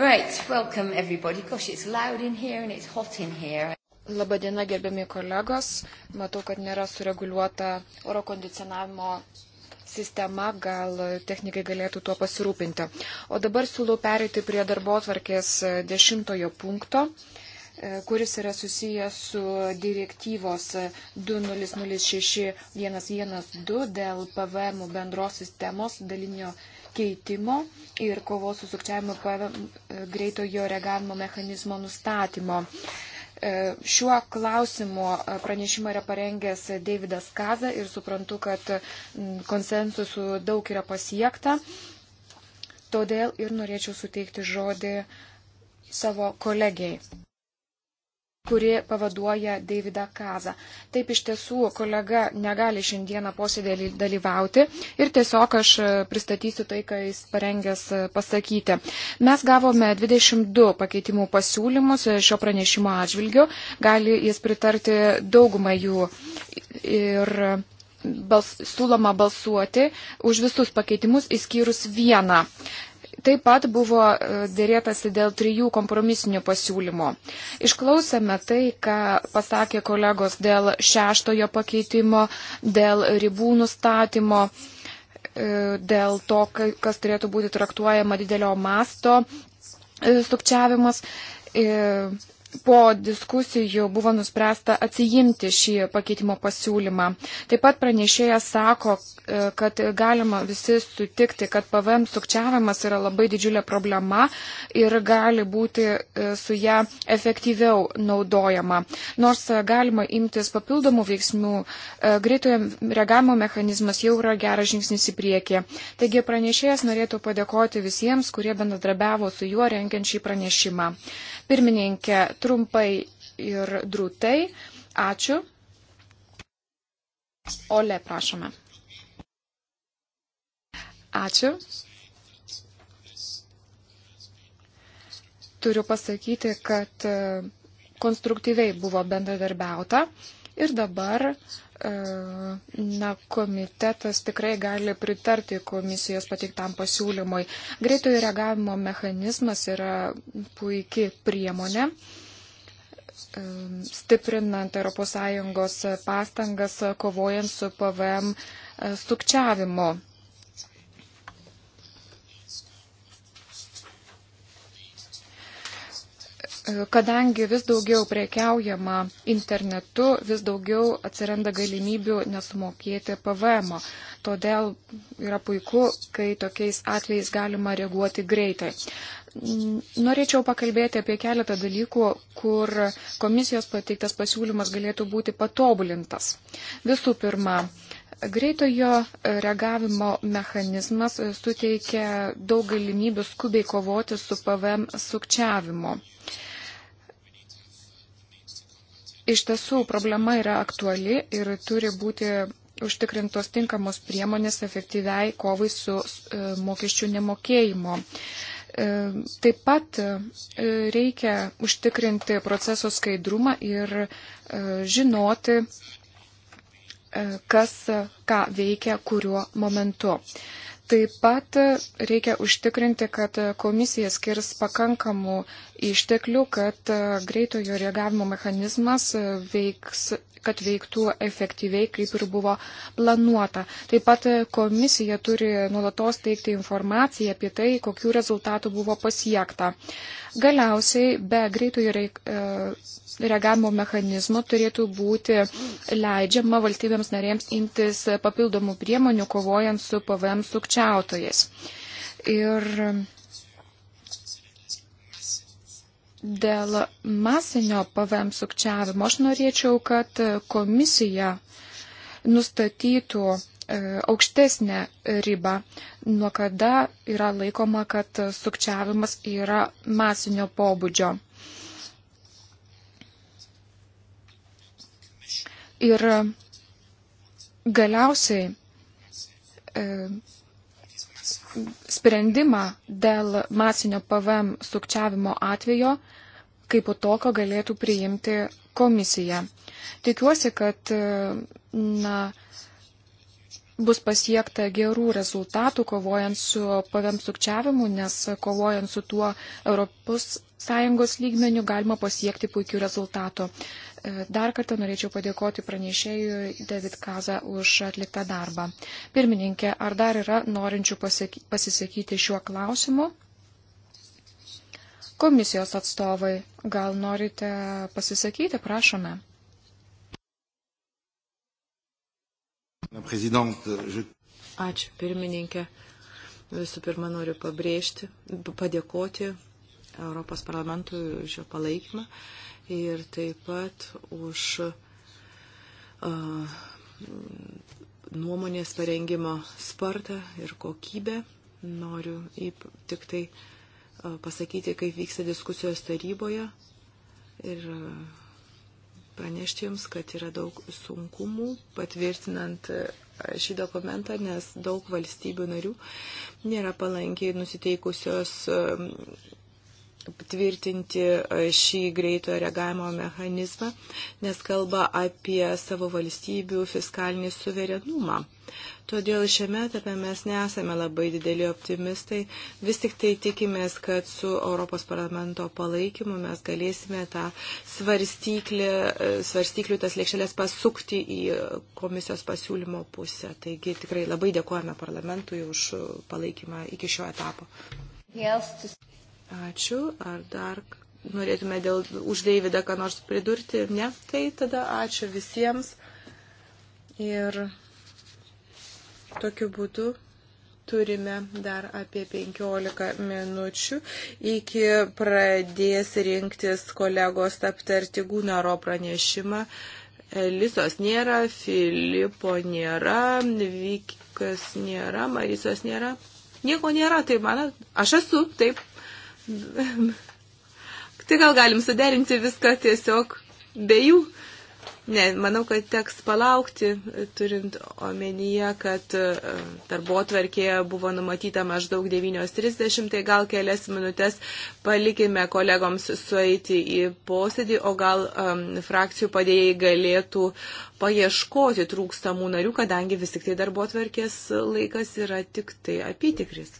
Right, welcome everybody. Gosh, it's loud in here and it's hot in here. Labadiena, gerbiami kolegos. Matau, kad nėra sureguliuota oro kondicionavimo sistema, gal technikai galėtų tuo pasirūpinti. O dabar siūlau pereiti prie darbo atvarkės e, dešimtojo punkto e, kuris yra susijęs su direktyvos 2006-112 e, dėl PVM bendros sistemos dalinio keitimo ir kovos su sukčiavimu e, greitojo reagavimo mechanizmo nustatymo. E, šiuo klausimu e, pranešimą yra parengęs Davidas Kaza ir suprantu, kad konsensusų daug yra pasiekta. Todėl ir norėčiau suteikti žodį savo kolegijai kuri pavaduoja Davidą Kazą. Taip iš tiesų kolega negali šiandieną posėdėlį dalyvauti ir tiesiog aš e, pristatysiu tai, ką jis parengęs e, pasakyti. Mes gavome 22 pakeitimų pasiūlymus e, šio pranešimo atžvilgiu, gali jis pritarti daugumą jų ir bals, siūloma balsuoti už visus pakeitimus įskyrus vieną. Taip pat buvo e, dėrėtasi dėl trijų kompromisinių pasiūlymų. Išklausėme tai, ką pasakė kolegos dėl šeštojo pakeitimo, dėl ribų nustatymo, e, dėl to, kas turėtų būti traktuojama didelio masto e, sukčiavimas po diskusijų buvo nuspręsta atsijimti šį pakeitimo pasiūlymą. Taip pat pranešėjas sako, e, kad galima visi sutikti, kad PVM sukčiavimas yra labai didžiulė problema ir gali būti e, su ją efektyviau naudojama. Nors e, galima imtis papildomų veiksmų, greitojo reagavimo mechanizmas jau yra geras žingsnis į priekį. Taigi pranešėjas norėtų padėkoti visiems, kurie bendradarbiavo su juo renkiant šį pranešimą. Pirmininkė, trumpai ir drūtai. Ačiū. Ole, prašome. Ačiū. Turiu pasakyti, kad e, konstruktyviai buvo bendradarbiauta ir dabar uh, E, na, komitetas tikrai gali pritarti komisijos pateiktam pasiūlymui. Greitojo reagavimo mechanizmas yra puikiai priemonė e, stiprinant ES pastangas kovojant su PVM e, sukčiavimu. Kadangi vis daugiau prekiaujama internetu, vis daugiau atsiranda galimybių nesumokėti PVM. -o. Todėl yra puiku, kai tokiais atvejais galima reaguoti greitai. Norėčiau pakalbėti apie keletą dalykų, kur komisijos pateiktas pasiūlymas galėtų būti patobulintas. Visų pirma, greitojo e, reagavimo mechanizmas e, suteikia daug galimybių skubiai kovoti su PVM sukčiavimu. Iš tiesų, problema yra aktuali ir turi būti užtikrintos tinkamos priemonės efektyviai kovai su e, mokesčių nemokėjimo. E, taip pat e, reikia užtikrinti proceso skaidrumą ir žinoti, kas ką veikia kuriuo momentu. Taip pat reikia užtikrinti, kad komisija skirs pakankamų išteklių, kad greitojo reagavimo mechanizmas veiks kad veiktų efektyviai, kaip ir buvo planuota. Taip pat komisija turi nuolatos teikti informaciją apie tai, kokiu rezultatu buvo pasiekta. Galiausiai be greitojo e, reagavimo mechanizmo turėtų būti leidžiama valstybėms narėms imtis papildomų priemonių kovojant su PVM sukčiautojais. Ir Dėl masinio PVM sukčiavimo aš norėčiau, kad komisija nustatytų e, aukštesnę ribą, nuo kada yra laikoma, kad sukčiavimas yra masinio pobūdžio. Ir galiausiai e, sprendimą dėl masinio PVM sukčiavimo atvejo, kaip po tokio galėtų priimti komisija. Tikiuosi, kad na, bus pasiekta gerų rezultatų kovojant su PVM sukčiavimu, nes kovojant su tuo ES lygmeniu galima pasiekti puikių rezultatų. Dar kartą norėčiau padėkoti pranešėjui David Kaza už atliktą darbą. Pirmininkė, ar dar yra norinčių pasisakyti šiuo klausimu? Komisijos atstovai, gal norite pasisakyti, prašome. Ačiū, pirmininkė. Visų pirma, noriu pabrėžti, padėkoti Europos parlamentui už jo palaikymą. Uh, ir taip pat už uh, nuomonės parengimo spartą ir kokybę. Noriu tik tai uh, pasakyti, kaip vyksta diskusijos taryboje ir uh, pranešti Jums, kad yra daug sunkumų patvirtinant šį dokumentą, nes daug valstybių narių nėra palankiai nusiteikusios tvirtinti e, šį greitojo reagavimo mechanizmą, nes kalba apie savo valstybių fiskalinį suverenumą. Todėl šiame etape mes nesame labai dideli optimistai, vis tik tai tikimės, kad su Europos parlamento palaikymu mes galėsime tą e, svarstyklių, tas lėkšelės pasukti į komisijos pasiūlymo pusę. Taigi tikrai labai dėkojame parlamentui už palaikymą iki šio etapo. Ačiū. Ar dar norėtume dėl už Deividą ką nors pridurti? Ne, tai tada ačiū visiems. Ir tokiu būdu turime dar apie 15 minučių iki pradės rinktis kolegos aptarti Gunaro pranešimą. Lisos nėra, Filipo nėra, Vikas nėra, Marisos nėra. Nieko nėra, tai man, aš esu, taip. Tai gal galim suderinti viską tiesiog be jų. Ne, manau, kad teks palaukti, turint omenyje, kad e, darbo tvarkėje buvo numatyta maždaug 9.30, tai gal kelias minutės palikime kolegoms sueiti į posėdį, o gal um, frakcijų padėjai galėtų paieškoti trūkstamų narių, kadangi vis tik tai darbo tvarkės laikas yra tik tai apytikris.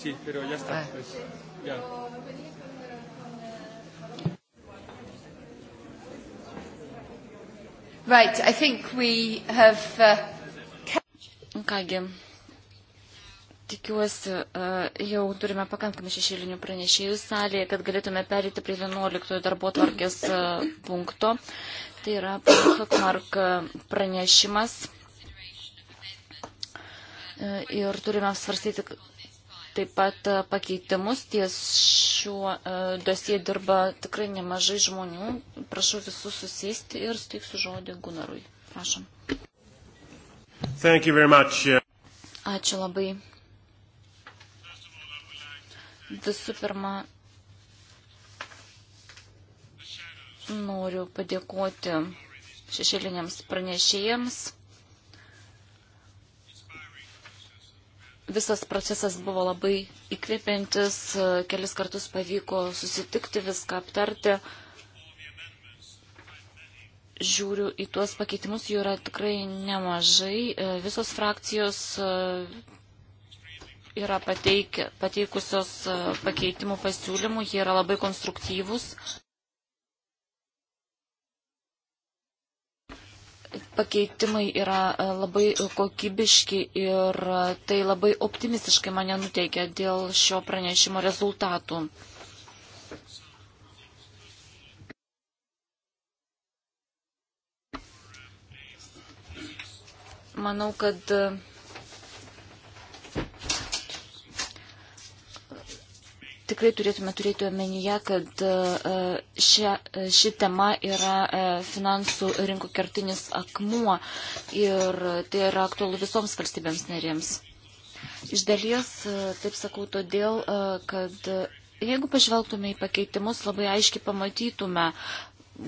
Sì, però ya está. Eh. Pues, ya. Right, I think we have. Uh... Kągi, tikiuosi, uh, jau turime pakankamai šešėlinių pranešėjų salėje, kad galėtume perėti prie 11 darbo tvarkės uh, punkto. Tai yra Hokmark uh, pranešimas. Uh, ir turime apsvarstyti taip pat e, pakeitimus. Ties šiuo e, dosie dirba tikrai nemažai žmonių. Prašau visus susėsti ir steiksiu žodį Gunarui. Prašom. Ačiū labai. Visų pirma, noriu padėkoti šešėliniams pranešėjams visas procesas buvo labai įkvepiantis, kelis kartus pavyko susitikti, viską aptarti. Žiūriu į tuos pakeitimus, jų yra tikrai nemažai. E, visos frakcijos e, yra pateik, pateikusios e, pakeitimų pasiūlymų, jie yra labai konstruktyvūs. pakeitimai yra e, labai kokybiški ir e, tai labai optimistiškai mane nuteikia dėl šio pranešimo rezultatų. Manau, kad tikrai turėtume turėti omenyje, kad e, šia, e, ši tema yra e, finansų rinkų kertinis akmuo ir tai yra aktualu visoms valstybėms narėms. Iš dalies, taip sakau, todėl, kad jeigu pažvelgtume į pakeitimus, labai aiškiai pamatytume,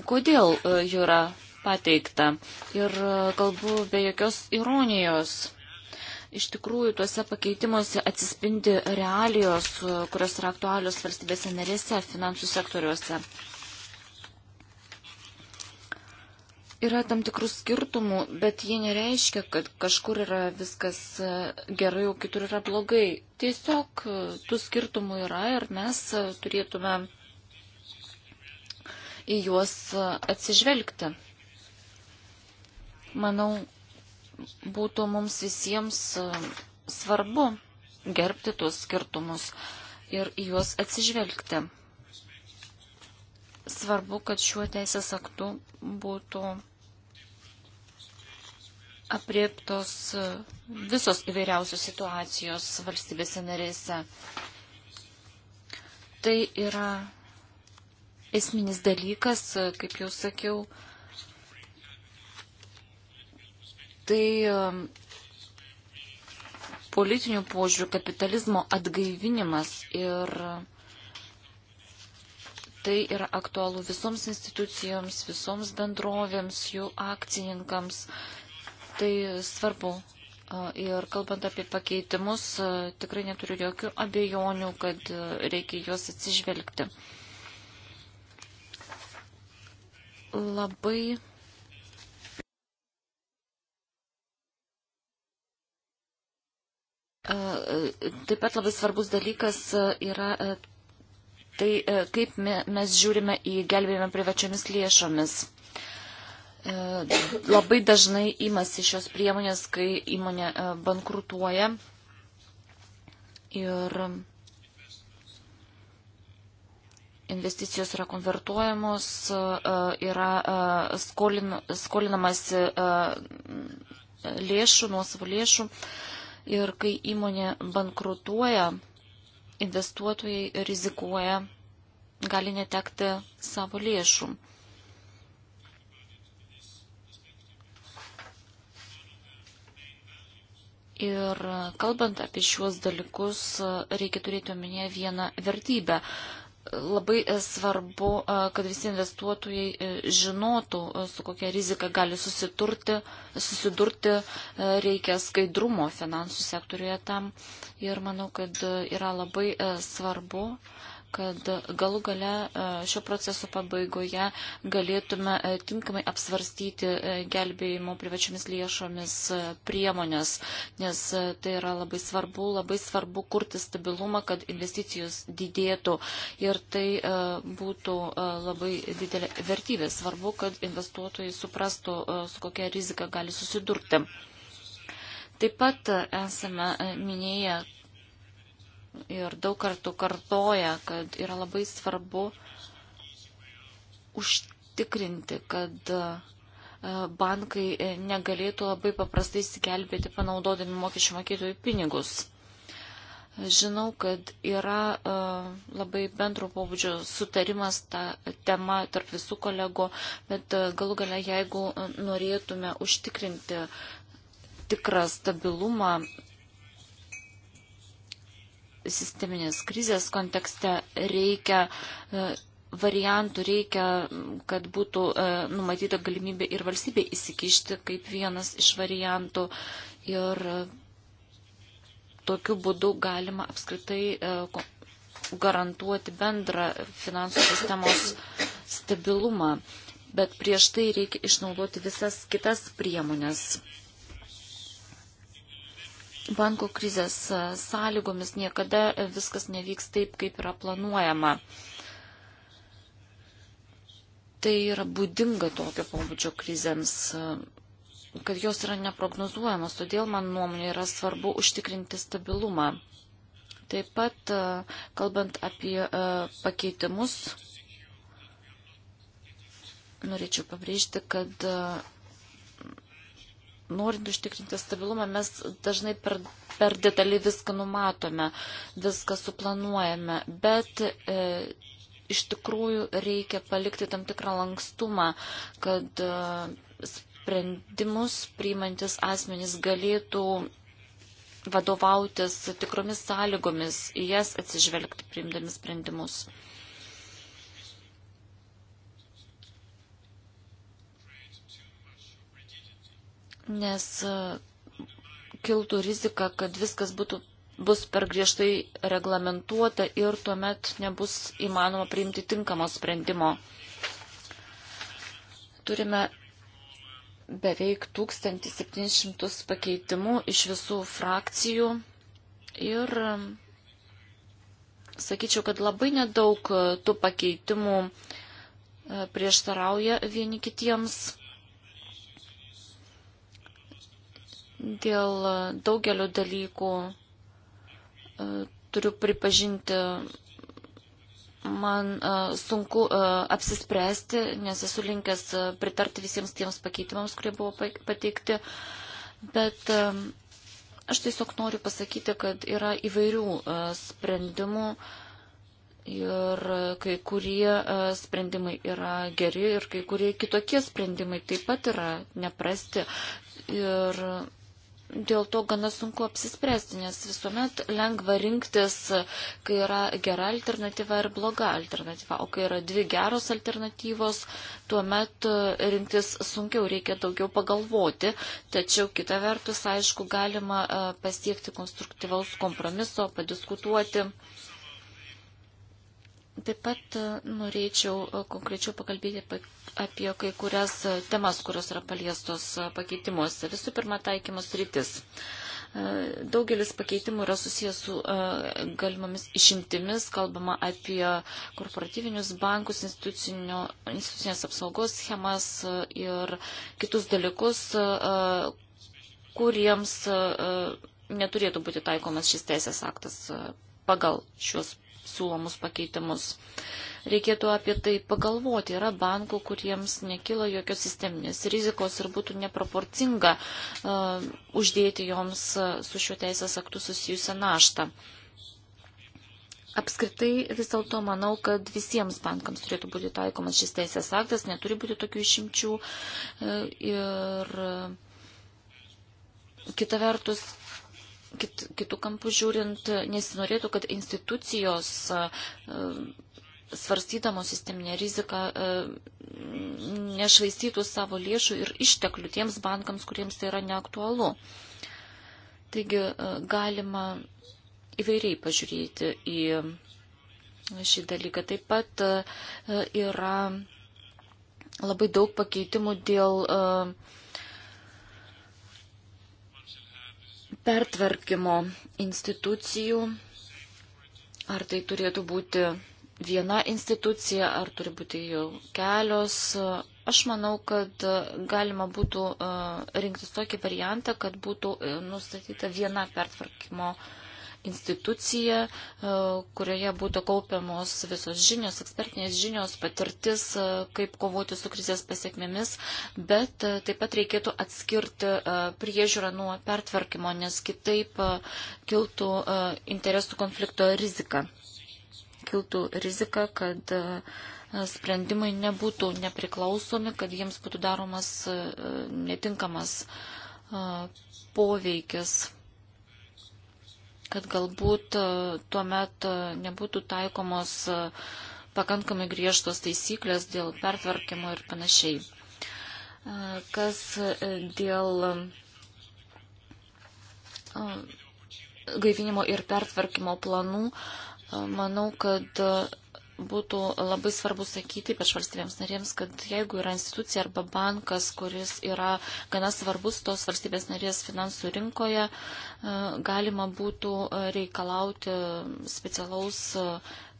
kodėl jų yra pateikta. Ir kalbu be jokios ironijos Iš tikrųjų, tuose pakeitimuose atsispindi realijos, kurios yra aktualios valstybėse narėse, finansų sektoriuose. Yra tam tikrų skirtumų, bet jie nereiškia, kad kažkur yra viskas e, gerai, o kitur yra blogai. Tiesiog e, tų skirtumų yra ir mes e, turėtume į juos atsižvelgti. Manau, būtų mums visiems e, svarbu gerbti tuos skirtumus ir į juos atsižvelgti. Svarbu, kad šiuo teisės aktu būtų apriektos e, visos įvairiausios situacijos valstybėse narėse. Tai yra esminis dalykas, e, kaip jau sakiau, tai um, politinių požiūrių kapitalizmo atgaivinimas ir tai yra aktualu visoms institucijoms, visoms bendrovėms, jų akcininkams. Tai svarbu. Ir kalbant apie pakeitimus, tikrai neturiu jokių abejonių, kad reikia juos atsižvelgti. Labai E, taip pat labai svarbus dalykas e, yra e, tai, kaip mes žiūrime į gelbėjimą privačiomis lėšomis. Labai dažnai imasi šios priemonės, kai įmonė bankrutuoja. Ir investicijos yra konvertuojamos, yra skolin, skolinamasi lėšų, nuosavų lėšų. lėšų Ir kai įmonė bankrutuoja, investuotojai rizikuoja, gali netekti savo lėšų. Ir kalbant apie šiuos dalykus, reikia turėti omenyje vieną vertybę labai e, svarbu, e, kad visi investuotojai e, žinotų, su kokia rizika gali susidurti, reikia skaidrumo finansų sektoriuje tam. Ir manau, kad yra labai svarbu kad galų gale e, šio proceso pabaigoje galėtume e, tinkamai apsvarstyti e, gelbėjimo privačiomis lėšomis priemonės, nes tai yra labai svarbu, labai svarbu kurti stabilumą, kad investicijos didėtų ir tai būtų labai didelė vertybė. Svarbu, kad investuotojai suprastų, su kokia rizika gali susidurti. Taip pat esame minėję, ir daug kartų kartoja, kad yra labai svarbu užtikrinti, kad e, bankai e, negalėtų labai paprastai įsigelbėti panaudodami mokesčių mokėtojų pinigus. Žinau, kad yra uh, labai bendro pobūdžio sutarimas tą temą tarp visų kolegų, bet uh, galų gale, jeigu norėtume užtikrinti tikrą stabilumą sisteminės krizės kontekste reikia e, variantų, reikia, kad būtų e, numatyta galimybė ir valstybė įsikišti kaip vienas iš variantų. Ir e, tokiu būdu galima apskritai garantuoti bendrą finansų sistemos stabilumą. Bet prieš tai reikia išnaudoti visas kitas priemonės Banko krizės e, sąlygomis niekada e, viskas nevyks taip, kaip yra planuojama. Tai yra būdinga tokio pobūdžio krizėms e, kad jos yra neprognozuojamos, todėl man nuomonė yra svarbu užtikrinti stabilumą. Taip pat, kalbant apie pakeitimus, norėčiau pabrėžti, kad norint užtikrinti stabilumą, mes dažnai per, per detaliai viską numatome, viską suplanuojame, bet e, iš tikrųjų reikia palikti tam tikrą lankstumą, kad e, sprendimus priimantis asmenys galėtų vadovautis tikromis sąlygomis, į jas atsižvelgti priimdami sprendimus. nes e, kiltų rizika, kad viskas būtų, bus per griežtai reglamentuota ir tuomet nebus įmanoma priimti tinkamo sprendimo. Turime beveik 1700 pakeitimų iš visų frakcijų ir e, sakyčiau, kad labai nedaug e, tų pakeitimų prieštarauja vieni kitiems. Dėl e, daugelio dalykų e, turiu pripažinti, man e, sunku apsispręsti, nes esu linkęs pritarti visiems tiems pakeitimams, kurie buvo pateikti. Bet aš tiesiog noriu pasakyti, kad yra įvairių sprendimų ir kai kurie sprendimai yra geri ir kai kurie kitokie sprendimai taip pat yra neprasti. Ir dėl to gana sunku apsispręsti, nes visuomet lengva rinktis, kai yra gera alternatyva ir bloga alternatyva, o kai yra dvi geros alternatyvos, tuomet e, rinktis sunkiau reikia daugiau pagalvoti, tačiau kita vertus, aišku, galima e, pasiekti konstruktyvaus kompromiso, padiskutuoti. Taip pat e, norėčiau e, konkrečiau pakalbėti apie kai kurias e, temas, kurios yra paliestos pakeitimuose. Visų pirma, taikymus rytis. Daugelis pakeitimų yra susijęs su galimomis išimtimis, kalbama apie korporatyvinius bankus, institucinės apsaugos schemas ir kitus dalykus, kuriems neturėtų būti taikomas šis teisės aktas pagal šiuos siūlomus pakeitimus. Reikėtų apie tai pagalvoti. Yra bankų, kuriems nekilo jokios sisteminės rizikos ir būtų neproporcinga uh, uždėti joms e, su šiuo teisės aktu susijusią naštą. Apskritai vis dėlto manau, kad visiems bankams turėtų būti taikomas šis teisės aktas, neturi būti tokių išimčių. E, ir kita vertus, kit, kitų kampų žiūrint, nesinorėtų, kad institucijos svarstydamos sisteminę riziką nešvaistytų savo lėšų ir išteklių tiems bankams, kuriems tai yra neaktualu. Taigi galima įvairiai pažiūrėti į šį dalyką. Taip pat yra labai daug pakeitimų dėl uh, pertvarkymo institucijų, ar tai turėtų būti viena institucija, ar turi būti jau kelios. Aš manau, kad galima būtų e, rinktis tokį variantą, kad būtų e, nustatyta viena pertvarkymo institucija instituciją, e, kurioje būtų kaupiamos visos žinios, ekspertinės žinios, patirtis, e, kaip kovoti su krizės pasiekmėmis, bet e, taip pat reikėtų atskirti priežiūrą nuo pertvarkymo, nes kitaip kiltų interesų konflikto rizika. Kiltų rizika, kad sprendimai nebūtų nepriklausomi, kad jiems būtų daromas netinkamas poveikis kad galbūt e, tuo metu e, nebūtų taikomos e, pakankamai griežtos taisyklės dėl pertvarkymo ir panašiai. Kas dėl gaivinimo ir pertvarkymo planų, manau, kad būtų labai svarbu sakyti, ypač valstybėms narėms, kad jeigu yra institucija arba bankas, kuris yra gana svarbus tos valstybės narės finansų rinkoje, e, galima būtų e, reikalauti specialaus e,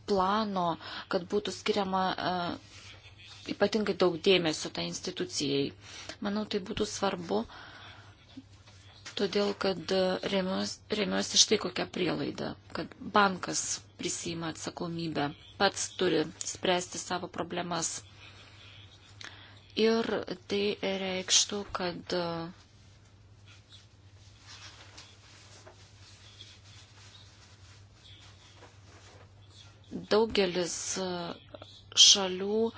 plano, kad būtų skiriama ypatingai daug dėmesio tai institucijai. Manau, tai būtų svarbu, todėl kad remiuosi štai kokią prielaidą, kad bankas prisima atsakomybę, pats turi spręsti savo problemas. Ir tai reikštų, kad daugelis e, šalių e,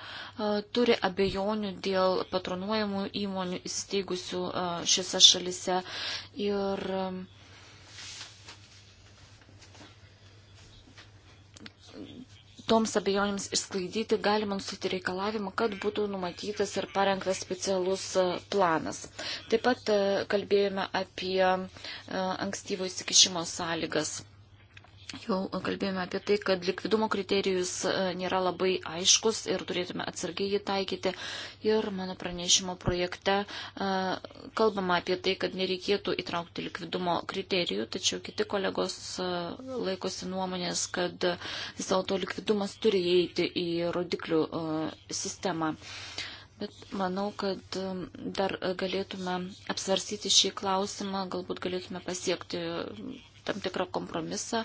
turi abejonių dėl patronuojamų įmonių įsteigusių e, šiuose šalise ir toms abejonėms išsklaidyti galima nusiti reikalavimą, kad būtų numatytas ir parengtas specialus e, planas. Taip pat e, kalbėjome apie e, ankstyvo įsikišimo sąlygas. Jau kalbėjome apie tai, kad likvidumo kriterijus e, nėra labai aiškus ir turėtume atsargiai jį taikyti. Ir mano pranešimo projekte e, kalbama apie tai, kad nereikėtų įtraukti likvidumo kriterijų, tačiau kiti kolegos e, laikosi nuomonės, kad vis dėlto likvidumas turi įeiti į rodiklių sistemą. Bet manau, kad dar galėtume apsvarsyti šį klausimą, galbūt galėtume pasiekti tam tikrą kompromisą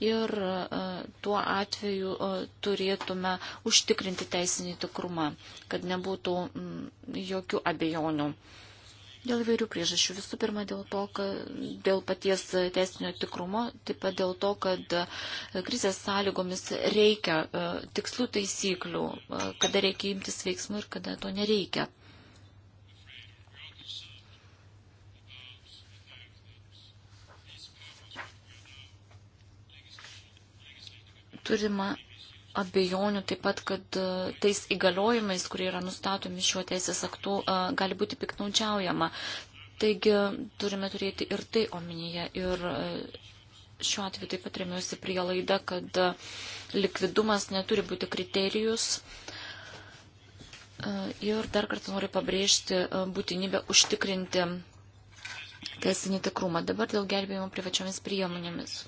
ir e, tuo atveju e, turėtume užtikrinti teisinį tikrumą, kad nebūtų mm, jokių abejonių. Dėl vairių priežasčių. Visų pirma, dėl, to, kad, dėl paties teisinio tikrumo, taip pat dėl to, kad e, krizės sąlygomis reikia tikslių taisyklių, kada reikia imtis veiksmų ir kada to nereikia. turima abejonių taip pat, kad e, tais įgaliojimais, kurie yra nustatomi šiuo teisės aktu, e, gali būti piknaudžiaujama. Taigi turime turėti ir tai omenyje. Ir e, šiuo atveju taip pat remiuosi prielaida, kad likvidumas neturi būti kriterijus. Ir dar kartą noriu pabrėžti būtinybę užtikrinti teisinį tikrumą. Dabar dėl gelbėjimo privačiomis priemonėmis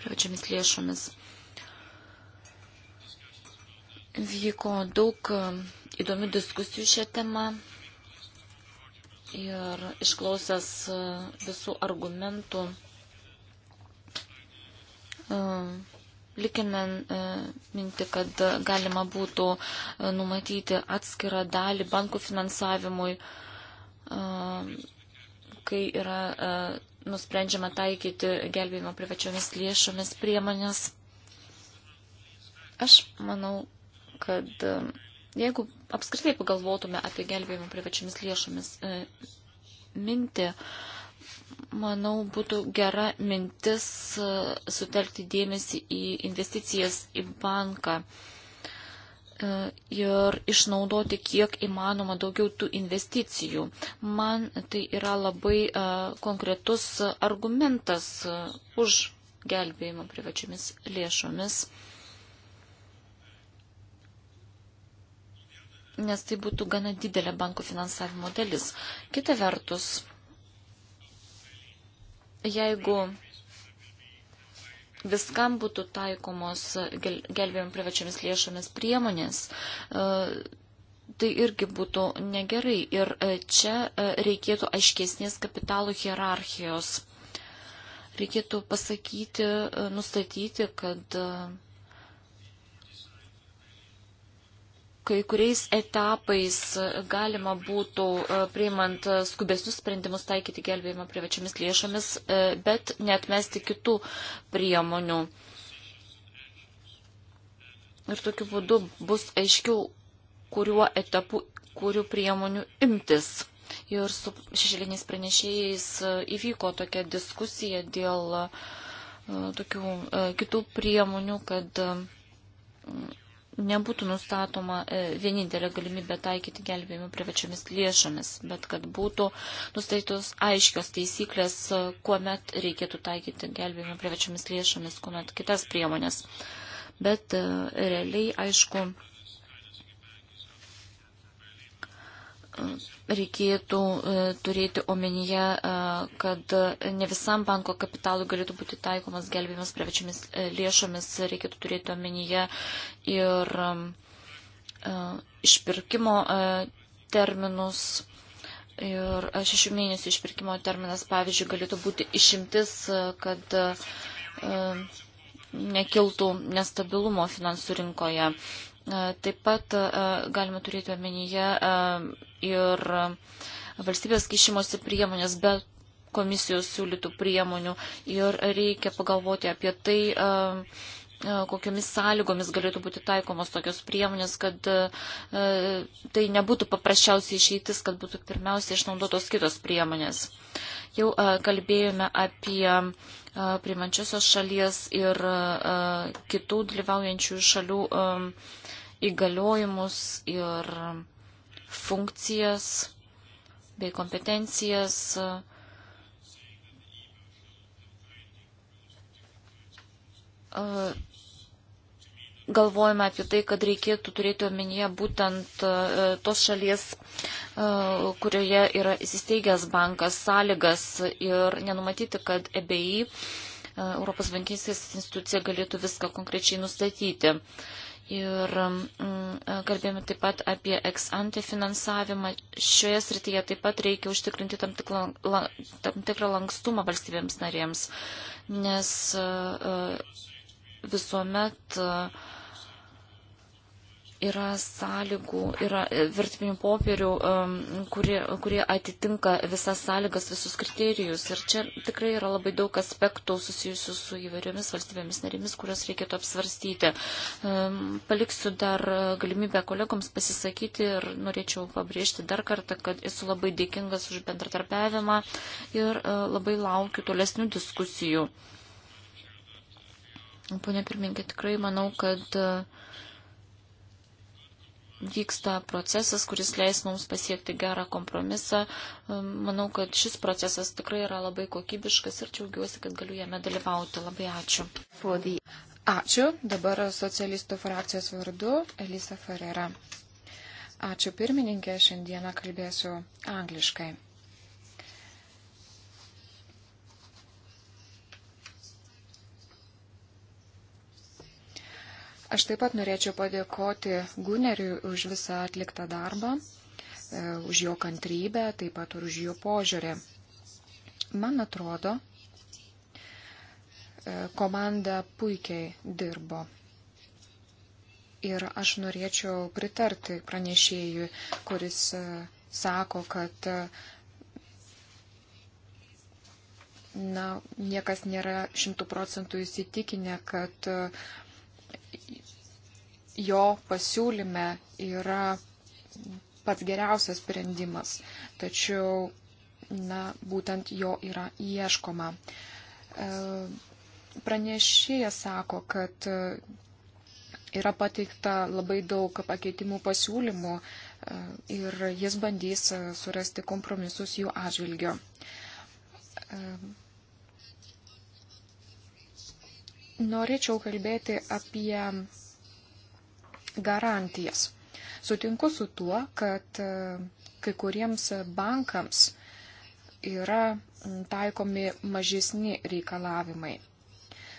privačiamis lėšomis. Vyko daug e, įdomių diskusijų šią temą ir išklausęs e, visų argumentų e, likime minti, kad galima būtų numatyti atskirą dalį bankų finansavimui kai yra e, nusprendžiama taikyti gelbėjimo privačiomis lėšomis priemonės. Aš manau, kad e, jeigu apskritai pagalvotume apie gelbėjimą privačiomis lėšomis, e, mintį, manau, būtų gera mintis sutelkti dėmesį į investicijas į banką ir išnaudoti kiek įmanoma daugiau tų investicijų. Man tai yra labai e, konkretus argumentas e, už gelbėjimą privačiomis lėšomis, nes tai būtų gana didelė bankų finansavimo dalis. Kita vertus, jeigu viskam būtų taikomos gelbėjim privačiamis lėšomis priemonės, e, tai irgi būtų negerai. Ir e, čia e, reikėtų aiškesnės kapitalų hierarchijos. Reikėtų pasakyti, nustatyti, kad kai kuriais etapais galima būtų e, priimant skubesnius sprendimus taikyti gelbėjimą privačiomis lėšomis, e, bet netmesti kitų priemonių. Ir tokiu būdu bus aiškiau, kuriuo etapu, kurių priemonių imtis. Ir su šešėliniais pranešėjais e, įvyko tokia diskusija dėl tokių kitų priemonių, kad nebūtų nustatoma e, vienintelė galimybė taikyti gelbėjimą privačiomis lėšomis, bet kad būtų nustatytos aiškios taisyklės, e, kuomet reikėtų taikyti gelbėjimą privačiomis lėšomis, kuomet kitas priemonės. Bet e, realiai, aišku, reikėtų e, turėti omenyje, e, kad ne visam banko kapitalui galėtų būti taikomas gelbėjimas privačiamis e, lėšomis, reikėtų turėti omenyje ir išpirkimo terminus. Ir šešių mėnesių išpirkimo terminas, pavyzdžiui, galėtų būti išimtis, kad nekiltų nestabilumo finansų rinkoje. E, taip pat e, galima turėti omenyje e, ir valstybės kišimosi priemonės, bet komisijos siūlytų priemonių ir reikia pagalvoti apie tai, kokiomis sąlygomis galėtų būti taikomos tokios priemonės, kad tai nebūtų paprasčiausiai išeitis, kad būtų pirmiausia išnaudotos kitos priemonės. Jau kalbėjome apie primančiosios šalies ir kitų dalyvaujančių šalių įgaliojimus ir funkcijas bei kompetencijas. E, galvojame apie tai, kad reikėtų turėti omenyje būtent e, tos šalies, e, kurioje yra įsisteigęs bankas, sąlygas ir nenumatyti, kad EBI Europos bankysės institucija galėtų viską konkrečiai nustatyti. Uh, Ir mm, e, kalbėjome taip pat apie ex-ante finansavimą. Šioje srityje taip pat reikia užtikrinti tam tikrą, tam tikrą lankstumą valstybėms narėms, nes e, e, visuomet uh, yra sąlygų, yra e, vertybinių popierių, kurie, kurie atitinka visas sąlygas, visus kriterijus. Ir čia tikrai yra labai daug aspektų susijusių su įvairiomis valstybėmis narėmis, kurias reikėtų apsvarstyti. Paliksiu dar galimybę kolegoms pasisakyti ir norėčiau pabrėžti dar kartą, kad esu labai dėkingas už bendratarpiavimą ir e, labai laukiu tolesnių diskusijų. Pone pirmininkė, tikrai manau, kad uh, vyksta procesas, kuris leis mums pasiekti gerą kompromisą. Um, manau, kad šis procesas tikrai yra labai kokybiškas ir džiaugiuosi, kad galiu jame dalyvauti. Labai ačiū. Ačiū. Dabar socialistų frakcijos vardu Elisa Ferrera. Ačiū pirmininkė, šiandieną kalbėsiu angliškai. Aš taip pat norėčiau padėkoti Guneriui už visą atliktą darbą, e, už jo kantrybę, taip pat už jo požiūrį. Man atrodo, e, komanda puikiai dirbo. Ir aš norėčiau pritarti pranešėjui, kuris e, sako, kad na, niekas nėra šimtų procentų įsitikinę, kad uh, jo pasiūlyme yra pats geriausias sprendimas, tačiau na, būtent jo yra ieškoma. E, pranešėjas sako, kad yra pateikta labai daug pakeitimų pasiūlymų e, ir jis bandys surasti kompromisus jų atžvilgio. E, norėčiau kalbėti apie garantijas. Sutinku su tuo, kad e, kai kuriems bankams yra taikomi mažesni reikalavimai.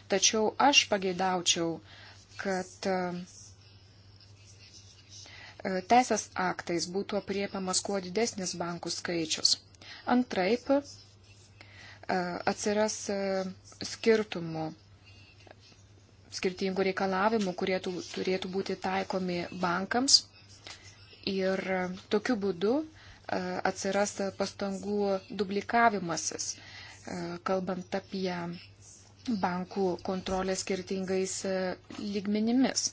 Tačiau aš pageidaučiau, kad e, e, teisės aktais būtų apriepiamas kuo didesnis bankų skaičius. Antraip atsiras skirtumų skirtingų reikalavimų, kurie turėtų būti taikomi bankams. Ir e, tokiu būdu e, atsiras pastangų duplikavimasis, e, kalbant apie bankų kontrolę skirtingais lygmenimis.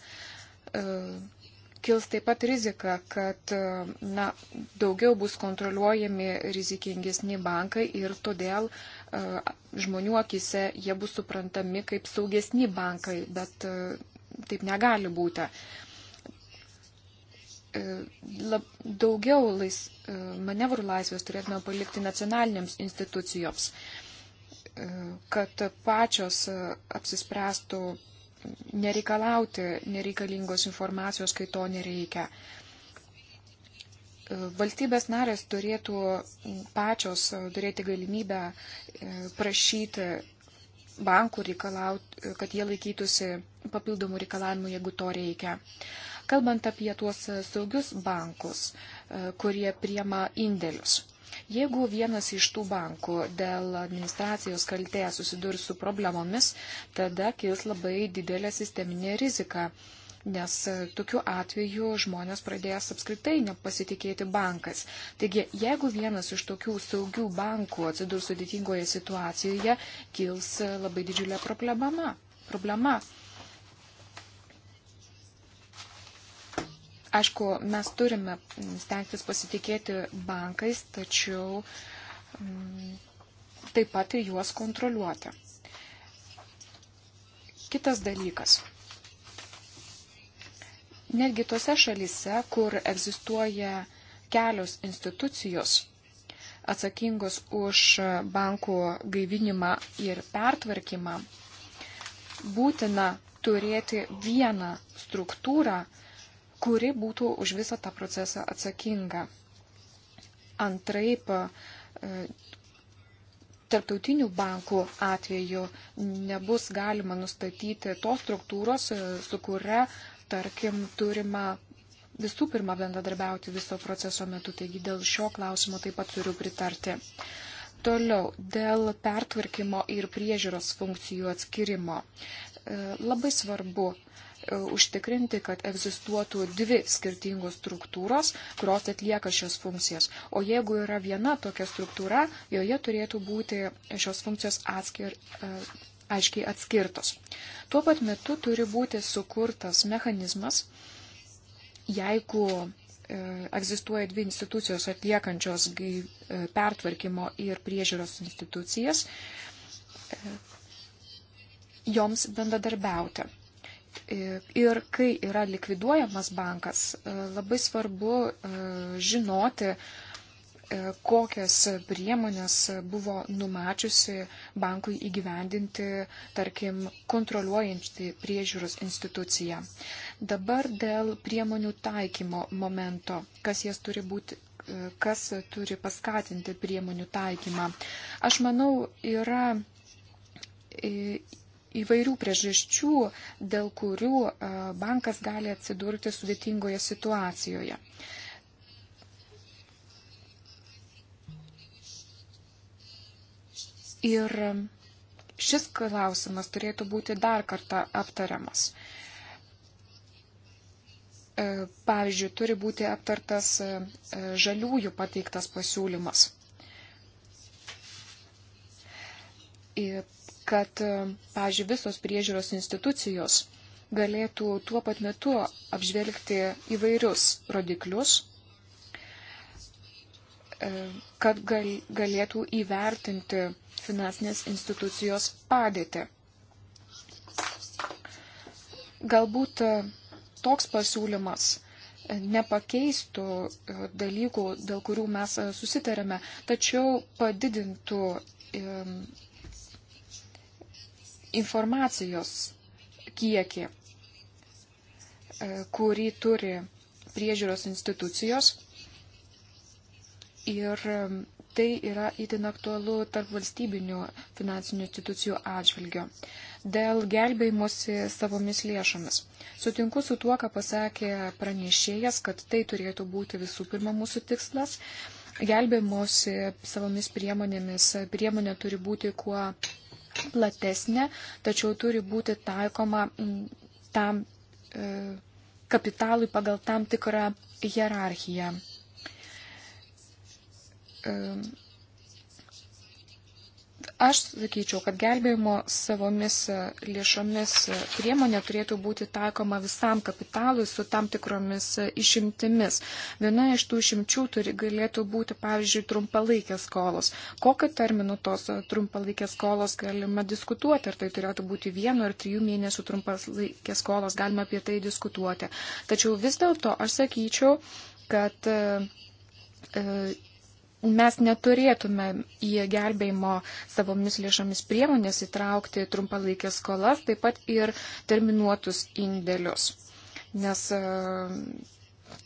Kils taip pat rizika, kad na, daugiau bus kontroliuojami rizikingesni bankai ir todėl uh, žmonių akise jie bus suprantami kaip saugesni bankai, bet taip negali būti. Lab, daugiau lais, manevrų laisvės turėtume palikti nacionalinėms institucijoms, kad pačios apsispręstų nereikalauti nereikalingos informacijos, kai to nereikia. Valstybės narės turėtų pačios turėti galimybę e, prašyti bankų reikalauti, kad jie laikytųsi papildomų reikalavimų, jeigu to reikia. Kalbant apie tuos saugius bankus, e, kurie priema indėlius. Jeigu vienas iš tų bankų dėl administracijos kaltės susidurs su problemomis, tada kils labai didelė sisteminė rizika nes e, tokiu atveju žmonės pradės apskritai nepasitikėti bankais. Taigi, jeigu vienas iš tokių saugių bankų atsidurs sudėtingoje situacijoje, kils e, labai didžiulė problema. problema. Aišku, mes turime stengtis pasitikėti bankais, tačiau m, taip pat ir juos kontroliuoti. Kitas dalykas netgi tose šalise, kur egzistuoja kelios institucijos atsakingos už bankų gaivinimą ir pertvarkymą, būtina turėti vieną struktūrą, kuri būtų už visą tą procesą atsakinga. Antraip, e, tarptautinių bankų atveju nebus galima nustatyti tos struktūros, e, su kuria tarkim, turima visų pirma bendradarbiauti viso proceso metu, taigi dėl šio klausimo taip pat turiu pritarti. Toliau, dėl pertvarkymo ir priežiūros funkcijų atskirimo. E, labai svarbu e, užtikrinti, kad egzistuotų dvi skirtingos struktūros, kurios atlieka šias funkcijas. O jeigu yra viena tokia struktūra, joje turėtų būti šios funkcijos atskir, e, aiškiai atskirtos. Tuo pat metu turi būti sukurtas mechanizmas, jeigu e, egzistuoja dvi institucijos atliekančios e, pertvarkymo ir priežiūros institucijas, e, joms bendradarbiauti. Ir kai yra likviduojamas bankas, labai svarbu žinoti, E, kokias priemonės buvo numačiusi bankui įgyvendinti, tarkim, kontroliuojantį priežiūros instituciją. Dabar dėl priemonių taikymo momento, kas jas turi būti e, kas turi paskatinti priemonių taikymą. Aš manau, yra e, įvairių priežasčių, dėl kurių bankas gali atsidurti sudėtingoje situacijoje. Ir šis klausimas turėtų būti dar kartą aptariamas. E, pavyzdžiui, turi būti aptartas e, e, žaliųjų pateiktas pasiūlymas. Ir kad, pavyzdžiui, visos priežiūros institucijos galėtų tuo pat metu apžvelgti įvairius rodiklius E, kad gal, galėtų įvertinti finansinės institucijos padėtį. Galbūt e, toks pasiūlymas nepakeistų e, dalykų, dėl kurių mes susitarėme, tačiau padidintų informacijos kiekį, kurį turi priežiūros institucijos Ir tai yra itin aktualu tarp valstybinių finansinių institucijų atžvilgio. Dėl gelbėjimuose savomis lėšomis. Sutinku su tuo, ką pasakė pranešėjas, kad tai turėtų būti visų pirma mūsų tikslas. Gelbėjimuose savomis priemonėmis priemonė turi būti kuo platesnė, tačiau turi būti taikoma tam e, kapitalui pagal tam tikrą hierarchiją. Aš sakyčiau, kad gelbėjimo savomis e, lėšomis e, priemonė turėtų būti taikoma visam kapitalui su tam tikromis e, išimtimis. Viena iš tų išimčių turi, galėtų būti, pavyzdžiui, trumpalaikės skolos. Kokiu terminu tos trumpalaikės skolos galima diskutuoti? Ar tai turėtų būti vieno ar trijų mėnesių trumpalaikės skolos? Galima apie tai diskutuoti. Tačiau vis dėlto aš sakyčiau, kad mes neturėtume į gelbėjimo savomis lėšomis priemonės įtraukti trumpalaikės skolas, taip pat ir terminuotus indėlius. Nes e,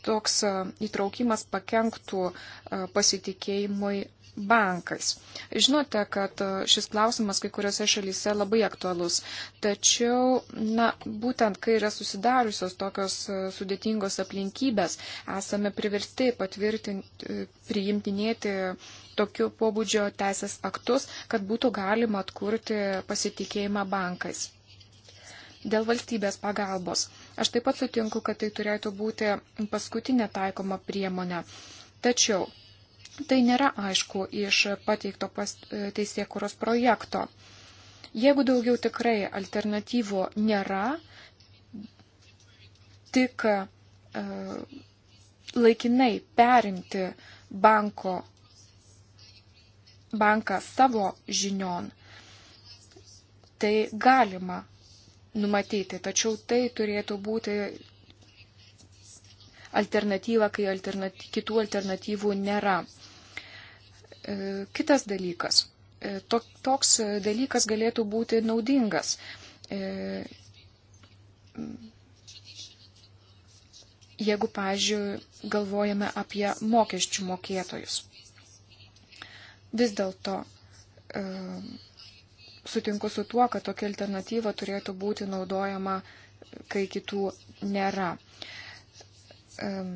toks e, įtraukimas pakenktų e, pasitikėjimui bankais. Žinote, kad e, šis klausimas kai kuriuose šalyse labai aktualus, tačiau, na, būtent kai yra susidariusios tokios e, sudėtingos aplinkybės, esame priversti e, priimtinėti tokiu pobūdžio teisės aktus, kad būtų galima atkurti pasitikėjimą bankais. Dėl valstybės pagalbos. Aš taip pat sutinku, kad tai turėtų būti paskutinė taikoma priemonė. Tačiau Tai nėra aišku iš pateikto teisėkuros projekto. Jeigu daugiau tikrai alternatyvų nėra, tik e, laikinai perimti banko, banką savo žinion, tai galima numatyti, tačiau tai turėtų būti alternatyva, kai alternaty, kitų alternatyvų nėra. E, kitas dalykas. E, toks dalykas galėtų būti naudingas. E, jeigu, pažiūrėjau, galvojame apie mokesčių mokėtojus. Vis dėlto sutinku su tuo, kad tokia alternatyva turėtų būti naudojama, kai kitų nėra. Um,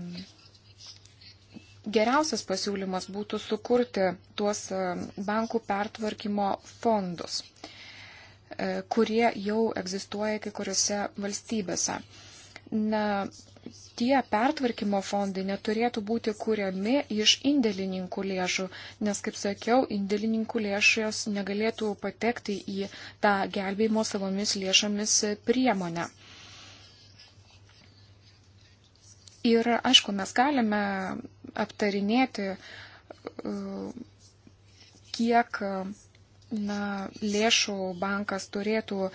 geriausias pasiūlymas būtų sukurti tuos e, bankų pertvarkymo fondus, e, kurie jau egzistuoja kai kuriuose valstybėse. Na, tie pertvarkymo fondai neturėtų būti kuriami iš indėlininkų lėšų, nes, kaip sakiau, indėlininkų lėšos negalėtų patekti į tą gelbėjimo savomis lėšomis priemonę. Ir aišku, mes galime aptarinėti, e, kiek na, lėšų bankas turėtų e,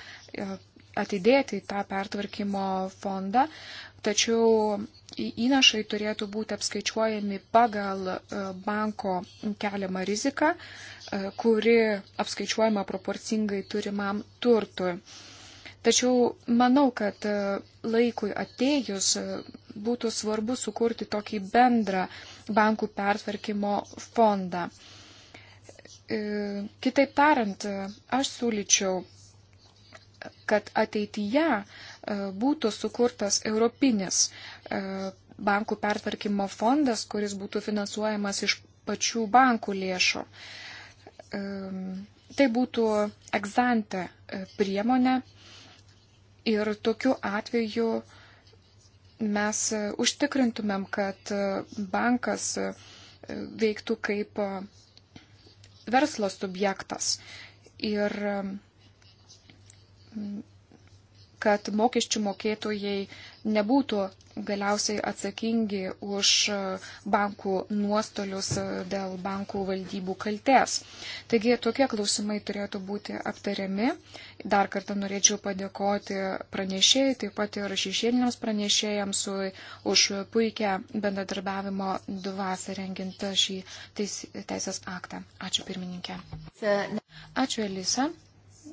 atidėti į tą pertvarkymo fondą, tačiau įnašai turėtų būti apskaičiuojami pagal e, banko keliamą riziką, kuri apskaičiuojama proporcingai turimam turtui. Tačiau manau, kad laikui atėjus būtų svarbu sukurti tokį bendrą bankų pertvarkymo fondą. E, kitaip tariant, aš siūlyčiau, kad ateityje e, būtų sukurtas europinis e, bankų pertvarkymo fondas, kuris būtų finansuojamas iš pačių bankų lėšų. Tai būtų egzante priemonė ir tokiu atveju uh, mes užtikrintumėm, kad bankas veiktų kaip verslo subjektas ir kad mokesčių mokėtojai nebūtų galiausiai atsakingi už e, bankų nuostolius e, dėl bankų valdybų kaltės. Taigi tokie klausimai turėtų būti aptariami. Dar kartą norėčiau padėkoti pranešėjai, taip pat ir šešėliniams pranešėjams už puikią bendradarbiavimo dvasę rengiant šį teisės aktą. Ačiū pirmininkė. Ačiū Elisa.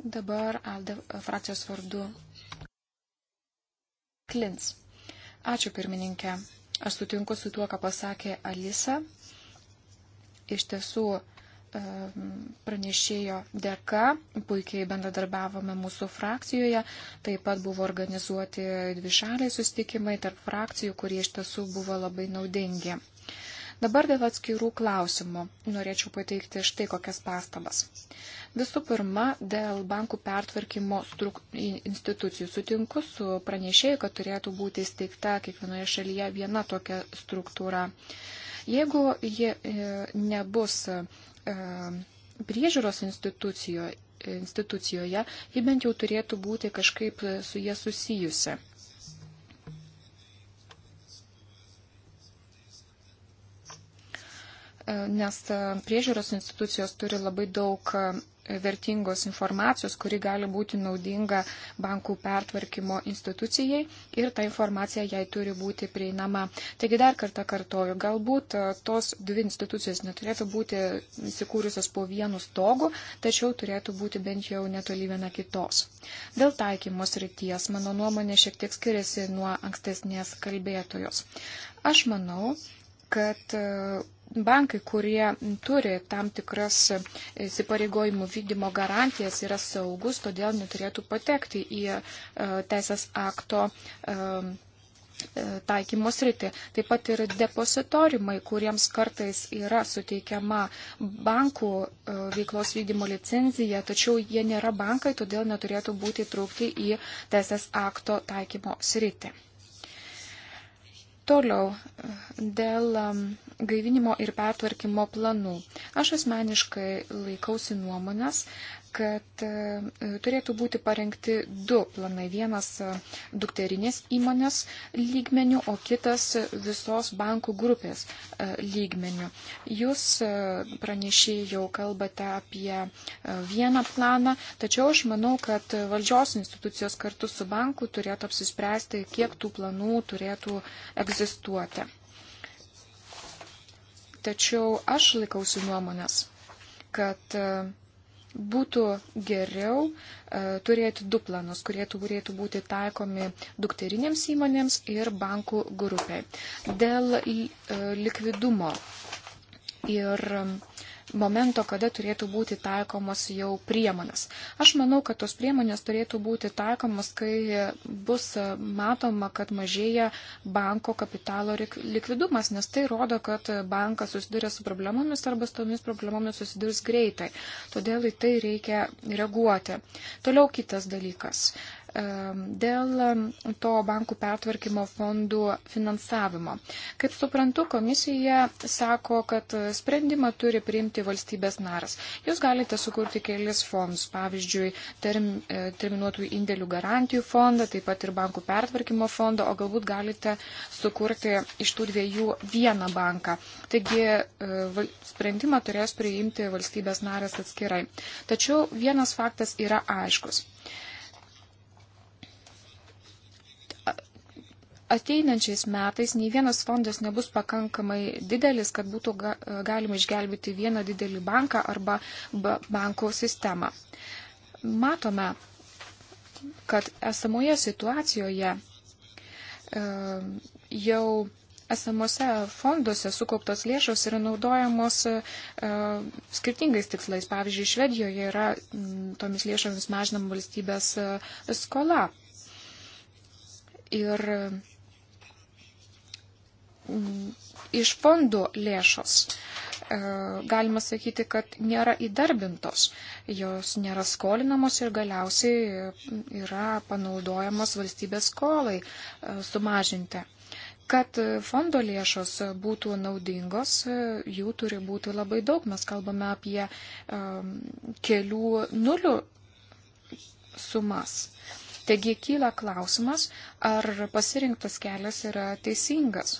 Dabar Alde frakcijos vardu Klins. Ačiū pirmininkė. Aš sutinku su tuo, ką pasakė Alisa. Iš tiesų, pranešėjo dėka, puikiai bendradarbiavome mūsų frakcijoje, taip pat buvo organizuoti dvišaliai sustikimai tarp frakcijų, kurie iš tiesų buvo labai naudingi. Dabar dėl atskirų klausimų norėčiau pateikti štai kokias pastabas. Visų pirma, dėl bankų pertvarkymo struk... institucijų sutinku su pranešėjai, kad turėtų būti įsteigta kiekvienoje šalyje viena tokia struktūra. Jeigu jie nebus e, priežiūros institucijoje, institucijoje, ji bent jau turėtų būti kažkaip su jie susijusi. E, nes e, priežiūros institucijos turi labai daug e, vertingos informacijos, kuri gali būti naudinga bankų pertvarkymo institucijai ir ta informacija jai turi būti prieinama. Taigi dar kartą kartoju, galbūt tos dvi institucijos neturėtų būti įsikūrusios po vienu stogu, tačiau turėtų būti bent jau netoli viena kitos. Dėl taikymos ryties mano nuomonė šiek tiek skiriasi nuo ankstesnės kalbėtojos. Aš manau, kad bankai, kurie turi tam tikras įsipareigojimų vykdymo garantijas, yra saugus, todėl neturėtų patekti į e, teisės akto e, e, taikymos rytį. Taip pat ir depozitorimai, kuriems kartais yra suteikiama bankų veiklos vykdymo licenzija, tačiau jie nėra bankai, todėl neturėtų būti traukti į teisės akto taikymo sritį. Toliau, dėl gaivinimo ir pertvarkymo planų. Aš asmeniškai laikausi nuomonės, kad e, turėtų būti parengti du planai. Vienas e, dukterinės įmonės lygmenių, o kitas visos bankų grupės e, lygmenių. Jūs pranešėjau kalbate apie vieną planą, tačiau aš manau, kad valdžios institucijos kartu su banku turėtų apsispręsti, kiek tų planų turėtų egzistuoti. Tačiau aš laikausi nuomonės, kad e, būtų geriau e, turėti du planus, kurie turėtų būti taikomi dukterinėms įmonėms ir bankų grupiai. Dėl e, likvidumo ir momento, kada turėtų būti taikomos jau priemonės. Aš manau, kad tos priemonės turėtų būti taikomos, kai bus e, matoma, kad mažėja banko kapitalo likvidumas, nes tai rodo, kad bankas susiduria su problemomis arba su tomis problemomis susidurs greitai. Todėl į tai reikia reaguoti. Toliau kitas dalykas dėl to bankų pertvarkymo fondų finansavimo. Kaip suprantu, komisija sako, kad sprendimą turi priimti valstybės naras. Jūs galite sukurti kelis fondus, pavyzdžiui, term, e, terminuotų indėlių garantijų fondą, taip pat ir bankų pertvarkymo fondą, o galbūt galite sukurti iš tų dviejų vieną banką. Taigi e, sprendimą turės priimti valstybės naras atskirai. Tačiau vienas faktas yra aiškus. ateinančiais metais nei vienas fondas nebus pakankamai didelis, kad būtų ga, galima išgelbėti vieną didelį banką arba bankų sistemą. Matome, kad esamoje situacijoje e, jau esamose fonduose sukauptos lėšos yra naudojamos e, skirtingais tikslais. Pavyzdžiui, Švedijoje yra m, tomis lėšomis mažinama valstybės e, skola. Ir iš fondų lėšos, e, galima sakyti, kad nėra įdarbintos, jos nėra skolinamos ir galiausiai yra panaudojamos valstybės skolai e, sumažinti. Kad fondo lėšos būtų naudingos, e, jų turi būti labai daug. Mes kalbame apie kelių nulių sumas. Taigi kyla klausimas, ar pasirinktas kelias yra teisingas.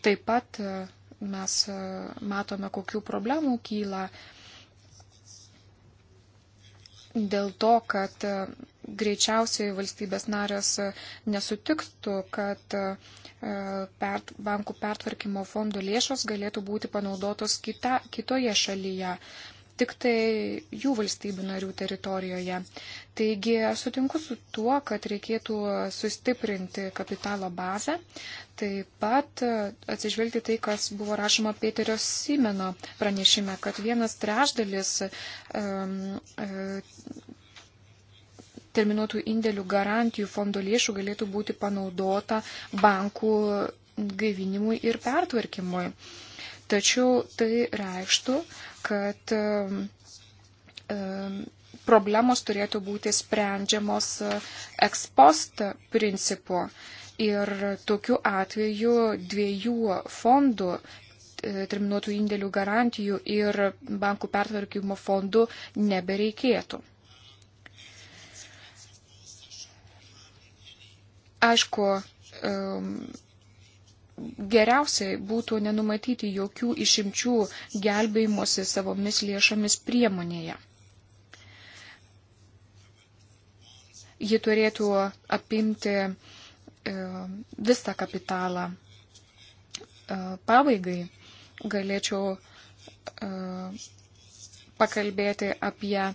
Taip pat e, mes e, matome, kokių problemų kyla dėl to, kad e, greičiausiai valstybės narės nesutiktų, kad pert, bankų pertvarkymo fondo lėšos galėtų būti panaudotos kita, kitoje šalyje, tik tai jų valstybių narių teritorijoje. Taigi sutinku su tuo, kad reikėtų sustiprinti kapitalo bazę, Taip pat e, atsižvelgti tai, kas buvo rašoma Peterio Simeno pranešime, kad vienas trešdalis um, terminuotų indėlių garantijų fondo lėšų galėtų būti panaudota bankų gaivinimui ir pertvarkymui. Tačiau tai reikštų, kad um, problemos turėtų būti sprendžiamos ekspost principu. Um, Ir tokiu atveju dviejų fondų e, terminuotų indėlių garantijų ir bankų pertvarkymo fondų nebereikėtų. Aišku, geriausiai būtų nenumatyti jokių išimčių gelbėjimuose savomis lėšomis priemonėje. Ji turėtų apimti E, visą kapitalą. E, pabaigai galėčiau e, pakalbėti apie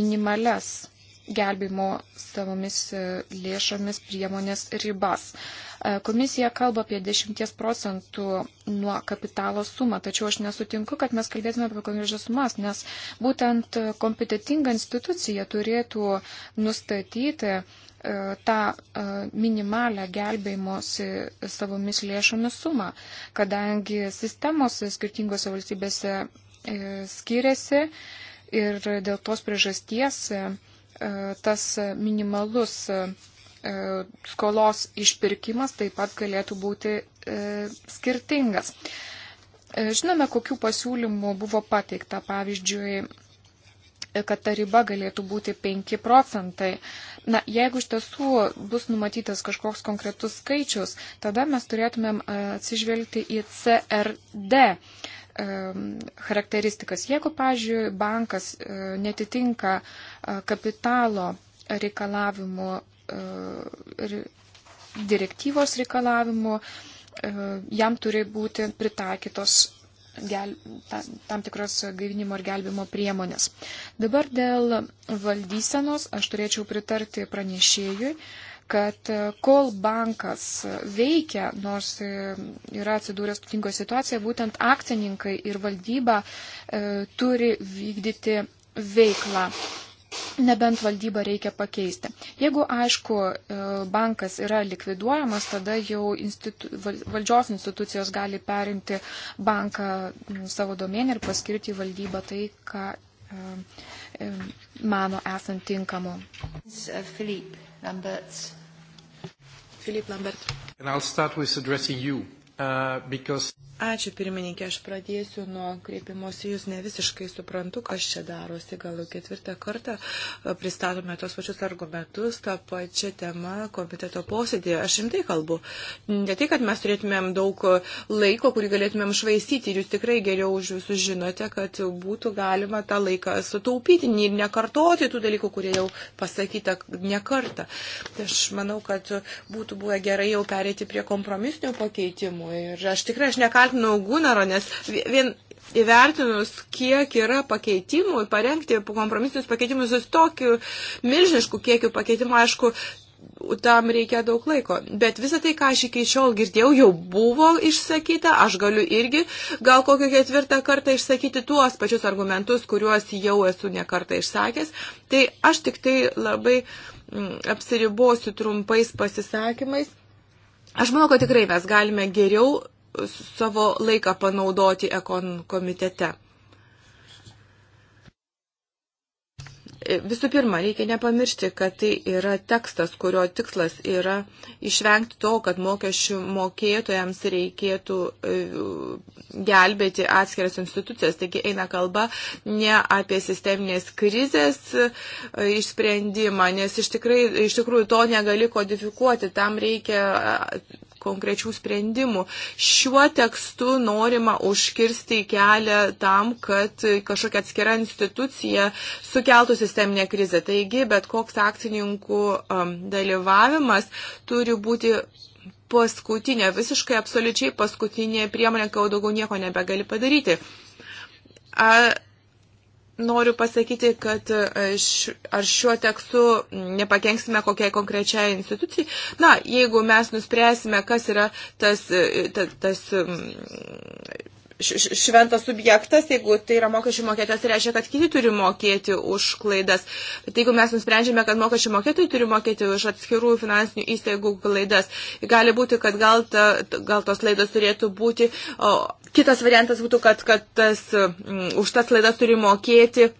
minimales gelbimo savomis lėšomis priemonės ribas. Komisija kalba apie 10 procentų nuo kapitalo sumą, tačiau aš nesutinku, kad mes kalbėtume apie konkrečias sumas, nes būtent kompetitinga institucija turėtų nustatyti, E, tą e, minimalę gelbėjimosi savomis lėšomis sumą, kadangi sistemos skirtingose valstybėse e, skiriasi ir dėl tos priežasties tas minimalus skolos išpirkimas taip pat galėtų būti skirtingas. Žinome, kokių pasiūlymų buvo pateikta. Pavyzdžiui, kad ta riba galėtų būti 5 procentai. Na, jeigu iš tiesų bus numatytas kažkoks konkretus skaičius, tada mes turėtumėm e, atsižvelgti į CRD e, charakteristikas. Jeigu, pavyzdžiui, bankas e, netitinka kapitalo reikalavimų ir direktyvos reikalavimų, jam turi būti pritaikytos gel, ta, tam tikros gaivinimo ir gelbimo priemonės. Dabar dėl valdysenos aš turėčiau pritarti pranešėjui, kad e, kol bankas veikia, nors e, yra atsidūręs tutingo situacija, būtent akcininkai ir valdyba e, turi vykdyti veiklą nebent valdybą reikia pakeisti. Jeigu, aišku, e, bankas yra likviduojamas, tada jau institu, valdžios institucijos gali perimti banką savo domenį ir paskirti į valdybą tai, ką e, e, mano esant tinkamu. Filip uh, Lambert. Filip Lambert. And I'll start with addressing you, uh, because Ačiū pirmininkė, aš pradėsiu nuo kreipimosi, jūs ne visiškai suprantu, kas čia darosi, gal ketvirtą kartą e, pristatome tos pačius argumentus, tą pačią temą komiteto posėdėje. Aš rimtai kalbu. Ne tai, kad mes turėtumėm daug e, laiko, kurį galėtumėm švaistyti ir jūs tikrai geriau už visus žinote, kad būtų galima tą laiką sutaupyti ir nekartoti tų dalykų, kurie jau pasakyta ne kartą. Tai aš manau, kad būtų buvę gerai jau perėti prie kompromisinių pakeitimų ir aš tikrai aš nekaltinu vertinau Gunaro, nes vien įvertinus, kiek yra pakeitimų, parengti kompromisinius pakeitimus su tokiu milžinišku kiekiu pakeitimų, aišku, tam reikia daug laiko. Bet visą tai, ką aš iki šiol girdėjau, jau buvo išsakyta, aš galiu irgi gal kokią ketvirtą kartą išsakyti tuos pačius argumentus, kuriuos jau esu nekartą išsakęs. Tai aš tik tai labai m, mm, apsiribosiu trumpais pasisakymais. Aš manau, kad tikrai mes galime geriau savo laiką panaudoti ekon komitete. Visų pirma, reikia nepamiršti, kad tai yra tekstas, kurio tikslas yra išvengti to, kad mokesčių mokėtojams reikėtų e, gelbėti atskiras institucijas. Taigi eina kalba ne apie sisteminės krizės e, išsprendimą, nes iš, tikrai, iš tikrųjų to negali kodifikuoti, tam reikia konkrečių sprendimų. Šiuo tekstu norima užkirsti kelią tam, kad kažkokia atskira institucija sukeltų sisteminę krizę. Taigi, bet koks akcininkų um, dalyvavimas turi būti paskutinė, visiškai absoliučiai paskutinė priemonė, kai jau daugiau nieko nebegali padaryti. A, noriu pasakyti, kad e, ar šiuo tekstu nepakenksime kokiai konkrečiai institucijai. Na, jeigu mes nuspręsime, kas yra tas, e, tas, tas mm, šventas subjektas, jeigu tai yra mokesčių mokėtas, tai reiškia, kad kiti turi mokėti už klaidas. Bet jeigu mes nusprendžiame, kad mokesčių mokėtojai turi mokėti už atskirų finansinių įstaigų klaidas, gali būti, kad gal, ta, gal tos klaidos turėtų būti. O, kitas variantas būtų, kad, kad tas, m, už tas klaidas turi mokėti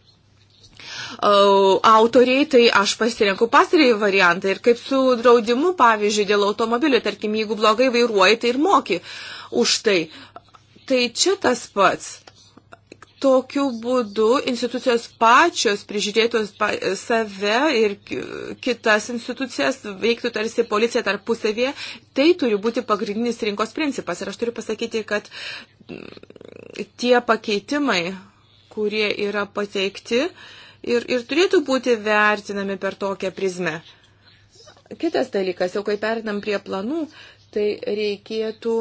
autoriai, tai aš pasirenku pastarąjį variantą. Ir kaip su draudimu, pavyzdžiui, dėl automobilio, tarkim, jeigu blogai vairuoji, tai ir moki už tai. Tai čia tas pats. Tokiu būdu institucijos pačios prižiūrėtos pa, save ir kitas institucijas veiktų tarsi policija tarpusavėje. Tai turi būti pagrindinis rinkos principas. Ir aš turiu pasakyti, kad mm, tie pakeitimai, kurie yra pateikti, ir, ir turėtų būti vertinami per tokią prizmę. Kitas dalykas, jau kai perinam prie planų, tai reikėtų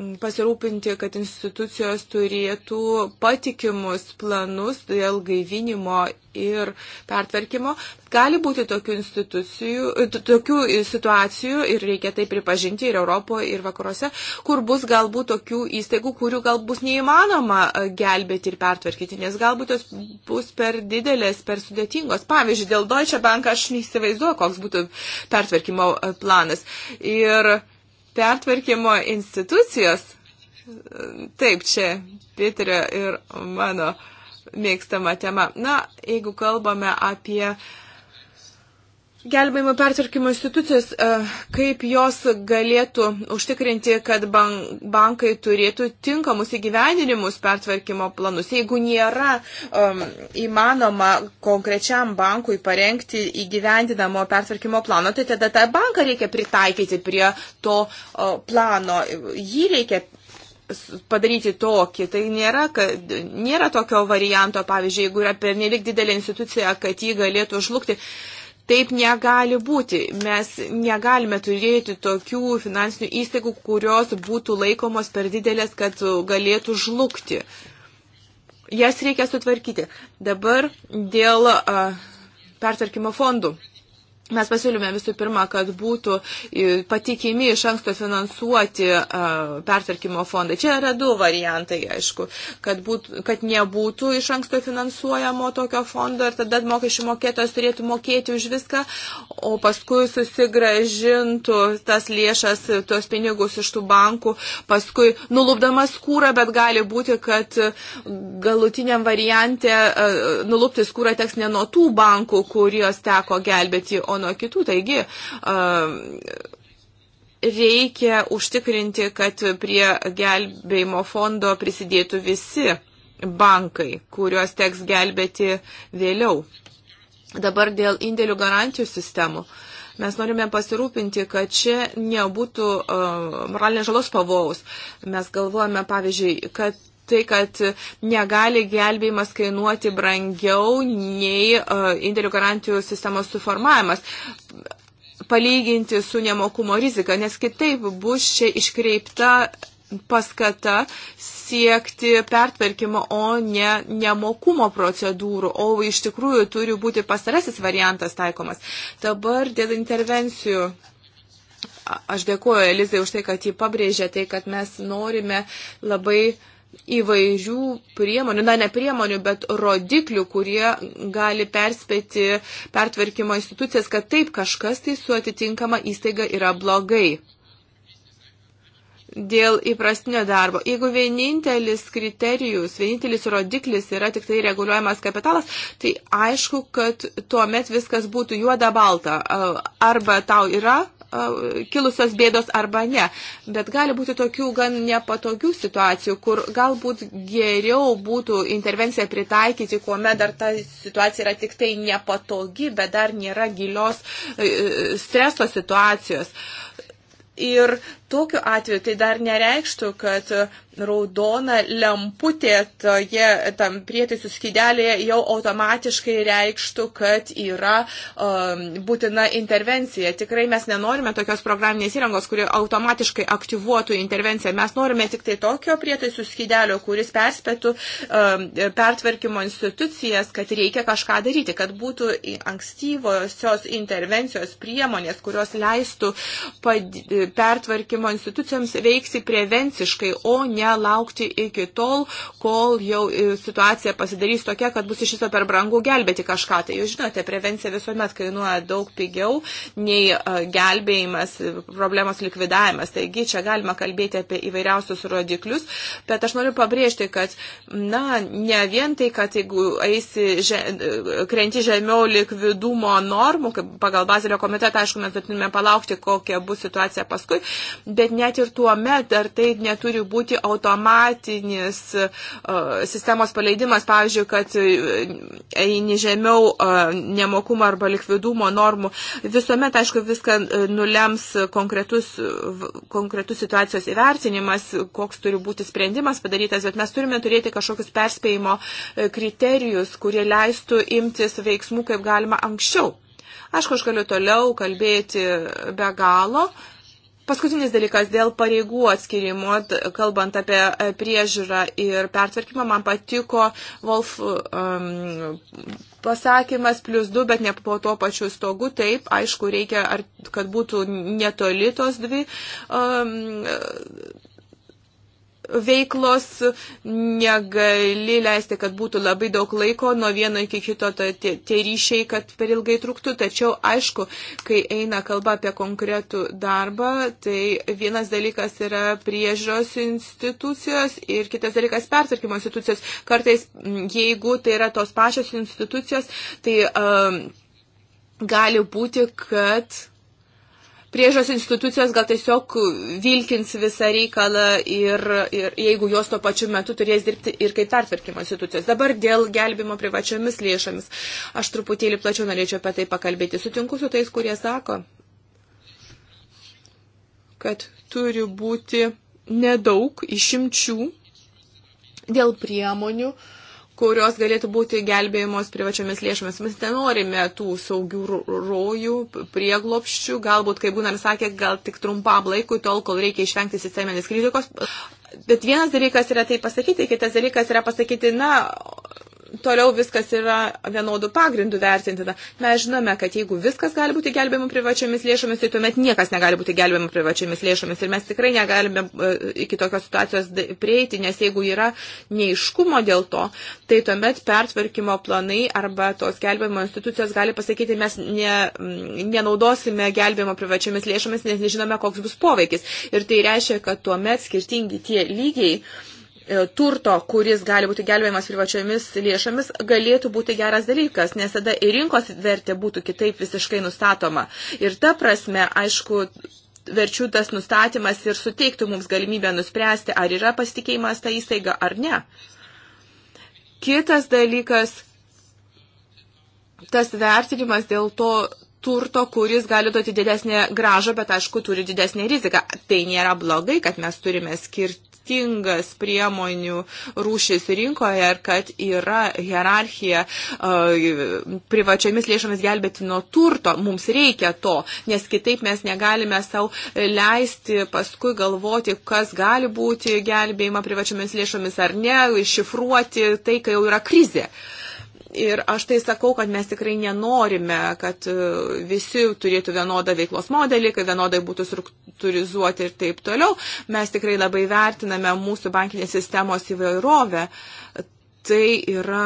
mm, pasirūpinti, kad institucijos turėtų patikimus planus dėl gaivinimo ir pertvarkymo. Gali būti tokių, tokių situacijų ir reikia tai pripažinti ir Europoje, ir vakaruose, kur bus galbūt tokių įstaigų, kurių gal bus neįmanoma e, gelbėti ir pertvarkyti, nes galbūt jos bus per didelės, per sudėtingos. Pavyzdžiui, dėl Deutsche Bank aš neįsivaizduoju, koks būtų pertvarkymo e, planas. Ir pertvarkymo institucijos, taip, čia Piterio ir mano mėgstama tema. Na, jeigu kalbame apie uh, gelbėjimo pertvarkymo institucijos, e, kaip jos galėtų užtikrinti, kad bankai turėtų tinkamus įgyveninimus pertvarkymo planus. Jeigu nėra um, įmanoma konkrečiam bankui parengti įgyvendinamo pertvarkymo plano, tai tada tą banką reikia pritaikyti prie to uh, plano. Jį reikia padaryti tokį. Tai nėra, kad, nėra tokio varianto, pavyzdžiui, jeigu yra pernelik didelė institucija, kad jį galėtų žlugti. Uh, Taip negali būti. Mes negalime turėti tokių finansinių įstaigų, kurios būtų laikomos per didelės, kad galėtų žlugti. Jas reikia sutvarkyti. Dabar dėl a, pertvarkymo fondų. Mes pasiūlėme visų pirma, kad būtų e, patikimi iš anksto finansuoti e, pertvarkymo fondai. Čia yra du variantai, aišku, kad, būt, kad nebūtų iš anksto finansuojamo tokio fondo ir tada mokesčių mokėtojas turėtų mokėti už viską, o paskui susigražintų tas lėšas, tuos pinigus iš tų bankų, paskui nulupdamas skūrą, bet gali būti, kad galutiniam variante e, nulupti skūrą teks ne nuo tų bankų, kuriuos teko gelbėti, o nuo kitų. Taigi, reikia užtikrinti, kad prie gelbėjimo fondo prisidėtų visi bankai, kuriuos teks gelbėti vėliau. Dabar dėl indėlių garantijų sistemų. Mes norime pasirūpinti, kad čia nebūtų uh, moralinės žalos pavojaus. Mes galvojame, pavyzdžiui, kad tai, kad negali gelbėjimas kainuoti brangiau nei e, indėlių garantijų sistemos suformavimas palyginti su nemokumo rizika, nes kitaip bus čia iškreipta paskata siekti pertvarkymo, o ne nemokumo procedūrų, o iš tikrųjų turi būti pastarasis variantas taikomas. Dabar dėl intervencijų. Aš dėkuoju Elizai už tai, kad jį pabrėžė tai, kad mes norime labai uh, įvairių priemonių, na ne priemonių, bet rodiklių, kurie gali perspėti pertvarkymo institucijas, kad taip kažkas tai su atitinkama įstaiga yra blogai dėl įprastinio darbo. Jeigu vienintelis kriterijus, vienintelis rodiklis yra tik tai reguliuojamas kapitalas, tai aišku, kad tuomet viskas būtų juoda balta. Arba tau yra kilusios bėdos arba ne. Bet gali būti tokių gan nepatogių situacijų, kur galbūt geriau būtų intervenciją pritaikyti, kuomet dar ta situacija yra tik tai nepatogi, bet dar nėra gilios e, e, streso situacijos. Ir tokiu atveju tai dar nereikštų, kad raudona lemputė toje, tam prietaisų skydelėje jau automatiškai reikštų, kad yra um, būtina intervencija. Tikrai mes nenorime tokios programinės įrangos, kuri automatiškai aktyvuotų intervenciją. Mes norime tik tai tokio prietaisų skydelio, kuris perspėtų um, pertvarkymo institucijas, kad reikia kažką daryti, kad būtų ankstyvosios intervencijos priemonės, kurios leistų pertvarkymo valdymo institucijoms veiksi prevenciškai, o ne laukti iki tol, kol jau e, situacija pasidarys tokia, kad bus iš viso per brangu gelbėti kažką. Tai jūs žinote, prevencija visuomet kainuoja daug pigiau nei e, gelbėjimas, problemos likvidavimas. Taigi čia galima kalbėti apie įvairiausius rodiklius, bet aš noriu pabrėžti, kad, na, ne vien tai, kad jeigu eisi, že, e, krenti žemiau likvidumo normų, pagal Bazilio komitetą, aišku, mes turime palaukti, kokia bus situacija paskui, bet net ir tuo met ar tai neturi būti automatinis uh, sistemos paleidimas, pavyzdžiui, kad e, eini žemiau uh, nemokumo arba likvidumo normų. Visuomet, aišku, viską nulems konkretus, konkretus situacijos įvertinimas, koks turi būti sprendimas padarytas, bet mes turime turėti kažkokius perspėjimo kriterijus, kurie leistų imtis veiksmų kaip galima anksčiau. Aišku, aš galiu toliau kalbėti be galo, Paskutinis dalykas dėl pareigų atskirimo, kalbant apie e, priežiūrą ir pertvarkymą, man patiko Wolf um, pasakymas plus du, bet ne po to pačiu stogu. Taip, aišku, reikia, ar, kad būtų netoli tos dvi. Um, veiklos, negali leisti, kad būtų labai daug laiko nuo vieno iki kito tie, tie ryšiai, kad per ilgai truktų. Tačiau, aišku, kai eina kalba apie konkretų darbą, tai vienas dalykas yra priežiūros institucijos ir kitas dalykas pertvarkymo institucijos. Kartais, jeigu tai yra tos pačios institucijos, tai um, gali būti, kad priežos institucijos gal tiesiog vilkins visą reikalą ir, ir jeigu jos tuo pačiu metu turės dirbti ir kaip pertvarkymo institucijos. Dabar dėl gelbimo privačiomis lėšomis. Aš truputėlį plačiau norėčiau apie tai pakalbėti. Sutinku su tais, kurie sako, kad turi būti nedaug išimčių dėl priemonių, uh, kurios galėtų būti gelbėjimos privačiomis lėšomis. Mes nenorime tų saugių rojų, prieglopščių, galbūt, kaip būnam sakė, gal tik trumpam laikui, tol, kol reikia išvengti sisteminės kritikos. Bet vienas dalykas yra tai pasakyti, kitas dalykas yra pasakyti, na, toliau viskas yra vienodų pagrindų vertintina. Mes žinome, kad jeigu viskas gali būti gelbėjama privačiomis lėšomis, tai tuomet niekas negali būti gelbėjama privačiomis lėšomis. Ir mes tikrai negalime e, iki tokios situacijos prieiti, nes jeigu yra neiškumo dėl to, tai tuomet pertvarkymo planai arba tos gelbėjimo institucijos gali pasakyti, mes ne, nenaudosime gelbėjimo privačiomis lėšomis, nes nežinome, koks bus poveikis. Ir tai reiškia, kad tuomet skirtingi tie lygiai, E, turto, kuris gali būti gelbėjimas privačiomis lėšomis, galėtų būti geras dalykas, nes tada ir rinkos vertė būtų kitaip visiškai nustatoma. Ir ta prasme, aišku, verčių tas nustatymas ir suteiktų mums galimybę nuspręsti, ar yra pasitikėjimas ta įstaiga ar ne. Kitas dalykas, tas vertinimas dėl to turto, kuris gali duoti didesnę gražą, bet aišku, turi didesnę riziką. Tai nėra blogai, kad mes turime skirti skirtingas priemonių rūšis rinkoje ir kad yra hierarchija e, privačiamis lėšomis gelbėti nuo turto. Mums reikia to, nes kitaip mes negalime savo leisti paskui galvoti, kas gali būti gelbėjama privačiamis lėšomis ar ne, šifruoti tai, kai jau yra krizė. Uh, Ir aš tai sakau, kad mes tikrai nenorime, kad e, visi turėtų vienodą veiklos modelį, kad vienodai būtų struktūrizuoti ir taip toliau. Mes tikrai labai vertiname mūsų bankinės sistemos įvairovę. Tai yra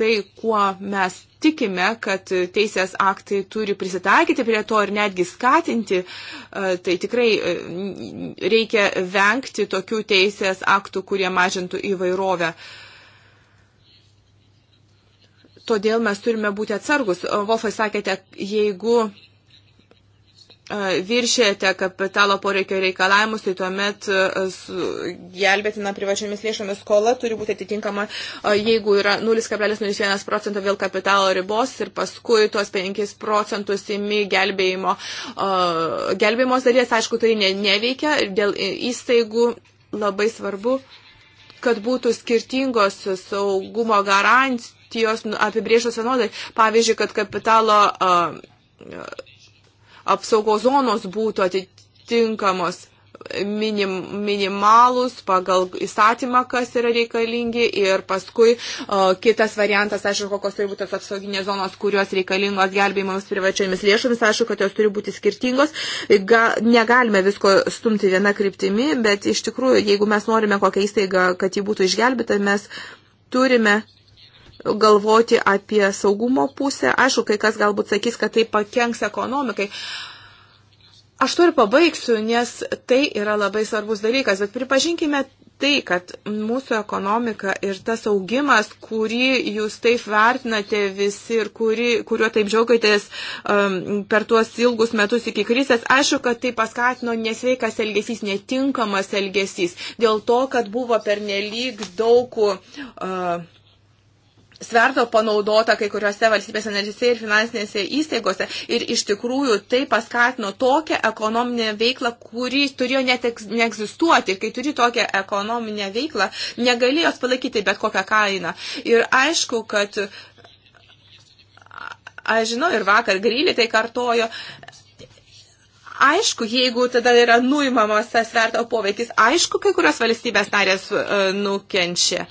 tai, kuo mes tikime, kad teisės aktai turi prisitaikyti prie to ir netgi skatinti, e, tai tikrai e, reikia vengti tokių teisės aktų, kurie mažintų įvairovę. Uh, Todėl mes turime būti atsargus. Wolfai sakėte, jeigu e, viršėjate kapitalo poreikio reikalavimus, tai tuomet e, gelbėtina privačiomis lėšomis skola turi būti atitinkama, jeigu yra 0,01 procento vėl kapitalo ribos ir paskui tuos 5 procentus imi gelbėjimo, gelbėjimos dalies, aišku, tai ne, neveikia, dėl įstaigų labai svarbu kad būtų skirtingos saugumo garantijos apibrėžtos vienodai. Pavyzdžiui, kad kapitalo apsaugos zonos būtų atitinkamos minim, minimalus pagal įstatymą, kas yra reikalingi ir paskui o, kitas variantas, aišku, kokios turi būti tos apsauginės zonos, kurios reikalingos gelbėjimams privačiomis lėšomis, aišku, kad jos turi būti skirtingos. Ga, negalime visko stumti viena kryptimi, bet iš tikrųjų, jeigu mes norime kokią įstaigą, kad ji būtų išgelbėta, mes turime galvoti apie saugumo pusę. Aišku, kai kas galbūt sakys, kad tai pakenks ekonomikai. Uh, Aš turiu pabaigsiu, nes tai yra labai svarbus dalykas, bet pripažinkime tai, kad mūsų ekonomika ir tas augimas, kurį jūs taip vertinate visi ir kuri, kuriuo taip džiaugiatės um, per tuos ilgus metus iki krizės, aišku, kad tai paskatino nesveikas elgesys, netinkamas elgesys, dėl to, kad buvo pernelyg daug. Uh, sverto panaudota kai kuriuose valstybės energisėje ir finansinėse įstaigose. Ir iš tikrųjų tai paskatino tokią ekonominę veiklą, kuri turėjo net neegzistuoti. Ir kai turi tokią ekonominę veiklą, negali jos palaikyti bet kokią kainą. Ir aišku, kad, aš žinau, ir vakar grylį tai kartojo, aišku, jeigu tada yra nuimamas tas sverto poveikis, aišku, kai kurios valstybės narės e, nukenčia.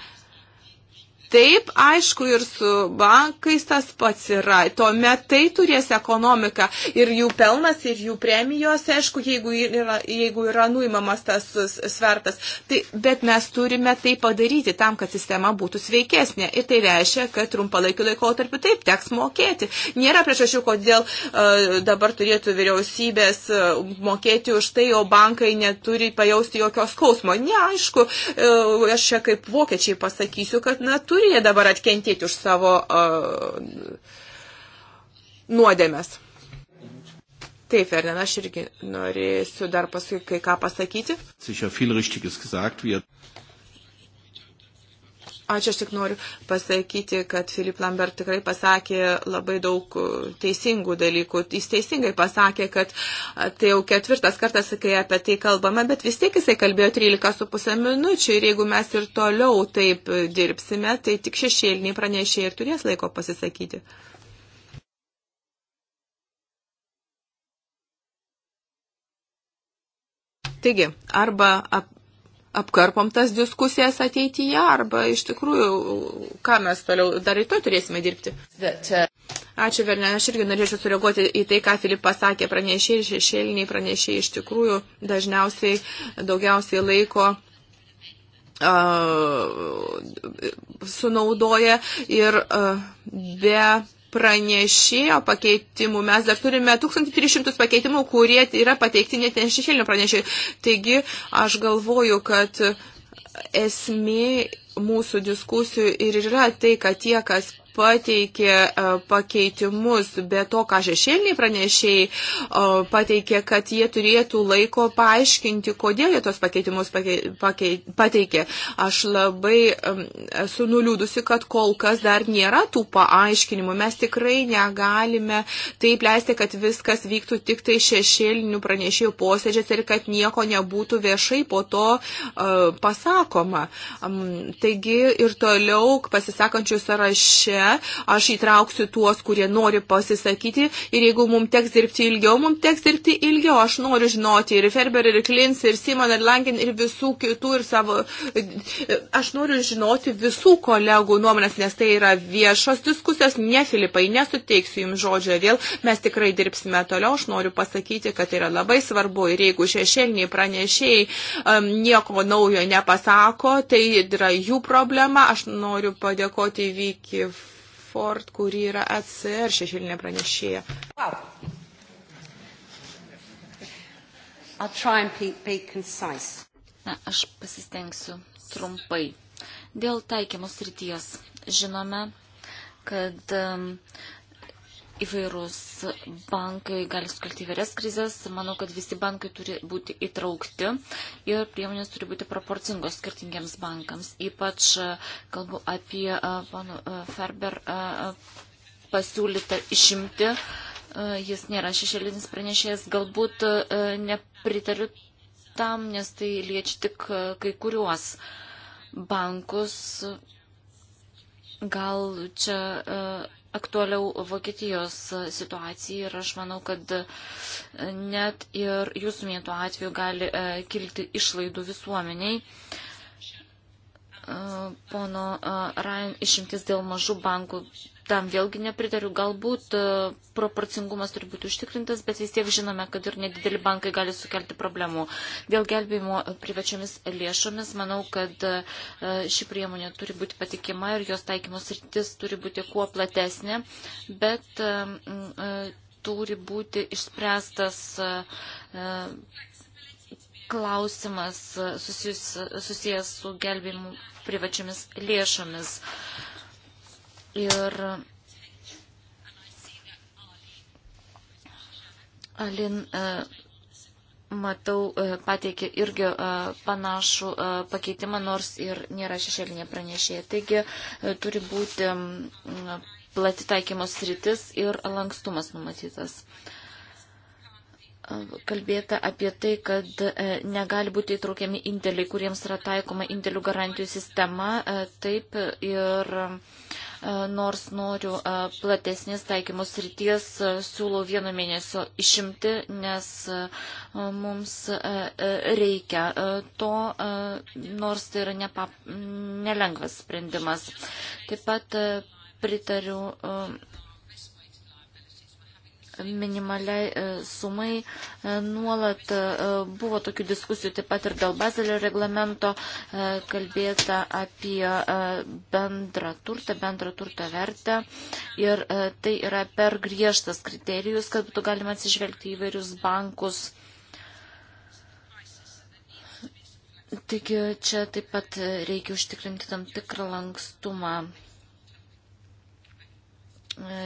Taip, aišku, ir su bankais tas pats yra. Tuomet tai turės ekonomika ir jų pelnas, ir jų premijos, aišku, jeigu yra, jeigu yra nuimamas tas svertas. Tai, bet mes turime tai padaryti tam, kad sistema būtų sveikesnė. Ir tai reiškia, kad trumpalaikiu laikotarpiu taip teks mokėti. Nėra priešašių, kodėl uh, dabar turėtų vyriausybės uh, mokėti už tai, o bankai neturi pajausti jokios skausmo. Ne, aišku, uh, aš čia kaip vokiečiai pasakysiu, kad na, turi turi jie dabar atkentėti už savo uh, nuodėmės. Taip, Ferdinand, aš irgi norėsiu dar paskui kai ką pasakyti. Ačiū, aš tik noriu pasakyti, kad Filip Lambert tikrai pasakė labai daug uh, teisingų dalykų. Jis teisingai pasakė, kad uh, tai jau ketvirtas kartas, kai apie tai kalbame, bet vis tiek jisai kalbėjo 13,5 minučių ir jeigu mes ir toliau taip uh, dirbsime, tai tik šešėliniai pranešėjai ir turės laiko pasisakyti. Taigi, arba ap, apkarpom tas diskusijas ateityje arba iš tikrųjų, ką mes toliau dar rytoj turėsime dirbti. Uh, Ačiū, Vernė, aš irgi norėčiau sureaguoti į tai, ką Filipas sakė, pranešėjai ir šešėliniai pranešėjai iš tikrųjų dažniausiai daugiausiai laiko uh, sunaudoja ir uh, be pranešėjo pakeitimų. Mes dar turime 1300 pakeitimų, kurie yra pateikti net ne šešėlinio pranešėjo. Taigi aš galvoju, kad esmė mūsų diskusijų ir yra tai, kad tie, kas pateikė e, pakeitimus, be to, ką šešėliniai pranešėjai e, pateikė, kad jie turėtų laiko paaiškinti, kodėl jie tos pakeitimus pateikė. Aš labai esu nuliūdusi, kad kol kas dar nėra tų paaiškinimų. Mes tikrai negalime taip leisti, kad viskas vyktų tik tai šešėlinių pranešėjų posėdžiais ir kad nieko nebūtų viešai po to e, pasakoma. Taigi ir toliau pasisakančių sąraše ne, aš įtrauksiu tuos, kurie nori pasisakyti ir jeigu mums teks dirbti ilgiau, mums teks dirbti ilgiau, aš noriu žinoti ir Ferber, ir Klins, ir Simon, ir Langin, ir visų kitų, ir savo, aš noriu žinoti visų kolegų nuomonės, nes tai yra viešos diskusijos, ne Filipai, nesuteiksiu jums žodžio vėl, mes tikrai dirbsime toliau, aš noriu pasakyti, kad tai yra labai svarbu ir jeigu šešėliniai pranešėjai um, nieko naujo nepasako, tai yra jų problema, aš noriu padėkoti Viki Ford, kuri yra ACR šešėlinė pranešėja. Wow. Na, aš pasistengsiu trumpai. Dėl taikymos ryties žinome, kad um, įvairūs bankai gali sukelti įvairias krizės. Manau, kad visi bankai turi būti įtraukti ir priemonės turi būti proporcingos skirtingiems bankams. Ypač e, kalbu apie e, pano e, Ferber pasiūlytą išimti. Jis nėra šešėlinis pranešėjas. Galbūt nepritariu tam, nes tai liečia tik kai kuriuos bankus. Gal čia uh, aktualiau Vokietijos situacija ir aš manau, kad net ir jūsų minėtų atveju gali e, kilti išlaidų visuomeniai. E, pono e, Rain išimtis dėl mažų bankų tam vėlgi nepritariu. Galbūt e, proporcingumas turi būti užtikrintas, bet vis tiek žinome, kad ir nedideli bankai gali sukelti problemų. Dėl gelbėjimo privačiomis lėšomis, manau, kad e, ši priemonė turi būti patikima ir jos taikymos rytis turi būti kuo platesnė, bet e, turi būti išspręstas klausimas susijęs su gelbėjimu privačiomis lėšomis. Uh, Ir Alin, e, matau, e, pateikė irgi e, panašų pakeitimą, nors ir nėra šešėlinė pranešėja. Taigi turi būti plati taikymos rytis ir lankstumas numatytas kalbėta apie tai, kad negali būti įtraukiami indėliai, kuriems yra taikoma indėlių garantijų sistema, taip ir nors noriu platesnės taikymus ryties, siūlau vieno mėnesio išimti, nes mums reikia to, nors tai yra nepa, nelengvas sprendimas. Taip pat pritariu minimaliai e, sumai. E, nuolat e, buvo tokių diskusijų taip pat ir dėl bazelio reglamento kalbėta apie bendrą turtą, bendrą turtą vertę. Ir tai yra per griežtas kriterijus, kad būtų galima atsižvelgti įvairius bankus. Taigi čia taip pat reikia užtikrinti tam tikrą lankstumą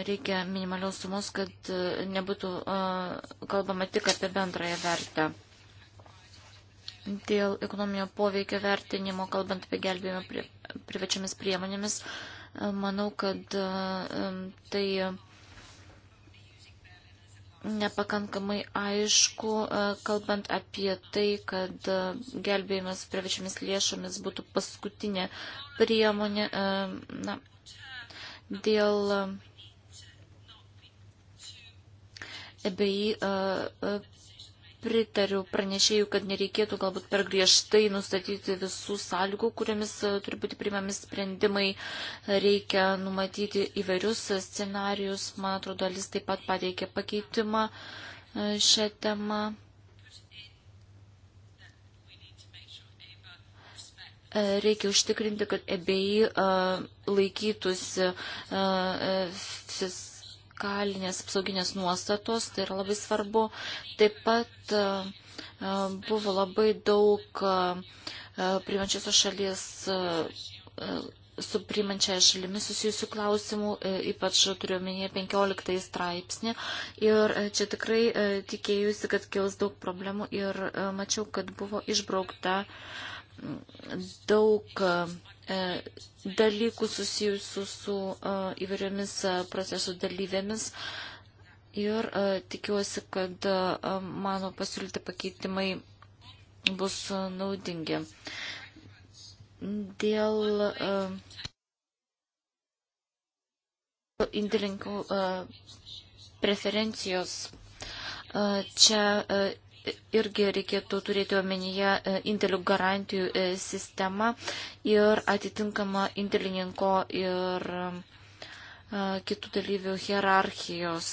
reikia minimalios sumos, kad e, nebūtų e, kalbama tik apie bendrąją vertę. Dėl ekonominio poveikio vertinimo, kalbant apie gelbėjimą privačiamis priemonėmis, e, manau, kad tai nepakankamai aišku, kalbant apie tai, kad gelbėjimas privačiamis lėšomis būtų paskutinė priemonė. Na, dėl bei pritariu pranešėjų, kad nereikėtų galbūt per griežtai nustatyti visų sąlygų, kuriamis turi būti priimami sprendimai. Reikia numatyti įvairius scenarius. Man atrodo, Alis taip pat pateikė pakeitimą šią temą. reikia užtikrinti, kad ebei laikytųsi FIS kalinės apsauginės nuostatos, tai yra labai svarbu. Taip pat e, e, buvo labai daug e, primančiosios šalies su primančia šalimi susijusių klausimų, ypač turiu minėję 15 straipsnį. Ir čia tikrai tikėjusi, kad kils daug problemų ir mačiau, kad buvo išbraukta daug E, dalykų susijusių su e, įvairiomis e, procesų dalyvėmis. Ir tikiuosi, kad mano pasiūlyti pakeitimai bus naudingi. Dėl indėlinkų preferencijos čia irgi reikėtų turėti omenyje e, indėlių garantijų e, sistemą ir atitinkamą indėlininko ir e, kitų dalyvių hierarchijos.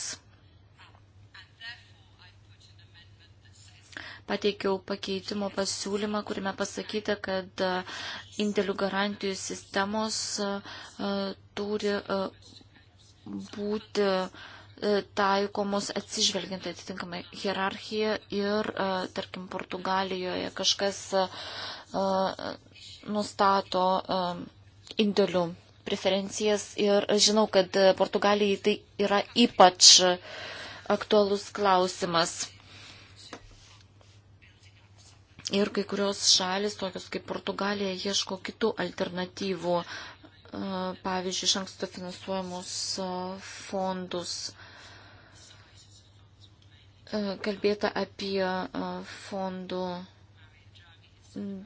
Pateikiau pakeitimo pasiūlymą, kuriame pasakyta, kad indėlių garantijų sistemos turi būti E, taikomus atsižvelgiant atitinkamai hierarchiją ir, e, tarkim, Portugalijoje kažkas e, nustato indėlių preferencijas ir žinau, kad Portugalijai tai yra ypač aktualus klausimas. Ir kai kurios šalis, tokios kaip Portugalija, ieško kitų alternatyvų, pavyzdžiui, iš anksto finansuojamus fondus. E, kalbėta apie e, fondų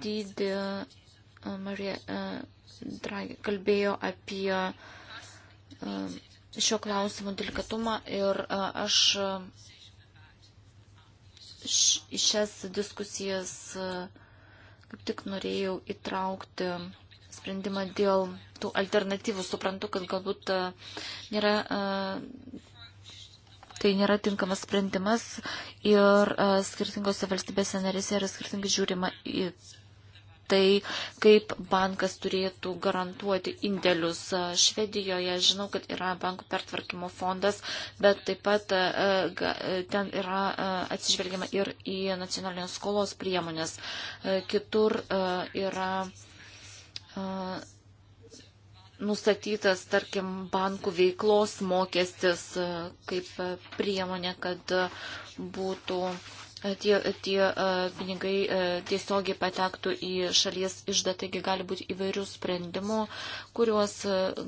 dydį. E, Marija Dragi kalbėjo apie šio klausimo delikatumą ir aš į šias diskusijas kaip tik norėjau įtraukti sprendimą dėl tų alternatyvų. Suprantu, kad galbūt nėra tai nėra tinkamas sprendimas ir e, skirtingose valstybėse narėse yra skirtingai žiūrima į tai, kaip bankas turėtų garantuoti indėlius. E, Švedijoje žinau, kad yra bankų pertvarkymo fondas, bet taip pat e, ten yra atsižvelgiama ir į nacionalinės skolos priemonės. Kitur yra nustatytas, tarkim, bankų veiklos mokestis e, kaip e, priemonė, kad e, būtų tie, tie pinigai tiesiogiai patektų į šalies išdą, taigi gali būti įvairių sprendimų, kuriuos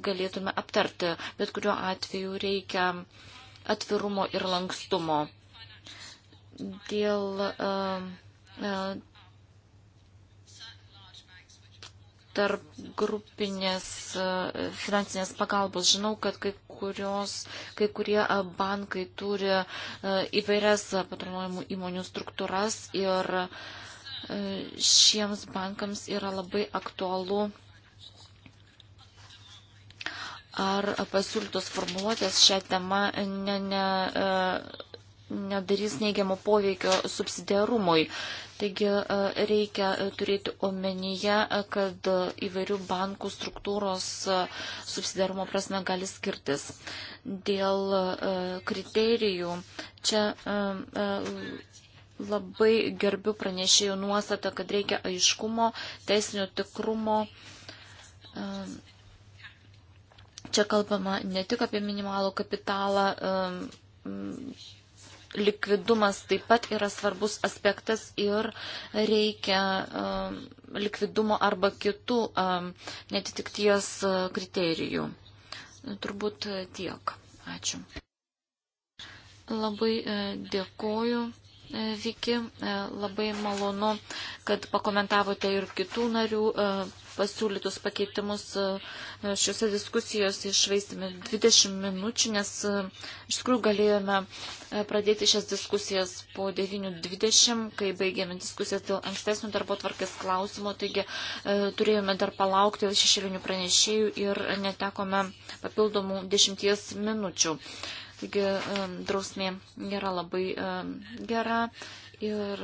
galėtume aptarti, bet kuriuo atveju reikia atvirumo ir lankstumo. Dėl tarp grupinės e, finansinės pagalbos. Žinau, kad kai, kurios, kai kurie e, bankai turi e, įvairias patronuojamų įmonių struktūras ir šiems bankams yra labai aktualu ar pasiūlytos formuluotės šią temą ne, ne, nedarys neigiamo poveikio subsidiarumui. Taigi e, reikia e, turėti omenyje, e, kad įvairių bankų struktūros subsidiarumo prasme gali skirtis. Dėl kriterijų čia labai gerbiu pranešėjų nuostatą, kad reikia aiškumo, teisinio tikrumo. Čia kalbama ne tik apie minimalų kapitalą, likvidumas taip pat yra svarbus aspektas ir reikia um, likvidumo arba kitų um, netitikties uh, kriterijų. Turbūt uh, tiek. Ačiū. Labai uh, dėkoju. Viki, e, labai malonu, kad pakomentavote ir kitų narių e, pasiūlytus pakeitimus. E, Šiuose diskusijose išvaistėme 20 minučių, nes iš tikrųjų galėjome pradėti šias diskusijas po 9.20, kai baigėme diskusijas dėl ankstesnių darbo tvarkės klausimų, taigi turėjome dar palaukti šešėlinių pranešėjų ir netekome papildomų 10 minučių. Taigi drausmė nėra labai gera ir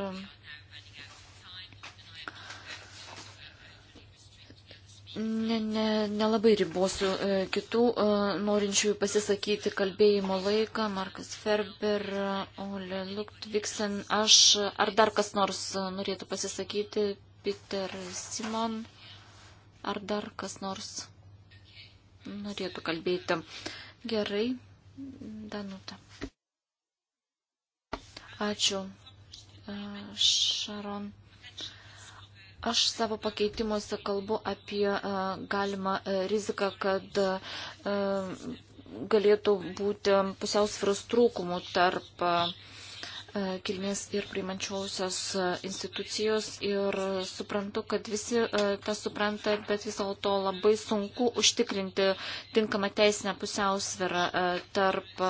Nelabai ne, ne, ne ribosiu e, kitų e, norinčiųjų pasisakyti kalbėjimo laiką. Markas Ferber, Ole Luktviksen, aš. Ar dar kas nors e, norėtų pasisakyti? Peter Simon. Ar dar kas nors norėtų kalbėti? Gerai, Danuta. Ačiū, Šaron. Aš savo pakeitimuose kalbu apie galimą riziką, kad galėtų būti pusiausvėros trūkumų tarp uh, E, kilmės ir priimančiausios e, institucijos ir suprantu, kad visi e, tą supranta, bet vis dėlto labai sunku užtikrinti tinkamą teisinę pusiausvyrą tarp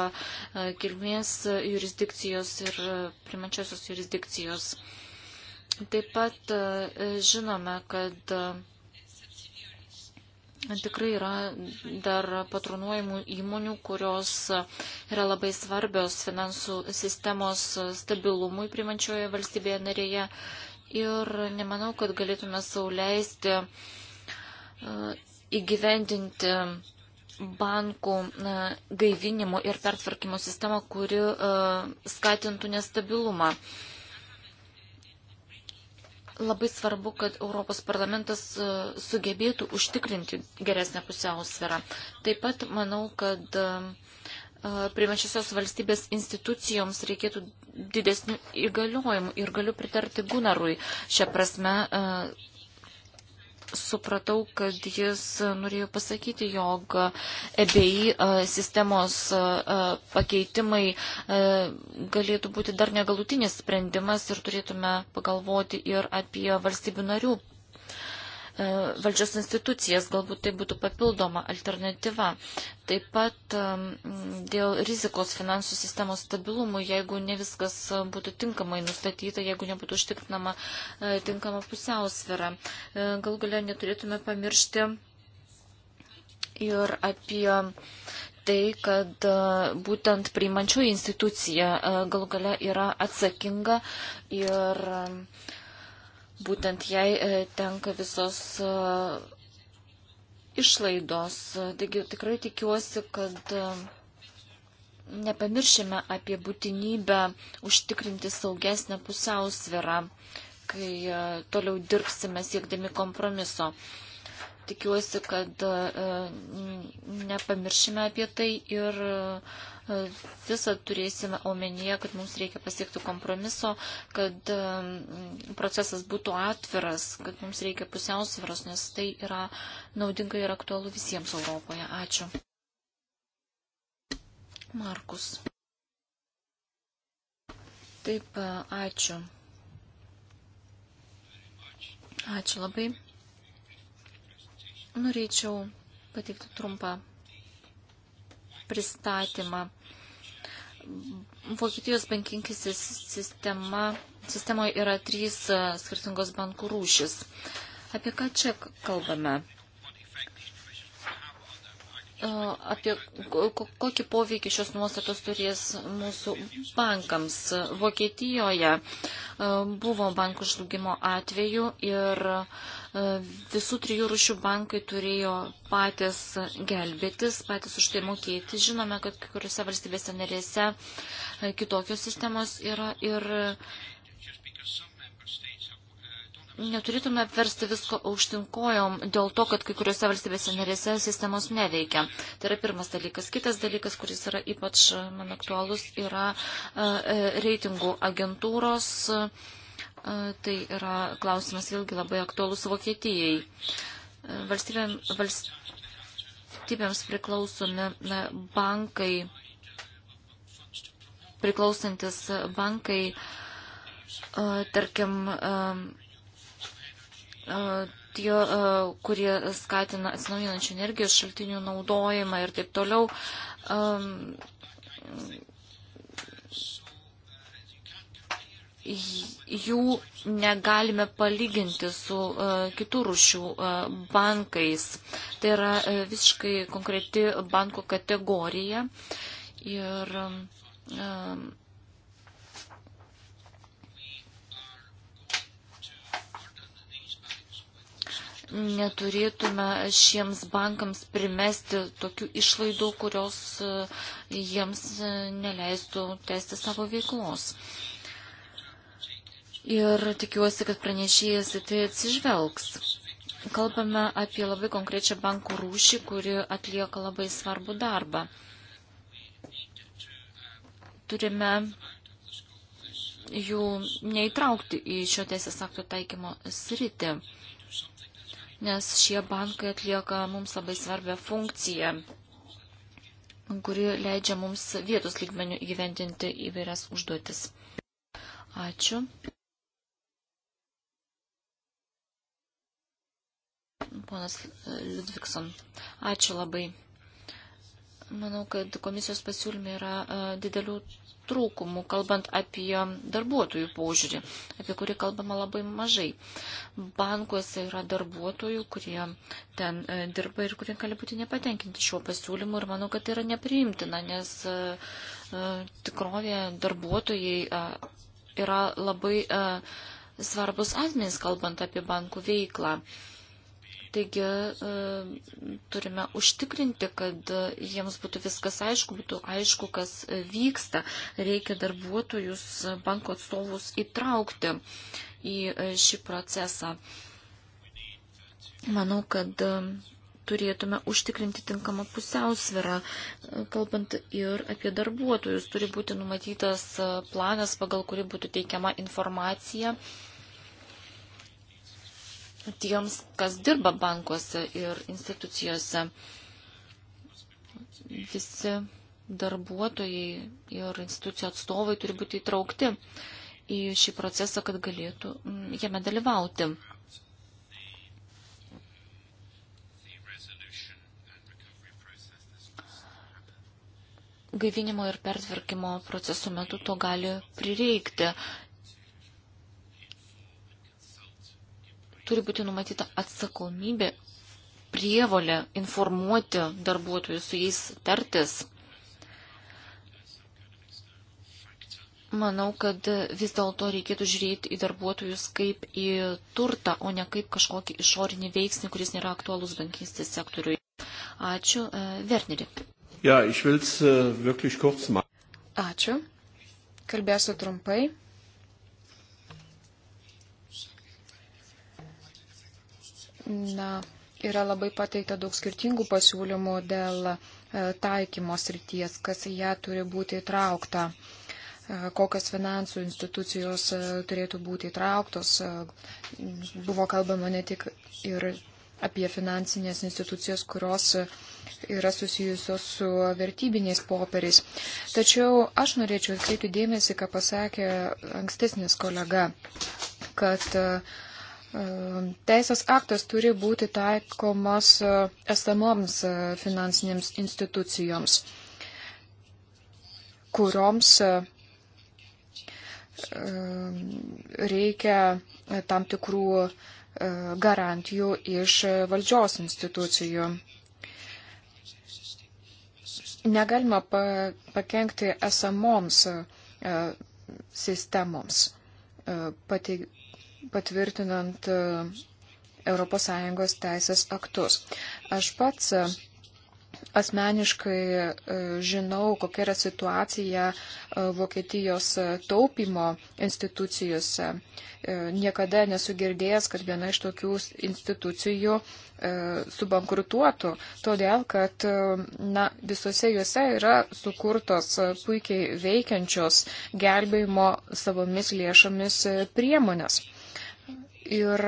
kilmės jurisdikcijos ir priimančiosios jurisdikcijos. Taip pat žinome, kad Tikrai yra dar patronuojimų įmonių, kurios yra labai svarbios finansų sistemos stabilumui primančioje valstybėje narėje. Ir nemanau, kad galėtume sauliaisti e, įgyvendinti bankų e, gaivinimo ir pertvarkymo sistemą, kuri e, skatintų nestabilumą. Labai svarbu, kad Europos parlamentas e, sugebėtų užtikrinti geresnę pusiausvyrą. Taip pat manau, kad e, e, primačiosios valstybės institucijoms reikėtų didesnių įgaliojimų ir galiu pritarti Gunarui šią prasme, supratau, kad jis norėjo pasakyti, jog EBI e, sistemos e, e, pakeitimai galėtų būti dar negalutinis sprendimas ir turėtume pagalvoti ir apie valstybių narių E, valdžios institucijas, galbūt tai būtų papildoma alternatyva. Taip pat e, dėl rizikos finansų sistemos stabilumų, jeigu ne viskas būtų tinkamai nustatyta, jeigu nebūtų užtikrinama e, tinkama pusiausvėra. Gal galia neturėtume pamiršti ir apie tai, kad būtent priimančių institucija gal gale yra atsakinga ir uh, Būtent jai e, tenka visos e, išlaidos. Taigi tikrai tikiuosi, kad e, nepamiršime apie būtinybę užtikrinti saugesnę pusiausvirą, kai toliau dirbsime siekdami kompromiso. Tikiuosi, kad e, nepamiršime apie tai ir e, visą turėsime omenyje, kad mums reikia pasiekti kompromiso, kad e, procesas būtų atviras, kad mums reikia pusiausviros, nes tai yra naudinga ir aktualu visiems Europoje. Ačiū. Markus. Taip, ačiū. Ačiū labai. Norėčiau pateikti trumpą pristatymą. Vokietijos bankinkis sistema, sistemoje yra trys e, skirtingos bankų rūšis. Apie ką čia kalbame? E, apie kokį poveikį šios nuostatos turės mūsų bankams. Vokietijoje e, buvo bankų žlugimo atveju ir uh, E, visų trijų rušių bankai turėjo patys gelbėtis, patys už tai mokėti. Žinome, kad kai kuriuose valstybėse narėse e, kitokios sistemos yra ir Neturėtume apversti visko aukštinkojom dėl to, kad kai kuriuose valstybėse narėse sistemos neveikia. Tai yra pirmas dalykas. Kitas dalykas, kuris yra ypač man aktualus, yra e, reitingų agentūros. Uh, Tai yra klausimas vėlgi labai aktuolus Vokietijai. Valstybėm, valstybėms priklausomi na, bankai, priklausantis bankai, tarkim, tie, kurie skatina atsinaujinančių energijos šaltinių naudojimą ir taip toliau jų negalime palyginti su e, kitų rušių e, bankais. Tai yra e, visiškai konkreti banko kategorija. Ir neturėtume šiems bankams primesti tokių išlaidų, kurios jiems neleistų tęsti savo veiklos. Uh, ir tikiuosi, kad pranešėjas į tai atsižvelgs. Kalbame apie labai konkrečią bankų rūšį, kuri atlieka labai svarbų darbą. Turime jų neįtraukti į šio teisės akto taikymo sritį, nes šie bankai atlieka mums labai svarbią funkciją, kuri leidžia mums vietos lygmenių įgyvendinti įvairias užduotis. Ačiū. ponas e, Ludvikson. Ačiū labai. Manau, kad komisijos pasiūlymė yra e, didelių trūkumų, kalbant apie darbuotojų požiūrį, apie kurį kalbama labai mažai. Bankuose yra darbuotojų, kurie ten e, dirba ir kurie gali būti nepatenkinti šiuo pasiūlymu ir manau, kad tai yra nepriimtina, nes tikrovė darbuotojai yra labai svarbus asmenys, kalbant apie bankų veiklą. Taigi e, turime užtikrinti, kad jiems būtų viskas aišku, būtų aišku, kas vyksta. Reikia darbuotojus, banko atstovus įtraukti į e, šį procesą. Manau, kad e, turėtume užtikrinti tinkamą pusiausvirą, kalbant ir apie darbuotojus. Turi būti numatytas planas, pagal kurį būtų teikiama informacija tiems, kas dirba bankuose ir institucijose. Visi darbuotojai ir institucijų atstovai turi būti įtraukti į šį procesą, kad galėtų mm, jame dalyvauti. Gaivinimo ir pertvarkymo procesų metu to gali prireikti turi būti numatyta atsakomybė, prievolė informuoti darbuotojus, su jais tartis. Manau, kad vis dėlto reikėtų žiūrėti į darbuotojus kaip į turtą, o ne kaip kažkokį išorinį veiksnį, kuris nėra aktualus bankystės sektoriui. Ačiū. E, Verneri. Ja, ich will's, uh, wirklich kurz machen. Ačiū. Kalbėsiu trumpai. Na, yra labai pateikta daug skirtingų pasiūlymų dėl e, taikymo srities, kas į ją turi būti įtraukta, e, kokios finansų institucijos e, turėtų būti įtrauktos. Buvo kalbama ne tik ir apie finansinės institucijas, kurios yra susijusios su vertybiniais popieriais. Tačiau aš norėčiau atkreipti dėmesį, ką pasakė ankstesnis kolega, kad uh, Teisės aktas turi būti taikomas e, esamoms e, finansinėms institucijoms, kurioms e, reikia tam tikrų garantijų iš valdžios institucijų. Negalima pakengti esamoms sistemoms, pateikti patvirtinant ES teisės aktus. Aš pats e, asmeniškai e, žinau, kokia yra situacija e, Vokietijos taupimo institucijose. Niekada nesu girdėjęs, kad viena iš tokių institucijų subankrutuotų, todėl kad na, visose juose yra sukurtos puikiai veikiančios gelbėjimo savomis lėšomis priemonės. Ir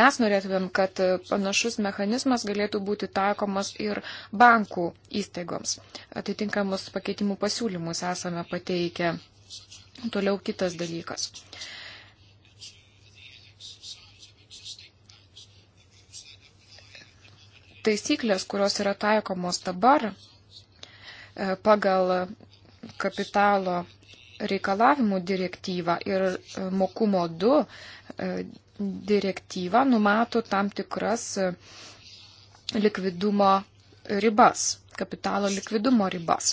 mes norėtumėm, kad panašus mechanizmas galėtų būti taikomas ir bankų įstaigoms. Atitinkamus pakeitimų pasiūlymus esame pateikę. Toliau kitas dalykas. Taisyklės, kurios yra taikomos dabar e, pagal kapitalo reikalavimų direktyva ir e, mokumo 2 e, direktyva numato tam tikras e, likvidumo ribas, kapitalo likvidumo ribas.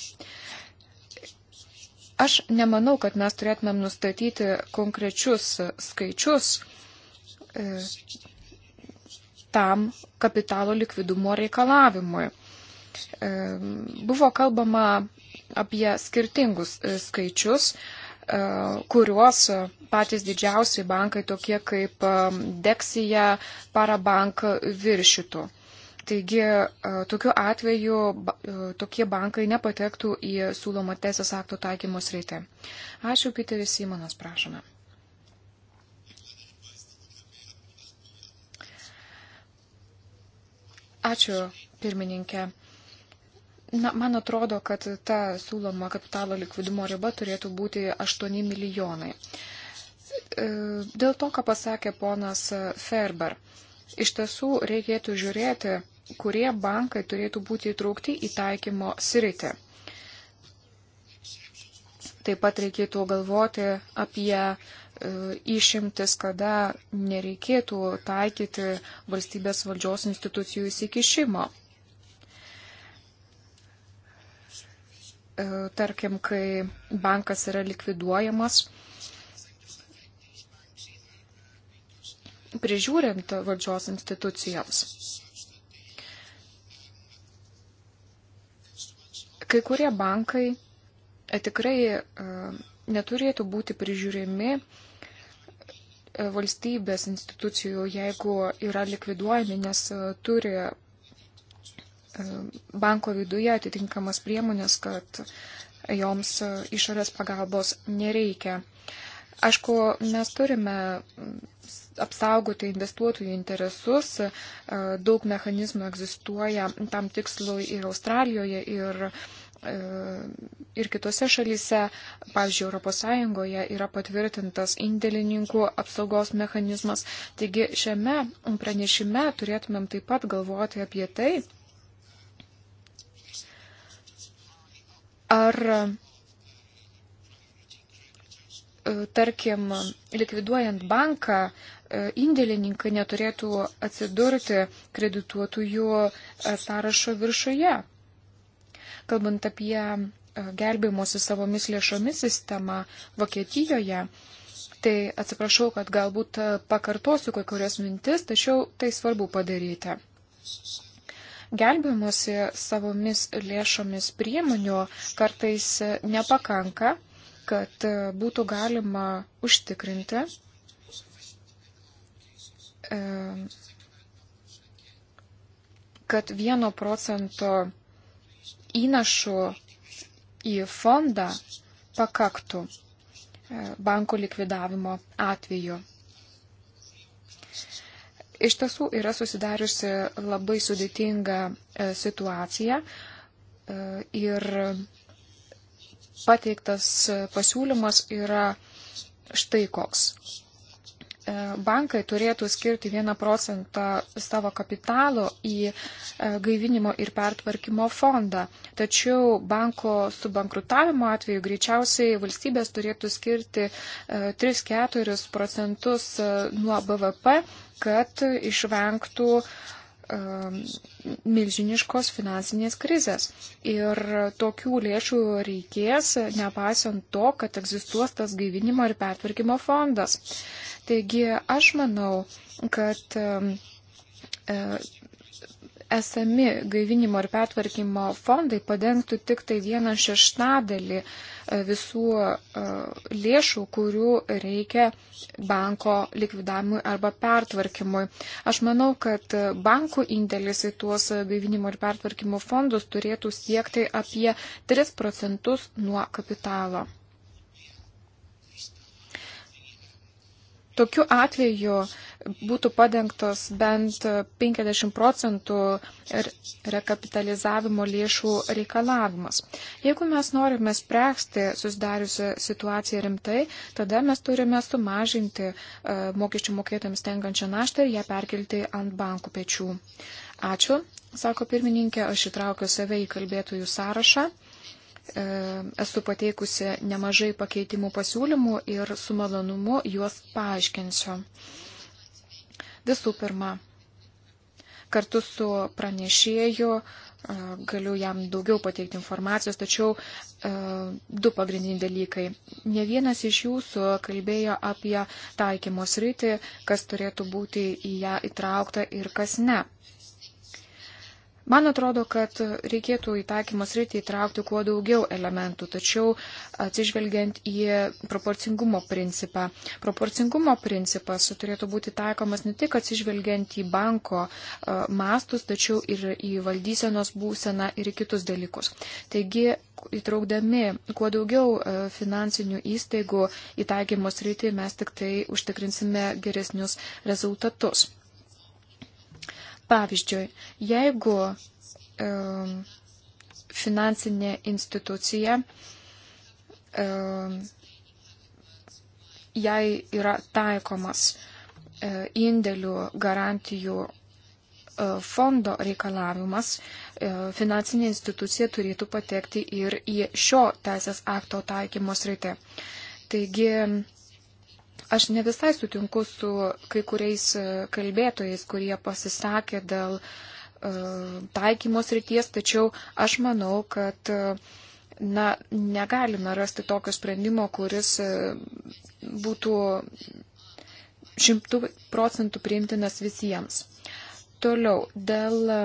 Aš nemanau, kad mes turėtumėm nustatyti konkrečius skaičius tam kapitalo likvidumo reikalavimui. Buvo kalbama apie skirtingus e, skaičius, e, kuriuos patys didžiausiai bankai, tokie kaip Dexia, Parabank viršytų. Taigi, e, tokiu atveju tokie bankai nepatektų į siūlomą teisės aktų taikymus reitę. Ačiū, Piteris Simonas, prašome. Ačiū, pirmininkė. Na, man atrodo, kad ta siūloma kapitalo likvidumo riba turėtų būti 8 milijonai. E, dėl to, ką pasakė ponas Ferber, iš tiesų reikėtų žiūrėti, kurie bankai turėtų būti įtraukti į taikymo sritį. Taip pat reikėtų galvoti apie e, išimtis, kada nereikėtų taikyti valstybės valdžios institucijų įsikišimo. E, tarkim, kai bankas yra likviduojamas, prižiūrint valdžios institucijoms. Kai kurie bankai e, tikrai e, neturėtų būti prižiūrimi valstybės institucijų, jeigu yra likviduojami, nes turi banko viduje atitinkamas priemonės, kad joms e, išorės pagalbos nereikia. Aišku, mes turime apsaugoti investuotojų interesus, e, daug mechanizmų egzistuoja tam tikslui ir Australijoje, ir e, ir kitose šalyse, pavyzdžiui, ES yra patvirtintas indėlininkų apsaugos mechanizmas. Taigi šiame pranešime turėtumėm taip pat galvoti apie tai, Ar, e, tarkim, likviduojant banką, e, indėlininkai neturėtų atsidurti kredituotojų e, sąrašo viršuje. Kalbant apie gelbėjimosi savomis lėšomis sistemą Vokietijoje, tai atsiprašau, kad galbūt pakartosiu kai kurias mintis, tačiau tai svarbu padaryti gelbimusi savomis lėšomis priemonių kartais nepakanka, kad būtų galima užtikrinti kad vieno procento įnašų į fondą pakaktų e, bankų likvidavimo atveju. Iš tiesų yra susidariusi labai sudėtinga e, situacija e, ir pateiktas pasiūlymas yra štai koks. E, bankai turėtų skirti 1 procentą savo kapitalo į gaivinimo ir pertvarkymo fondą. Tačiau banko subankrutavimo atveju greičiausiai valstybės turėtų skirti 3-4 procentus nuo BVP kad išvengtų um, milžiniškos finansinės krizės. Ir tokių lėšų reikės, nepaisant to, kad egzistuos tas gaivinimo ir pertvarkymo fondas. Taigi aš manau, kad um, e, esami gaivinimo ir pertvarkymo fondai padengtų tik tai vieną šeštadalį e, visų e, lėšų, kurių reikia banko likvidavimui arba pertvarkymui. Aš manau, kad bankų indėlis į tuos gaivinimo ir pertvarkymo fondus turėtų siekti apie 3 procentus nuo kapitalo. Tokiu atveju uh, būtų padengtos bent 50 procentų rekapitalizavimo lėšų reikalavimas. Jeigu mes norime spręsti susidariusią situaciją rimtai, tada mes turime sumažinti e, mokesčių mokėtams tenkančią naštą ir ją perkelti ant bankų pečių. Ačiū, sako pirmininkė, aš įtraukiu save į kalbėtojų sąrašą e, esu pateikusi nemažai pakeitimų pasiūlymų ir su malonumu juos paaiškinsiu. Visų pirma, kartu su pranešėju galiu jam daugiau pateikti informacijos, tačiau du pagrindiniai dalykai. Ne vienas iš jūsų kalbėjo apie taikymo sritį, kas turėtų būti į ją įtraukta ir kas ne. Man atrodo, kad reikėtų į taikymo sritį įtraukti kuo daugiau elementų, tačiau atsižvelgiant į proporcingumo principą. Proporcingumo principas turėtų būti taikomas ne tik atsižvelgiant į banko e, mastus, tačiau ir į valdysenos būseną ir kitus dalykus. Taigi, įtraukdami kuo daugiau e, finansinių įstaigų į taikymo sritį, mes tik tai užtikrinsime geresnius rezultatus. Pavyzdžiui, jeigu e, finansinė institucija, e, jai yra taikomas e, indėlių garantijų e, fondo reikalavimas, e, finansinė institucija turėtų patekti ir į šio teisės akto taikymos rytę. Taigi, Aš ne visai sutinku su kai kuriais e, kalbėtojais, kurie pasisakė dėl e, taikymos ryties, tačiau aš manau, kad e, na, negalime rasti tokio sprendimo, kuris būtų šimtų procentų priimtinas visiems. Toliau, dėl e,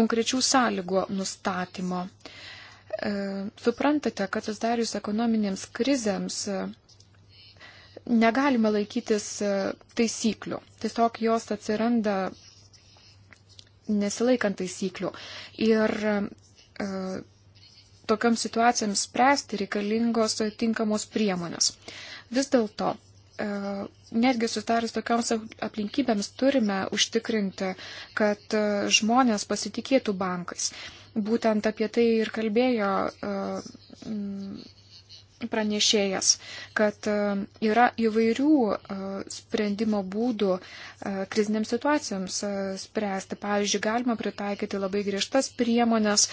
konkrečių sąlygų nustatymo. E, suprantate, kad susidarius ekonominėms krizėms e, negalime laikytis e, taisyklių. Tiesiog jos atsiranda nesilaikant taisyklių. Ir e, tokiam situacijams spręsti reikalingos tinkamos priemonės. Vis dėlto, e, netgi sutarus tokioms aplinkybėms turime užtikrinti, kad e, žmonės pasitikėtų bankais. Būtent apie tai ir kalbėjo. E, m, pranešėjas, kad e, yra įvairių e, sprendimo būdų e, krizinėms situacijoms spręsti. Pavyzdžiui, galima pritaikyti labai griežtas priemonės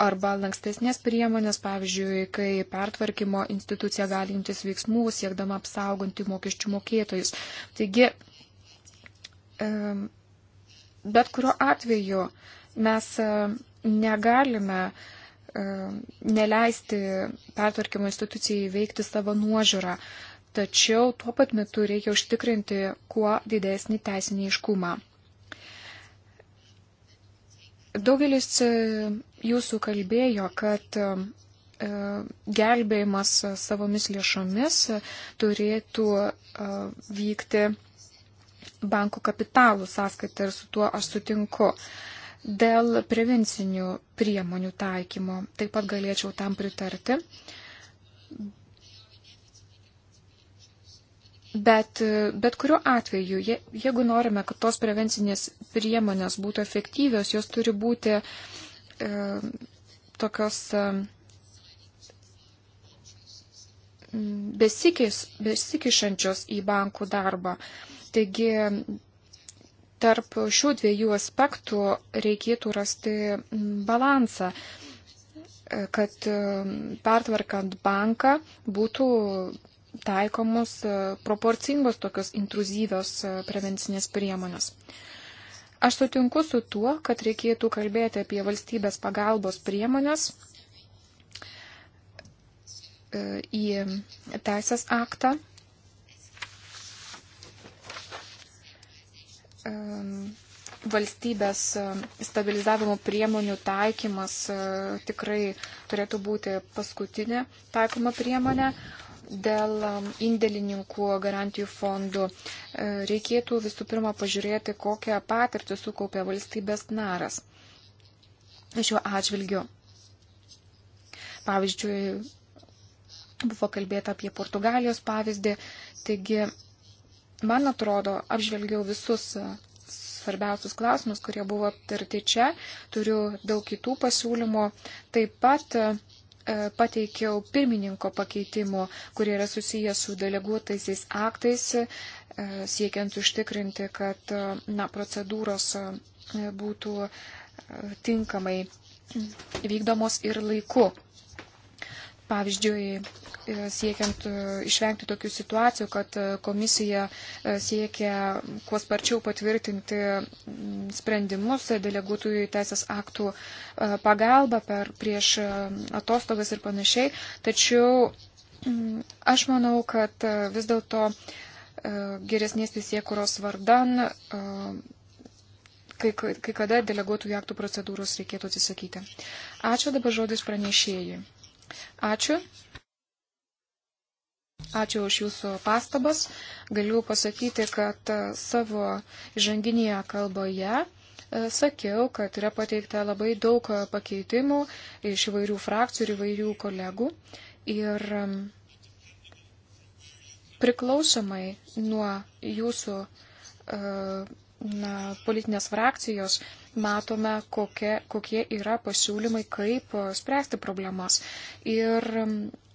arba lankstesnės priemonės, pavyzdžiui, kai pertvarkymo institucija gali imtis veiksmų, siekdama apsauganti mokesčių mokėtojus. Taigi, bet kuriuo atveju mes negalime uh, E, neleisti pertvarkymo institucijai veikti savo nuožiūrą, tačiau tuo pat metu reikia užtikrinti kuo didesnį teisinį iškumą. Daugelis e, jūsų kalbėjo, kad e, gelbėjimas savomis lėšomis turėtų vykti bankų kapitalų sąskaitą ir su tuo aš sutinku. Uh, Dėl prevencinių priemonių taikymo taip pat galėčiau tam pritarti. Bet, bet kuriuo atveju, je, jeigu norime, kad tos prevencinės priemonės būtų efektyvios, jos turi būti e, tokios e, besikiš, besikišančios į bankų darbą. Taigi tarp šių dviejų aspektų reikėtų rasti mm, balansą, kad mm, pertvarkant banką būtų taikomos e, proporcingos tokios intruzyvios e, prevencinės priemonės. Aš sutinku su tuo, kad reikėtų kalbėti apie valstybės pagalbos priemonės e, į teisės aktą valstybės stabilizavimo priemonių taikymas e, tikrai turėtų būti paskutinė taikoma priemonė. Dėl indėlininkų garantijų fondų e, reikėtų visų pirma pažiūrėti, kokią patirtį sukaupė valstybės naras šiuo atžvilgiu. Pavyzdžiui, buvo kalbėta apie Portugalijos pavyzdį, taigi man atrodo, apžvelgiau visus e, svarbiausius klausimus, kurie buvo aptarti čia. Turiu daug kitų pasiūlymų. Taip pat e, e pateikiau pirmininko pakeitimų, kurie yra susijęs su deleguotaisiais aktais, e, siekiant užtikrinti, kad e, na, procedūros e, būtų tinkamai vykdomos ir laiku. Pavyzdžiui, e, siekiant e, išvengti tokių situacijų, kad e, komisija siekia kuo sparčiau patvirtinti sprendimus deleguotųjų teisės aktų pagalba per prieš atostogas ir panašiai. Tačiau aš manau, kad vis dėlto geresnės teisėkuros vardan kai, kai kada deleguotųjų aktų procedūros reikėtų atsisakyti. Ačiū dabar žodis pranešėjai. Ačiū. Ačiū už Jūsų pastabas. Galiu pasakyti, kad e, savo žanginėje kalboje e, sakiau, kad yra pateikta labai daug e, pakeitimų iš įvairių frakcijų ir įvairių kolegų. Ir priklausomai nuo Jūsų na, politinės frakcijos matome, kokie, kokie yra pasiūlymai, kaip e, spręsti problemas. Ir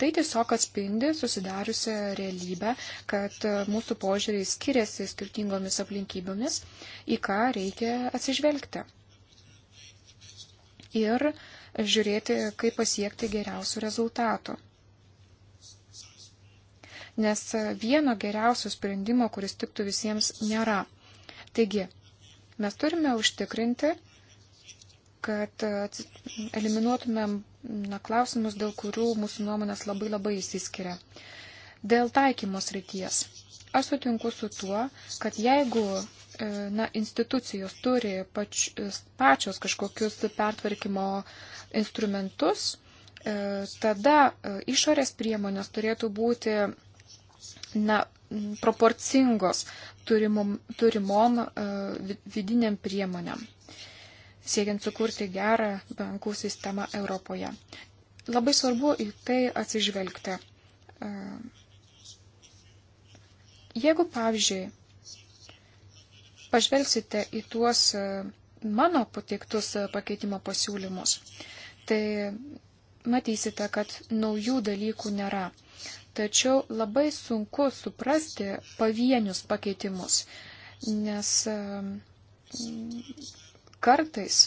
tai tiesiog atspindi susidariusią realybę, kad e, mūsų požiūriai skiriasi skirtingomis aplinkybėmis, į ką reikia atsižvelgti. Ir žiūrėti, kaip pasiekti geriausių rezultatų nes e, vieno geriausio sprendimo, kuris tiktų visiems, nėra. Taigi, mes turime užtikrinti, kad e, eliminuotumėm na, klausimus, dėl kurių mūsų nuomonės labai labai įsiskiria. Dėl taikymos ryties. Aš sutinku su tuo, kad jeigu e, na, institucijos turi pač, e, pačios kažkokius pertvarkymo instrumentus, tada išorės priemonės turėtų būti na, proporcingos turimom, turimom e, vidiniam priemonėm, siekiant sukurti gerą bankų sistemą Europoje. Labai svarbu į tai atsižvelgti. E, jeigu, pavyzdžiui, pažvelgsite į tuos e, mano pateiktus pakeitimo pasiūlymus, tai matysite, kad naujų dalykų nėra. Tačiau labai sunku suprasti pavienius pakeitimus, nes kartais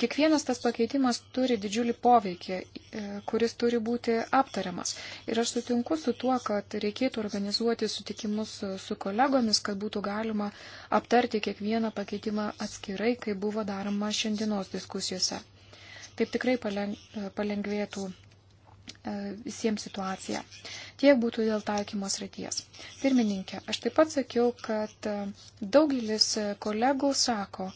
kiekvienas tas pakeitimas turi didžiulį poveikį, e, kuris turi būti aptariamas. Ir aš sutinku su tuo, kad reikėtų organizuoti sutikimus su kolegomis, kad būtų galima aptarti kiekvieną pakeitimą atskirai, kaip buvo daroma šiandienos diskusijose. Taip tikrai palengvėtų E, visiems situaciją. Tiek būtų dėl taikymos ryties. Pirmininkė, aš taip pat sakiau, kad e, daugelis kolegų sako,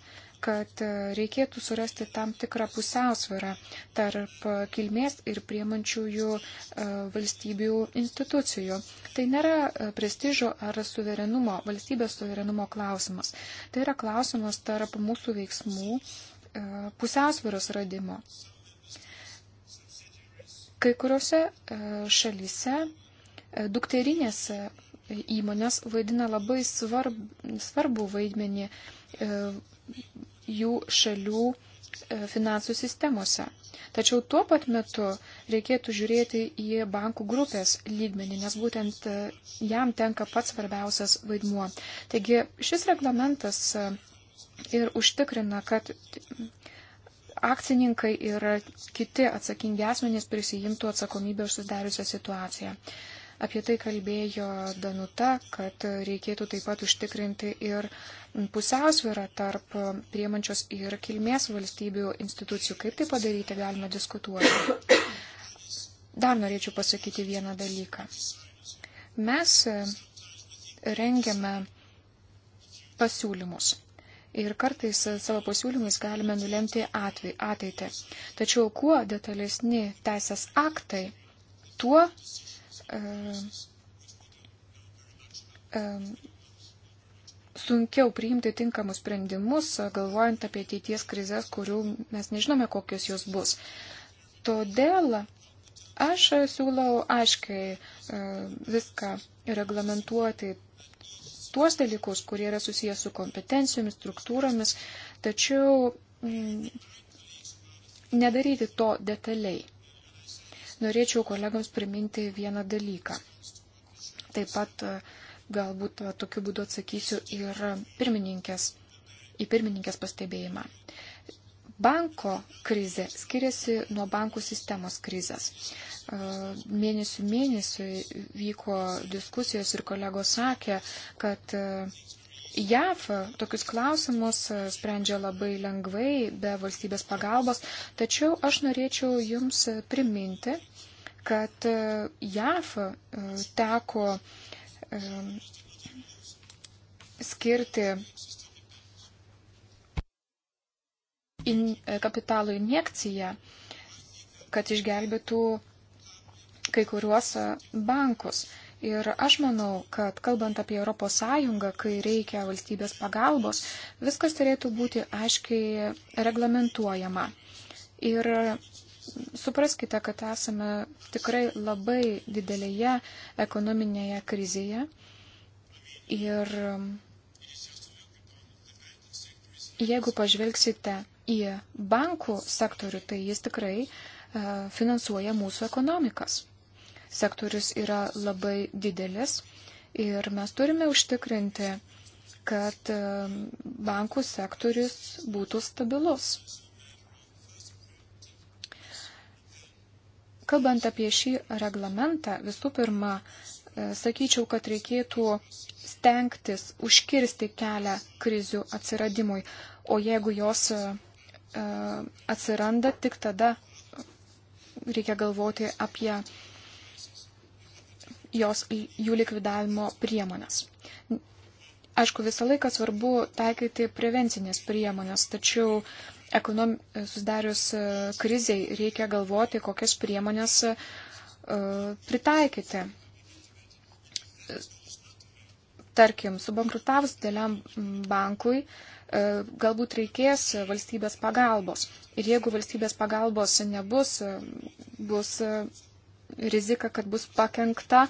kad e, reikėtų surasti tam tikrą pusiausvyrą tarp kilmės ir priemančiųjų valstybių institucijų. Tai nėra prestižo ar suverenumo, valstybės suverenumo klausimas. Tai yra klausimas tarp mūsų veiksmų pusiausvėros radimo. Kai kuriuose e, šalyse e, dukterinės e, įmonės vaidina labai svarb, svarbų vaidmenį jų šalių finansų sistemose. Tačiau tuo pat metu reikėtų žiūrėti į bankų grupės lygmenį, nes būtent jam tenka pats svarbiausias vaidmuo. Taigi šis reglamentas ir užtikrina, kad akcininkai ir kiti atsakingi asmenys prisijimtų atsakomybę už susidariusią situaciją. Apie tai kalbėjo Danuta, kad reikėtų taip pat užtikrinti ir pusiausvyrą tarp priemančios ir kilmės valstybių institucijų. Kaip tai padaryti, galima diskutuoti. Dar norėčiau pasakyti vieną dalyką. Mes rengiame pasiūlymus ir kartais savo pasiūlymais galime nulemti ateitį. Tačiau kuo detalesni teisės aktai, tuo e, e, sunkiau priimti tinkamus sprendimus, galvojant apie ateities krizės, kurių mes nežinome, kokios jos bus. Todėl aš siūlau aiškiai e, viską reglamentuoti tuos dalykus, kurie yra susijęs su kompetencijomis, struktūromis, tačiau m, mm, nedaryti to detaliai. Norėčiau kolegams priminti vieną dalyką. Taip pat e, galbūt e, tokiu būdu atsakysiu ir pirmininkės, į pirmininkės pastebėjimą banko krizė skiriasi nuo bankų sistemos krizės. E, mėnesių mėnesiui vyko diskusijos ir kolegos sakė, kad e, JAV tokius klausimus e, sprendžia labai lengvai be valstybės pagalbos, tačiau aš norėčiau Jums priminti, kad JAV teko skirti in, e, kapitalo injekcija, kad išgelbėtų kai kuriuos e, bankus. Ir aš manau, kad kalbant apie ES, kai reikia valstybės pagalbos, viskas turėtų būti aiškiai reglamentuojama. Ir supraskite, kad esame tikrai labai didelėje ekonominėje krizėje. Ir jeigu pažvelgsite į bankų sektorių, tai jis tikrai e, finansuoja mūsų ekonomikas. Sektorius yra labai didelis ir mes turime užtikrinti, kad e, bankų sektorius būtų stabilus. Kalbant apie šį reglamentą, visų pirma, e, sakyčiau, kad reikėtų stengtis užkirsti kelią krizių atsiradimui, o jeigu jos E, atsiranda tik tada, reikia galvoti apie jos, jų likvidavimo priemonės. Aišku, visą laiką svarbu taikyti prevencinės priemonės, tačiau ekonom... susidarius e, kriziai reikia galvoti, kokias priemonės e, pritaikyti. Tarkim, subankrutavus dėliam bankui, e, galbūt reikės valstybės pagalbos. Ir jeigu valstybės pagalbos nebus, e, bus e, rizika, kad bus pakengta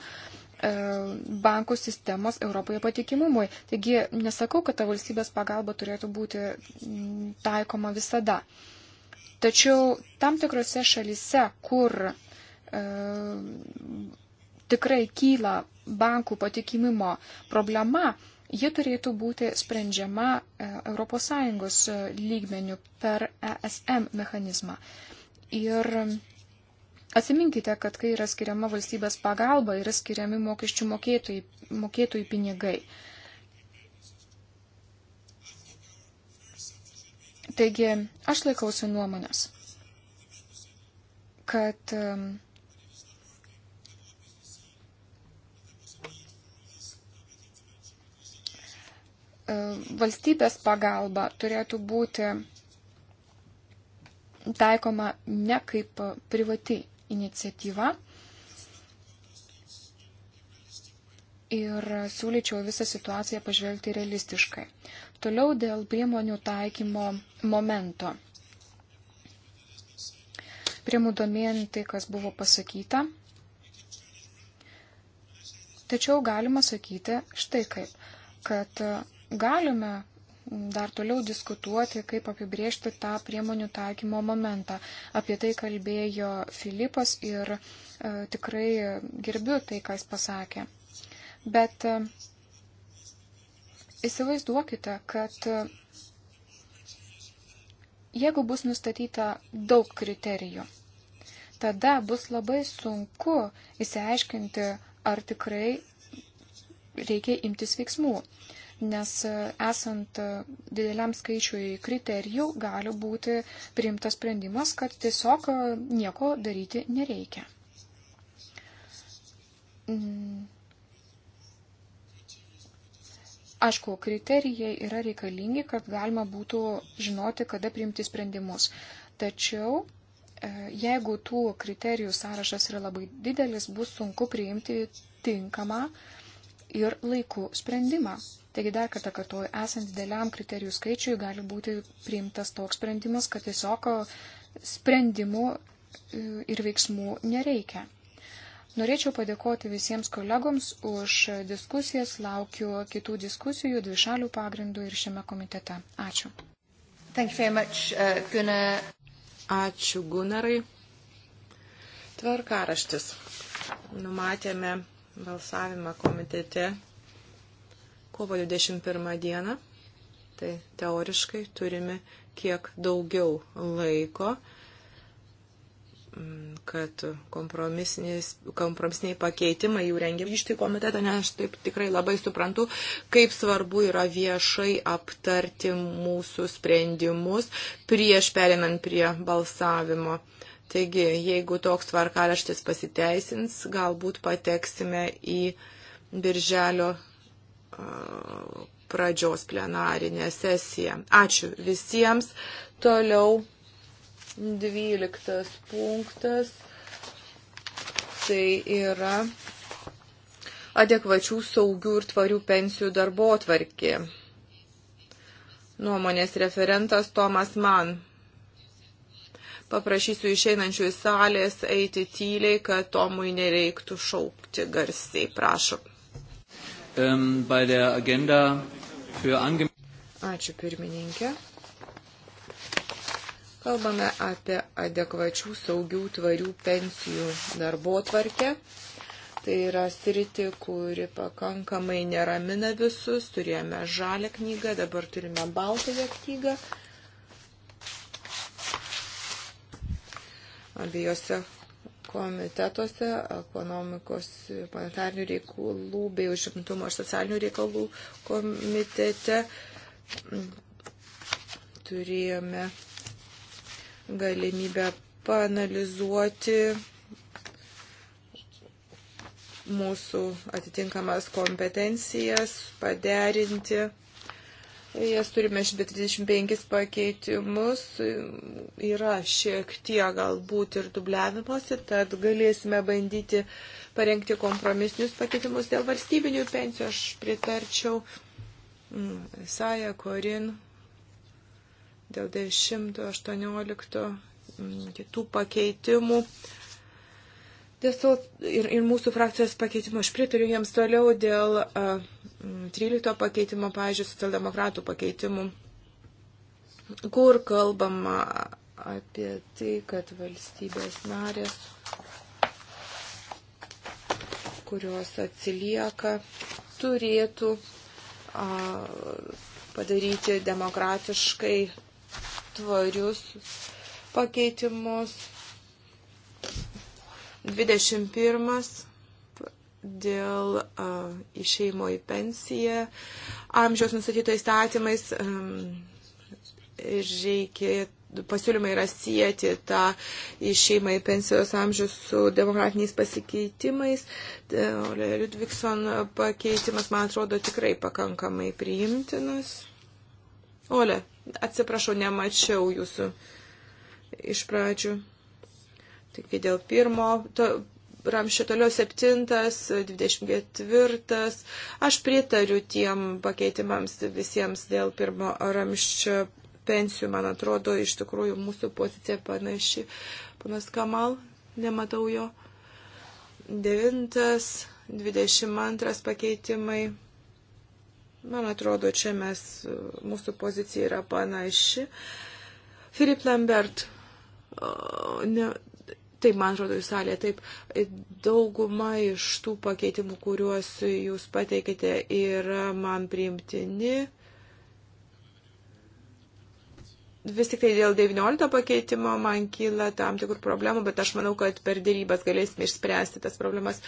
bankų sistemos Europoje patikimumui. Taigi nesakau, kad ta valstybės pagalba turėtų būti taikoma visada. Tačiau tam tikrose šalise, kur tikrai kyla bankų patikimimo problema, ji turėtų būti sprendžiama ES e, lygmenių per ESM mechanizmą. Ir Atsiminkite, kad kai yra skiriama valstybės pagalba, yra skiriami mokesčių mokėtojai, mokėtojai pinigai. Taigi, aš laikausi nuomonės, kad E, valstybės pagalba turėtų būti taikoma ne kaip privati iniciatyva. Ir siūlyčiau visą situaciją pažvelgti realistiškai. Toliau dėl priemonių taikymo momento. Priemų domėjant tai, kas buvo pasakyta. Tačiau galima sakyti štai kaip, kad Galime dar toliau diskutuoti, kaip apibriežti tą priemonių taikymo momentą. Apie tai kalbėjo Filipas ir e, tikrai gerbiu tai, ką jis pasakė. Bet e, įsivaizduokite, kad e, jeigu bus nustatyta daug kriterijų, tada bus labai sunku įsiaiškinti, ar tikrai reikia imtis veiksmų. E, nes e, esant e, dideliam skaičiui kriterijų gali būti priimtas sprendimas, kad tiesiog e, nieko daryti nereikia. Mm. Aišku, kriterijai yra reikalingi, kad galima būtų žinoti, kada priimti sprendimus. Tačiau jeigu tų kriterijų sąrašas yra labai didelis, bus sunku priimti tinkamą ir laikų sprendimą. Taigi dar kartą kartuoju, esant dideliam kriterijų skaičiui gali būti priimtas toks sprendimas, kad tiesiog sprendimų e, ir veiksmų nereikia. Norėčiau padėkoti visiems kolegoms už diskusijas, laukiu kitų diskusijų dvišalių pagrindų ir šiame komitete. Ačiū. Much, uh, Gunnar. Ačiū, Gunarai. Tvarkaraštis. Numatėme balsavimą komitete kovo 21 dieną. Tai teoriškai turime kiek daugiau laiko, mm, kad kompromisiniai pakeitimai jų rengiami iš tai komitetą, nes aš taip tikrai labai suprantu, kaip svarbu yra viešai aptarti mūsų sprendimus prieš perinant prie balsavimo. Taigi, jeigu toks tvarkaraštis pasiteisins, galbūt pateksime į birželio pradžios plenarinę sesiją. Ačiū visiems. Toliau 12 punktas. Tai yra adekvačių saugių ir tvarių pensijų darbo atvarkė. Nuomonės referentas Tomas Mann. Paprašysiu išeinančių į salės eiti tyliai, kad Tomui nereiktų šaukti garsiai. Prašom. Ähm, Ačiū pirmininkė. Kalbame apie adekvačių, saugių, tvarių pensijų darbo tvarkę. Tai yra sriti, kuri pakankamai neramina visus. Turėjome žalę knygą, dabar turime baltąją knygą. knygą abiejose komitetuose ekonomikos planetarnių reikalų bei užimtumo ir socialinių reikalų komitete turėjome galimybę panalizuoti mūsų atitinkamas kompetencijas, paderinti Jas turime 135 pakeitimus, yra šiek tiek galbūt ir dubliavimuose, tad galėsime bandyti parengti kompromisinius pakeitimus dėl valstybinių pensijų. Aš pritarčiau mm, Saja Korin dėl 10, 18 mm, kitų pakeitimų. Tiesiog ir, ir mūsų frakcijos pakeitimo, aš pritariu jiems toliau dėl a, 13 pakeitimo, pažiūrėjau, socialdemokratų pakeitimų, kur kalbama apie tai, kad valstybės narės, kurios atsilieka, turėtų a, padaryti demokratiškai tvarius pakeitimus 21 dėl uh, išeimo į pensiją. Amžiaus nustatyto įstatymais um, reikia, pasiūlymai yra sieti tą išeimą į pensijos amžių su demokratiniais pasikeitimais. E, Ludvigson pakeitimas, man atrodo, tikrai pakankamai priimtinas. Ole, atsiprašau, nemačiau jūsų iš pradžių. Tik dėl pirmo to, ramščio toliau 7, 24. Aš pritariu tiem pakeitimams visiems dėl pirmo ramščio pensijų. Man atrodo, iš tikrųjų mūsų pozicija panaši. Panas Kamal, nematau jo. 9, 22 pakeitimai. Man atrodo, čia mes, mūsų pozicija yra panaši. Filip Lambert, ne, Taip, man atrodo, jūs salė, taip, dauguma iš tų pakeitimų, kuriuos jūs pateikite, yra man priimtini. Vis tik tai dėl 19 pakeitimo man kyla tam tikrų problemų, bet aš manau, kad per dėrybas galėsime išspręsti tas problemas.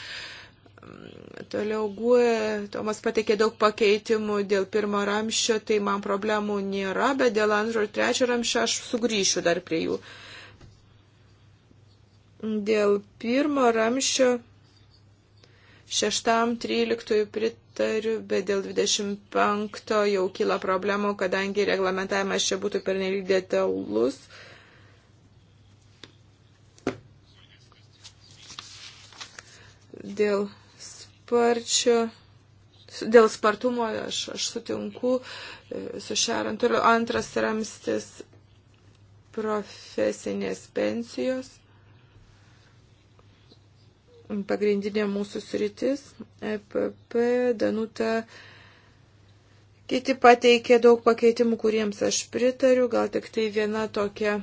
Toliau GUE, Tomas pateikė daug pakeitimų dėl pirmo ramščio, tai man problemų nėra, bet dėl antro ir trečio ramščio aš sugrįšiu dar prie jų. Uh, Dėl pirmo ramščio šeštam tryliktųjų pritariu, bet dėl 25 jau kyla problemų, kadangi reglamentavimas čia būtų pernelyg detalus. Dėl sparčio. Dėl spartumo aš, aš sutinku e, su Šaran. Toliau antras ramstis profesinės pensijos pagrindinė mūsų sritis. EPP Danuta kiti pateikė daug pakeitimų, kuriems aš pritariu, gal tik tai viena tokia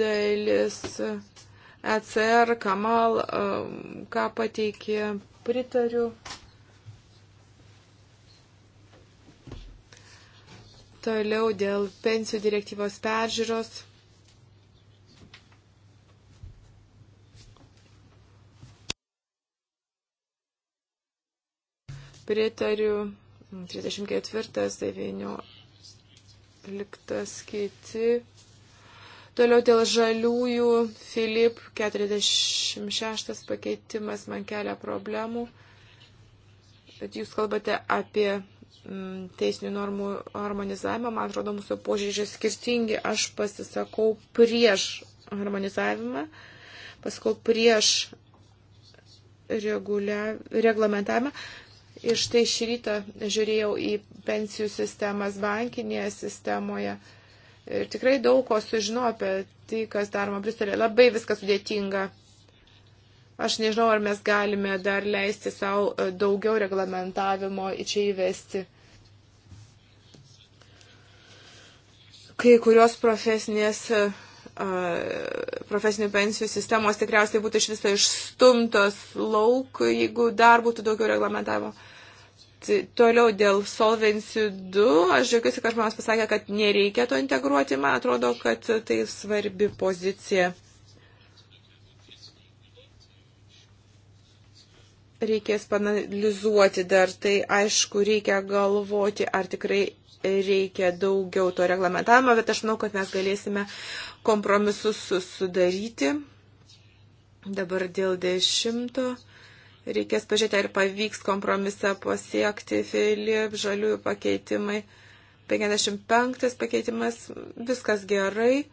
dalis ECR, Kamal, e, ką pateikė, pritariu. Toliau dėl pensijų direktyvos peržiūros Pritariu 34, 19 kiti. Toliau dėl žaliųjų Filip 46 pakeitimas man kelia problemų. Bet jūs kalbate apie mm, teisinių normų harmonizavimą. Man atrodo, mūsų požiūržiai skirtingi. Aš pasisakau prieš harmonizavimą, pasakau prieš regulia, reglamentavimą. Ir štai šį rytą žiūrėjau į pensijų sistemas bankinėje sistemoje. Ir tikrai daug ko sužinau apie tai, kas daroma Bristolė. Labai viskas sudėtinga. Aš nežinau, ar mes galime dar leisti savo e, daugiau reglamentavimo čia įvesti. Kai kurios profesinės e, E, profesinių pensijų sistemos tikriausiai būtų iš viso išstumtos lauk, jeigu dar būtų daugiau reglamentavimo. Tai toliau dėl Solvency 2, aš žiūrėkiuosi, kad žmonės pasakė, kad nereikia to integruoti, man atrodo, kad tai svarbi pozicija. Reikės panalizuoti dar, tai aišku, reikia galvoti, ar tikrai reikia daugiau to reglamentavimo, bet aš manau, kad mes galėsime kompromisus sudaryti. Dabar dėl dešimto. Reikės pažiūrėti, ar pavyks kompromisą pasiekti, Filip, žaliųjų pakeitimai. 55 pakeitimas, viskas gerai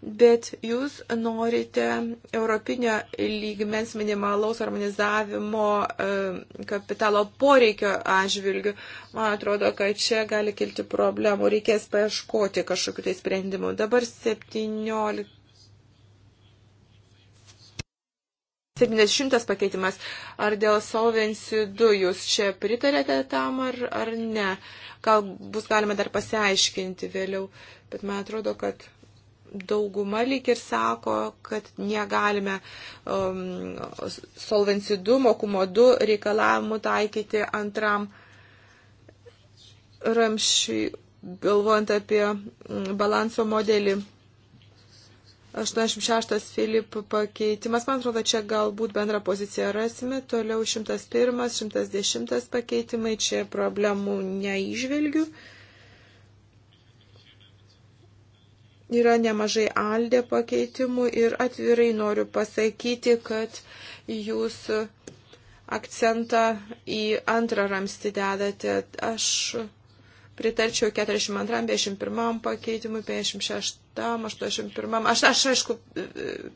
bet jūs norite europinio lygmens minimalaus harmonizavimo e, kapitalo poreikio atžvilgių. Man atrodo, kad čia gali kilti problemų, reikės paieškoti kažkokiu tai sprendimu. Dabar 17. 70 pakeitimas. Ar dėl solvency 2 jūs čia pritarėte tam ar, ar ne? Gal bus galima dar pasiaiškinti vėliau, bet man atrodo, kad dauguma lyg ir sako, kad negalime um, solvencidumo, kumodu reikalavimų taikyti antram ramšiui, galvojant apie mm, balanso modelį. 86 Filip pakeitimas, man atrodo, čia galbūt bendrą poziciją rasime. Toliau 101, 110 pakeitimai, čia problemų neižvelgiu. Uh, yra nemažai aldė pakeitimų ir atvirai noriu pasakyti, kad jūs akcentą į antrą ramstį dedate. Aš pritarčiau 42, 51 pakeitimui, 56, 81. Aš, aš aišku,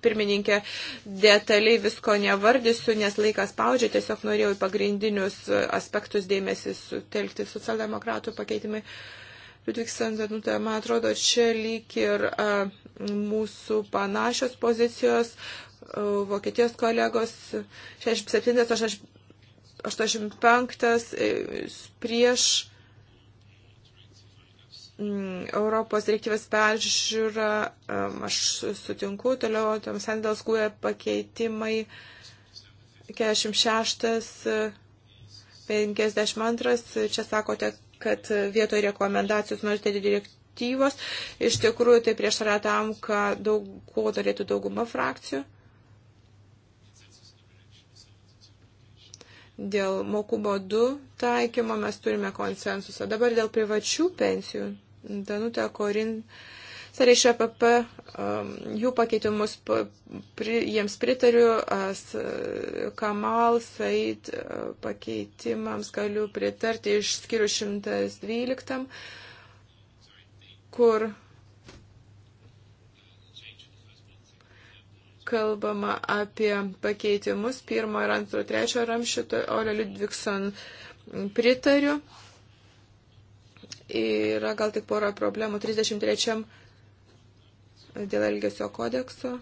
pirmininkė, detaliai visko nevardysiu, nes laikas spaudžia, tiesiog norėjau į pagrindinius aspektus dėmesį sutelkti socialdemokratų pakeitimai. Uh, Liudviksen Danutė, man atrodo, čia lyg ir a, mūsų panašios pozicijos, a, Vokietijos kolegos 67, 85 e, prieš Europos direktyvas peržiūra, aš sutinku, toliau tam sandals guoja pakeitimai 46, 52, e, čia sakote, kad vietoj rekomendacijos norite direktyvos, iš tikrųjų tai prieštarą tam, daug, ko norėtų dauguma frakcijų. Dėl mokumo 2 taikymo mes turime konsensusą. Dabar dėl privačių pensijų. Danutė Korin. Uh, Sare iš EPP, um, jų pakeitimus pri, jiems pritariu, Kamal Said uh, pakeitimams galiu pritarti išskiriu 112, kur kalbama apie pakeitimus pirmo ir antro trečio ramšito, Oreliu Dvikson pritariu. Yra gal tik pora problemų. 33 dėl Elgesio kodekso.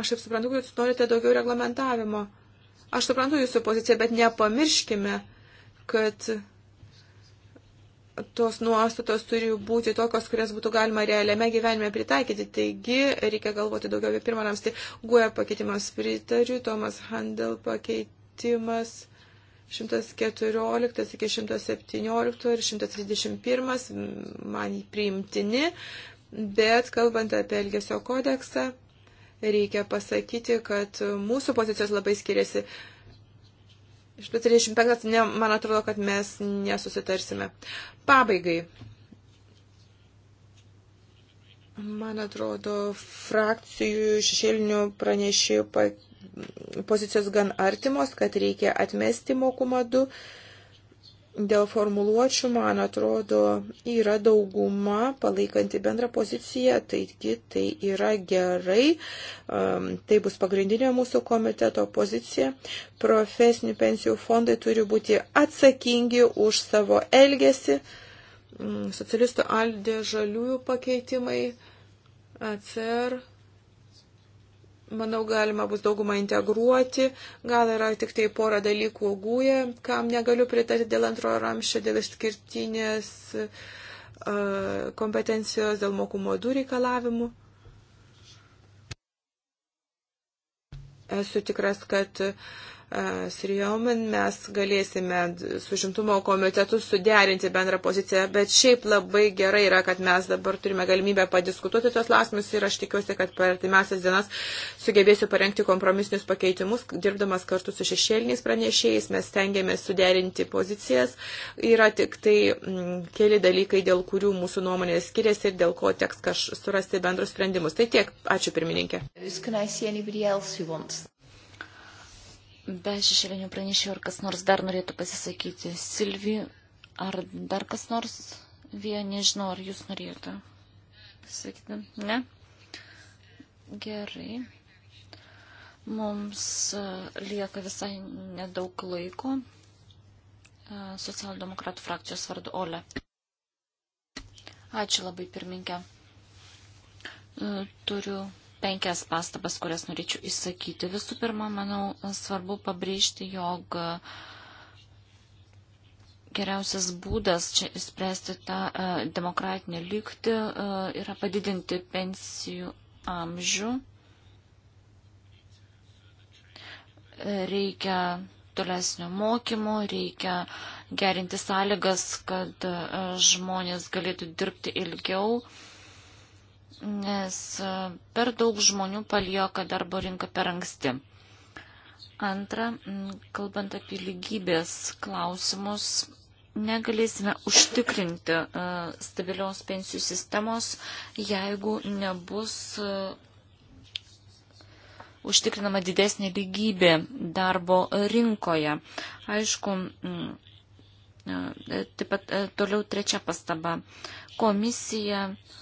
Aš taip suprantu, kad jūs norite daugiau reglamentavimo. Aš suprantu jūsų poziciją, bet nepamirškime, kad tos nuostatos turi būti tokios, kurias būtų galima realiame gyvenime pritaikyti. Taigi reikia galvoti daugiau apie pirmą ramstį. Guoja pakeitimams pritariu, Tomas Handel pakeitimas 114 iki 117 ir 131 man priimtini, bet kalbant apie Elgesio kodeksą, reikia pasakyti, kad mūsų pozicijos labai skiriasi. 135, ne, man atrodo, kad mes nesusitarsime. Pabaigai. Man atrodo, frakcijų šešėlinių pranešėjų pakeitimų pozicijos gan artimos, kad reikia atmesti mokumą 2. Dėl formuluočių, man atrodo, yra dauguma palaikanti bendrą poziciją, taigi tai yra gerai, tai bus pagrindinė mūsų komiteto pozicija. Profesinių pensijų fondai turi būti atsakingi už savo elgesį. Mm, socialistų aldė žaliųjų pakeitimai, ACR manau, galima bus daugumą integruoti, gal yra tik tai pora dalykų gūje, kam negaliu pritarti dėl antrojo ramščio, dėl išskirtinės kompetencijos, dėl mokumo du reikalavimų. Esu tikras, kad uh, Srijomen mes galėsime su žimtumo komitetu suderinti bendrą poziciją, bet šiaip labai gerai yra, kad mes dabar turime galimybę padiskutuoti tos lasmus ir aš tikiuosi, kad per artimiausias dienas sugebėsiu parengti kompromisinius pakeitimus, dirbdamas kartu su šešėliniais pranešėjais, mes stengiamės suderinti pozicijas. Yra tik tai m, keli dalykai, dėl kurių mūsų nuomonės skiriasi ir dėl ko teks surasti bendrus sprendimus. Tai tiek, ačiū pirmininkė. Be šešėlinių pranešėjų, ar kas nors dar norėtų pasisakyti? Silvi, ar dar kas nors? Vie, nežinau, ar jūs norėjote pasisakyti? Ne? Gerai. Mums lieka visai nedaug laiko. Socialdemokratų frakcijos vardu Ole. Ačiū labai pirminkę. Turiu penkias pastabas, kurias norėčiau išsakyti. Visų pirma, manau, svarbu pabrėžti, jog geriausias būdas čia įspręsti tą e, demokratinę lygtį e, yra padidinti pensijų amžių. Reikia tolesnio mokymo, reikia gerinti sąlygas, kad e, žmonės galėtų dirbti ilgiau. E, nes e, per daug žmonių palieka darbo rinką per anksti. Antra, kalbant apie lygybės klausimus, negalėsime užtikrinti e, stabilios pensijų sistemos, jeigu nebus e, užtikrinama didesnė lygybė darbo rinkoje. Aišku, taip pat toliau trečia pastaba. Komisija uh,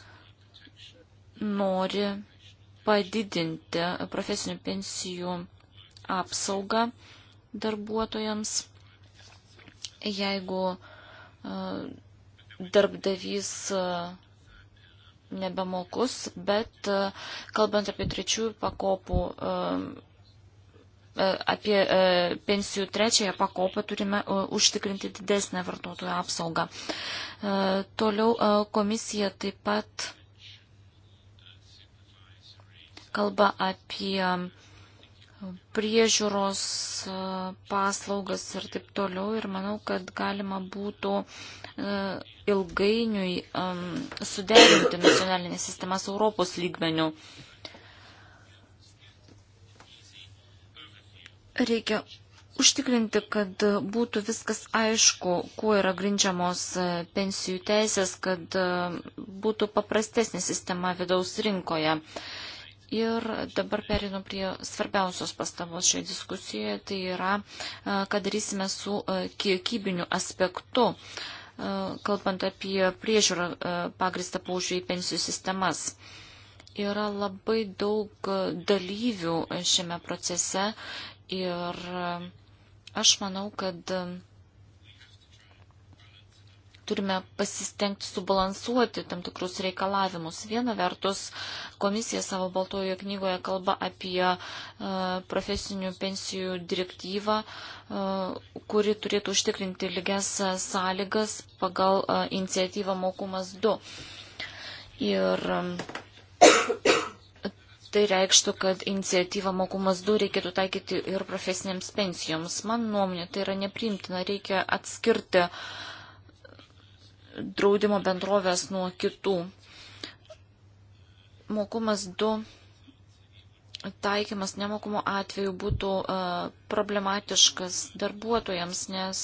nori padidinti profesinių pensijų apsaugą darbuotojams, jeigu e, darbdavys e, nebemokus, bet e, kalbant apie trečiųjų pakopų, apie pensijų trečiąją pakopą turime užtikrinti didesnę vartotojų apsaugą. Toliau komisija taip pat kalba apie priežiūros e, paslaugas ir taip toliau. Ir manau, kad galima būtų e, ilgainiui suderinti nacionalinės sistemas Europos lygmenių. Reikia užtikrinti, kad būtų viskas aišku, kuo yra grindžiamos e, pensijų teisės, kad būtų paprastesnė sistema vidaus rinkoje. Ir dabar perinu prie svarbiausios pastabos šioje diskusijoje, tai yra, ką darysime su kiekybiniu aspektu, kalbant apie priežiūrą pagristą paužiūrį į pensijų sistemas. Yra labai daug dalyvių šiame procese ir aš manau, kad turime pasistengti subalansuoti tam tikrus reikalavimus. Viena vertus, komisija savo baltojoje knygoje kalba apie e, profesinių pensijų direktyvą, e, kuri turėtų užtikrinti lygias sąlygas pagal e, iniciatyvą mokumas 2. Ir tai reikštų, kad iniciatyvą mokumas 2 reikėtų taikyti ir profesinėms pensijoms. Man nuomonė, tai yra neprimtina, reikia atskirti uh, draudimo bendrovės nuo kitų. Mokumas 2 taikymas nemokumo atveju būtų problematiškas darbuotojams, nes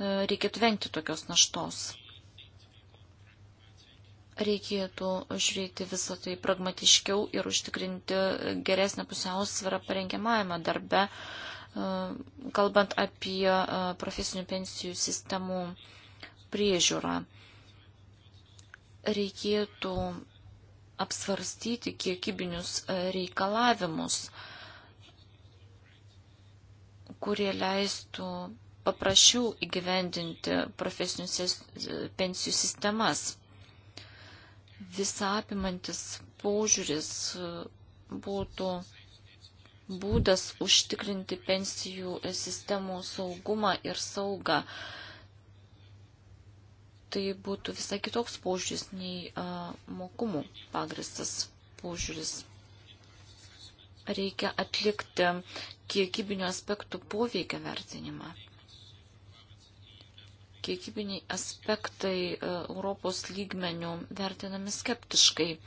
reikėtų vengti tokios naštos. Reikėtų žiūrėti visą tai pragmatiškiau ir užtikrinti geresnę pusiausvyrą parengiamajame darbe, kalbant apie profesinių pensijų sistemų uh, priežiūrą. Reikėtų apsvarstyti kiekybinius reikalavimus, kurie leistų paprasčiau įgyvendinti profesinių pensijų sistemas. Visapimantis požiūris būtų būdas užtikrinti pensijų sistemų saugumą ir saugą. Uh, tai būtų visai kitoks požiūris nei a, mokumų pagristas požiūris. Reikia atlikti kiekybinio aspektų poveikio vertinimą. Kiekybiniai aspektai a, Europos lygmenių vertinami skeptiškai. A,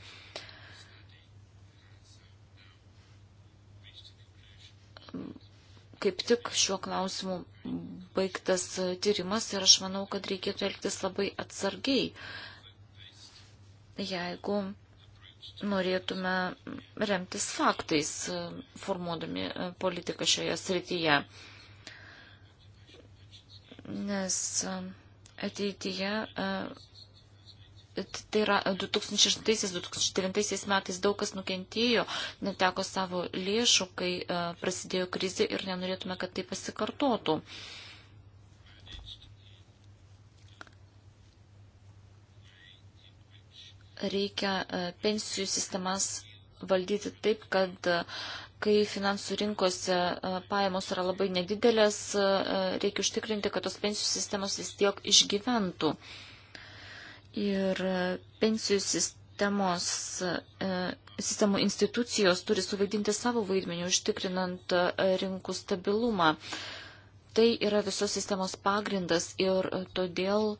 kaip tik šiuo klausimu baigtas tyrimas ir aš manau, kad reikėtų elgtis labai atsargiai, jeigu norėtume remtis faktais, formuodami politiką šioje srityje. Nes ateityje Tai yra 2006-2009 e, metais daug kas nukentėjo, neteko savo lėšų, kai e, prasidėjo krizė ir nenorėtume, kad tai pasikartotų. Reikia e, pensijų sistemas valdyti taip, kad kai finansų rinkose pajamos yra labai nedidelės, reikia užtikrinti, kad tos pensijų sistemos vis tiek išgyventų. Ir pensijų sistemos, e, sistemų institucijos turi suvaidinti savo vaidmenį, užtikrinant e, rinkų stabilumą. Tai yra visos sistemos pagrindas ir todėl e,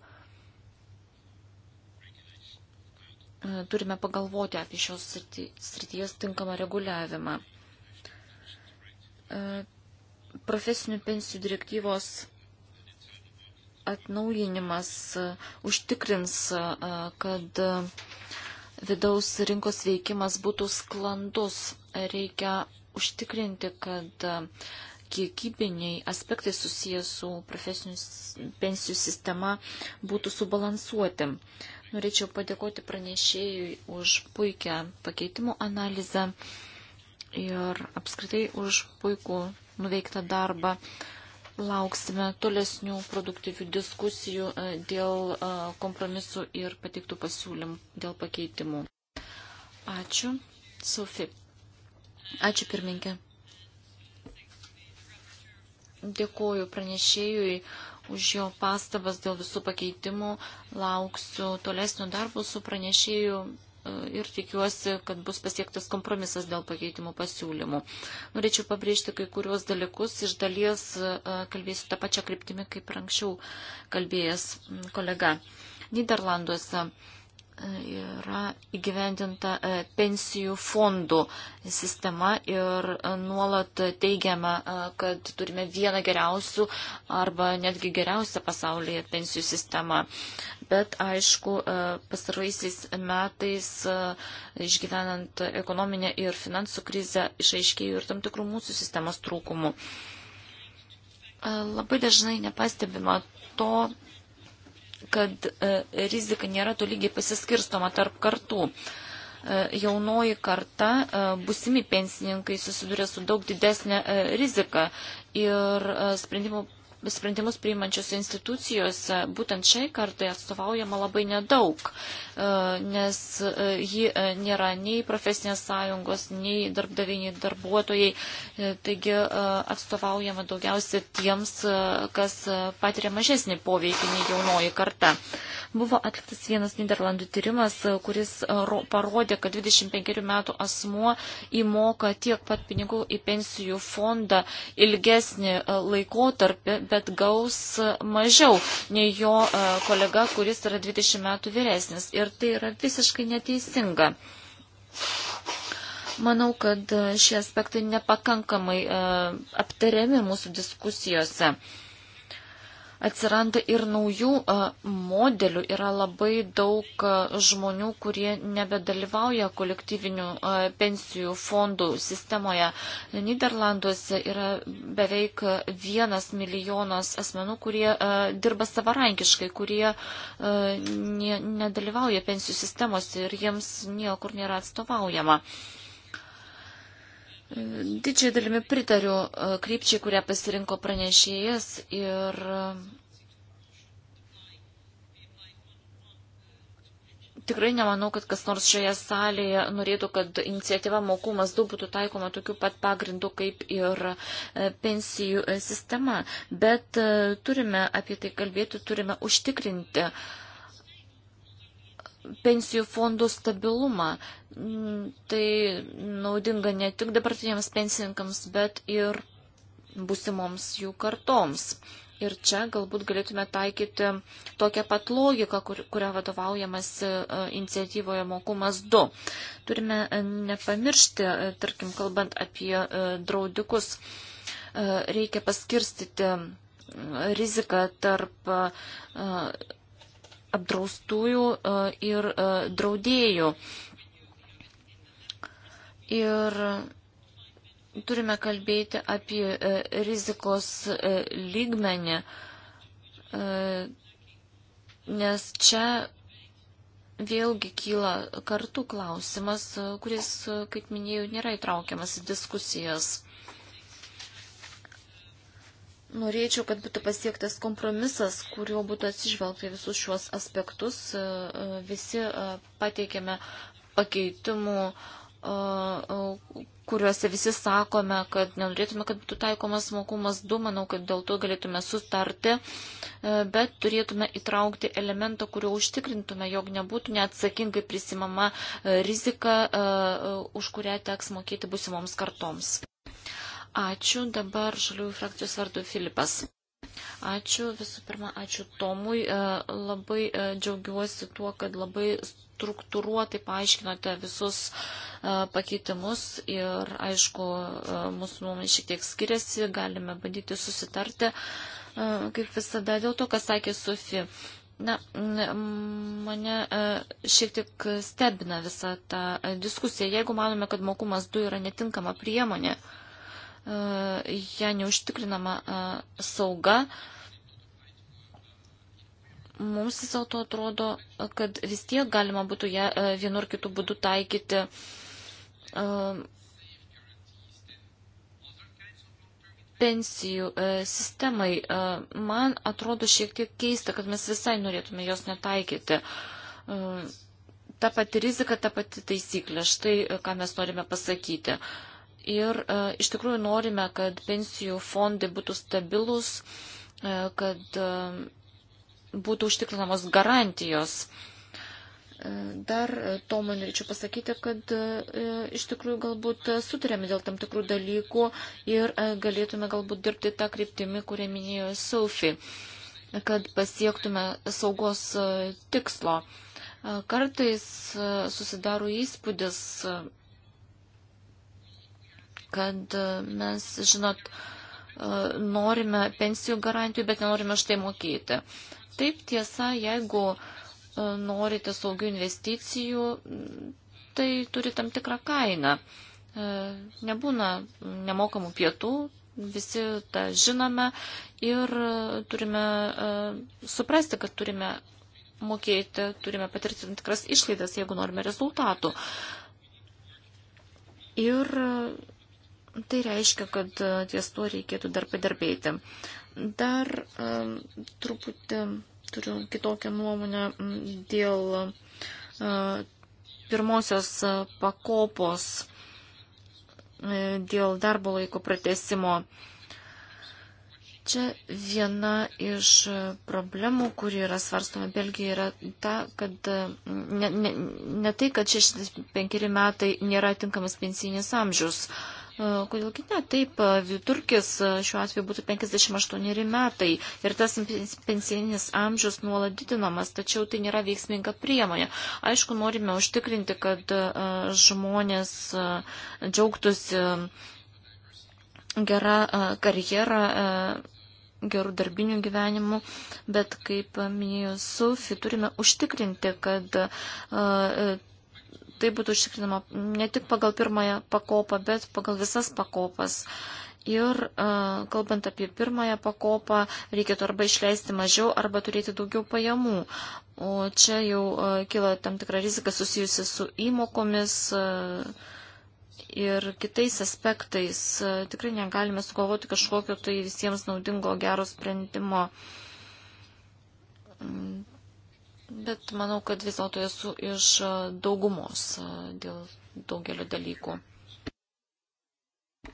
turime pagalvoti apie šios srities tinkamą reguliavimą. Profesinių pensijų direktyvos atnaujinimas e, užtikrins, e, kad e, vidaus rinkos veikimas būtų sklandus. Reikia užtikrinti, kad kiekybiniai aspektai susijęs su profesinių pensijų sistema būtų subalansuoti. Norėčiau padėkoti pranešėjui už puikią pakeitimų analizę ir apskritai už puikų nuveiktą darbą. Lauksime tolesnių produktyvių diskusijų e, dėl e, kompromisų ir pateiktų pasiūlymų dėl pakeitimų. Ačiū. Sofi. Ačiū pirminkė. Dėkuoju pranešėjui už jo pastabas dėl visų pakeitimų. Lauksiu tolesnių darbų su pranešėjų ir tikiuosi, kad bus pasiektas kompromisas dėl pakeitimų pasiūlymų. Norėčiau pabrėžti kai kuriuos dalykus, iš dalies e, kalbėsiu tą pačią kryptimį, kaip anksčiau kalbėjęs kolega. Niderlanduose yra įgyvendinta e, pensijų fondų sistema ir e, nuolat teigiama, e, kad turime vieną geriausių arba netgi geriausią pasaulyje pensijų sistemą. Bet aišku, pasaraisiais metais išgyvenant ekonominę ir finansų krizę išaiškėjo ir tam tikrų mūsų sistemos trūkumų. Labai dažnai nepastebima to, kad e, rizika nėra tolygiai pasiskirstoma tarp kartų. E, jaunoji karta, e, busimi pensininkai susiduria su daug didesnė rizika ir sprendimų sprendimus priimančios institucijos e, būtent šiai kartai atstovaujama labai nedaug, e, nes e, ji nėra nei profesinės sąjungos, nei darbdaviai, nei darbuotojai, taigi atstovaujama daugiausia tiems, kas patiria mažesnį poveikį nei jaunoji karta. Buvo atliktas vienas Niderlandų tyrimas, kuris parodė, kad 25 metų asmuo įmoka tiek pat pinigų į pensijų fondą ilgesnį laikotarpį, bet gaus mažiau nei jo e, kolega, kuris yra 20 metų vyresnis. Ir tai yra visiškai neteisinga. Manau, kad šie aspektai nepakankamai e, aptariami mūsų diskusijose. Uh, atsiranda ir naujų modelių, yra labai daug žmonių, kurie nebedalyvauja kolektyvinių pensijų fondų sistemoje. Niderlanduose yra beveik vienas milijonas asmenų, kurie dirba savarankiškai, kurie nedalyvauja pensijų sistemos ir jiems niekur nėra atstovaujama. Uh, Didžiai dalimi pritariu e, krypčiai, kurią pasirinko pranešėjas ir e, tikrai nemanau, kad kas nors šioje salėje norėtų, kad iniciatyva mokumas 2 būtų taikoma tokiu pat pagrindu kaip ir e, pensijų sistema. Bet turime apie tai kalbėti, turime užtikrinti uh, pensijų fondų stabilumą. Mm, tai naudinga ne tik dabartiniams pensininkams, bet ir busimoms jų kartoms. Ir čia galbūt galėtume taikyti tokią pat logiką, kur, kurią vadovaujamas e, iniciatyvoje mokumas 2. Turime e, nepamiršti, e, tarkim, kalbant apie draudikus, reikia paskirstyti riziką tarp apdraustųjų e, ir e, draudėjų. Ir turime kalbėti apie e, rizikos lygmenį, nes čia vėlgi kyla kartų klausimas, kuris, kaip minėjau, nėra įtraukiamas į diskusijas. Norėčiau, kad būtų pasiektas kompromisas, kuriuo būtų atsižvelgta visus šiuos aspektus. E, e, visi e, pateikėme pakeitimų, kuriuose visi sakome, kad nenorėtume, kad būtų taikomas mokumas 2, manau, kad dėl to galėtume sutarti, bet turėtume įtraukti elementą, kurio užtikrintume, jog nebūtų neatsakingai prisimama rizika, už kurią teks mokėti busimoms kartoms. Ačiū dabar žaliųjų frakcijos vardu Filipas. Ačiū visų pirma, ačiū Tomui. E, labai e, džiaugiuosi tuo, kad labai struktūruotai paaiškinote visus e, pakeitimus ir aišku, mūsų nuomonė šiek tiek skiriasi, galime bandyti susitarti, kaip visada, dėl to, kas sakė Sofi. Na, mane šiek tiek stebina visa ta diskusija. Jeigu manome, kad mokumas 2 yra netinkama priemonė, ją neužtikrinama sauga. Mums vis dėlto atrodo, kad vis tiek galima būtų ją vienu ar kitu būdu taikyti pensijų sistemai. Man atrodo šiek tiek keista, kad mes visai norėtume jos netaikyti. Ta pati rizika, ta pati taisyklė. Štai ką mes norime pasakyti. Uh, ir e, iš tikrųjų norime, kad pensijų fondai būtų stabilus, e, kad e, būtų užtikrinamos garantijos. E, dar e, to man reičiau pasakyti, kad e, iš tikrųjų galbūt sutarėme dėl tam tikrų dalykų ir galėtume galbūt dirbti tą kryptimį, kurią minėjo Sophie, kad pasiektume saugos tikslo. Kartais susidaro įspūdis, kad e, mes, žinot, e, norime pensijų garantijų, bet nenorime štai mokėti. Taip tiesa, jeigu e, norite saugių investicijų, tai turi tam tikrą kainą. Nebūna nemokamų pietų, visi tą žinome ir turime suprasti, kad turime mokėti, turime patirti tam tikras išlaidas, jeigu norime rezultatų. Ir Tai reiškia, kad e, ties tuo reikėtų dar padirbėti. Dar um, truputį turiu kitokią nuomonę dėl uh, pirmosios pakopos, dėl darbo laiko pratesimo. Čia viena iš problemų, kuri yra svarstoma Belgijoje, yra ta, kad ne, ne, ne tai, kad 65 metai nėra tinkamas pensinis amžius. Uh, E, Kodėlgi ne? Taip, e, vidurkis e, šiuo atveju būtų 58 metai ir tas pensinis amžius nuolat didinamas, tačiau tai nėra veiksminga priemonė. Aišku, norime užtikrinti, kad žmonės džiaugtųsi gerą karjerą gerų darbinių gyvenimų, bet kaip minėjo Sufi, turime užtikrinti, kad tai būtų užtikrinama ne tik pagal pirmąją pakopą, bet pagal visas pakopas. Ir e, kalbant apie pirmąją pakopą, reikėtų arba išleisti mažiau, arba turėti daugiau pajamų. O čia jau e, kyla tam tikra rizika susijusi su įmokomis e, ir kitais aspektais. Tikrai negalime sugalvoti kažkokio tai visiems naudingo gero sprendimo mm, Bet manau, kad vis dėlto esu iš e, daugumos e, dėl daugelio dalykų. E,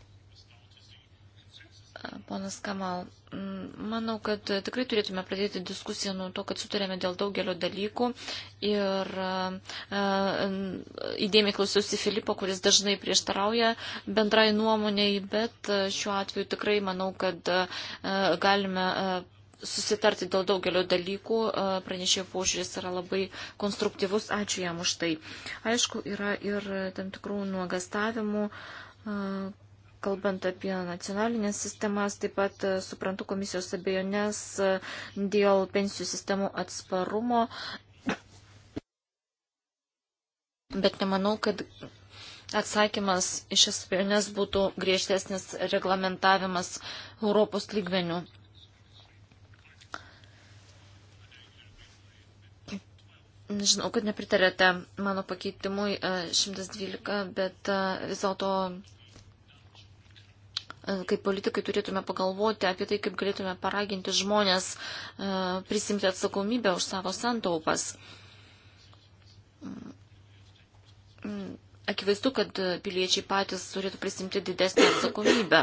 ponas Kamal, manau, kad tikrai turėtume pradėti diskusiją nuo to, kad sutarėme dėl daugelio dalykų ir įdėmiai klausiausi Filipo, kuris dažnai prieštarauja bendrai nuomoniai, bet šiuo atveju tikrai manau, kad galime susitarti dėl daugelio dalykų, pranešėjo požiūris yra labai konstruktyvus, ačiū jam už tai. Aišku, yra ir tam tikrų nuogastavimų, kalbant apie nacionalinės sistemas, taip pat suprantu komisijos abejonės dėl pensijų sistemų atsparumo, bet nemanau, kad atsakymas iš esmės būtų griežtesnis reglamentavimas Europos lygmenių. Žinau, kad nepritarėte mano pakeitimui 112, e, bet e, vis dėlto e, kaip politikai turėtume pagalvoti apie tai, kaip galėtume paraginti žmonės prisimti atsakomybę už savo santaupas. Akivaizdu, kad piliečiai patys turėtų prisimti didesnį atsakomybę,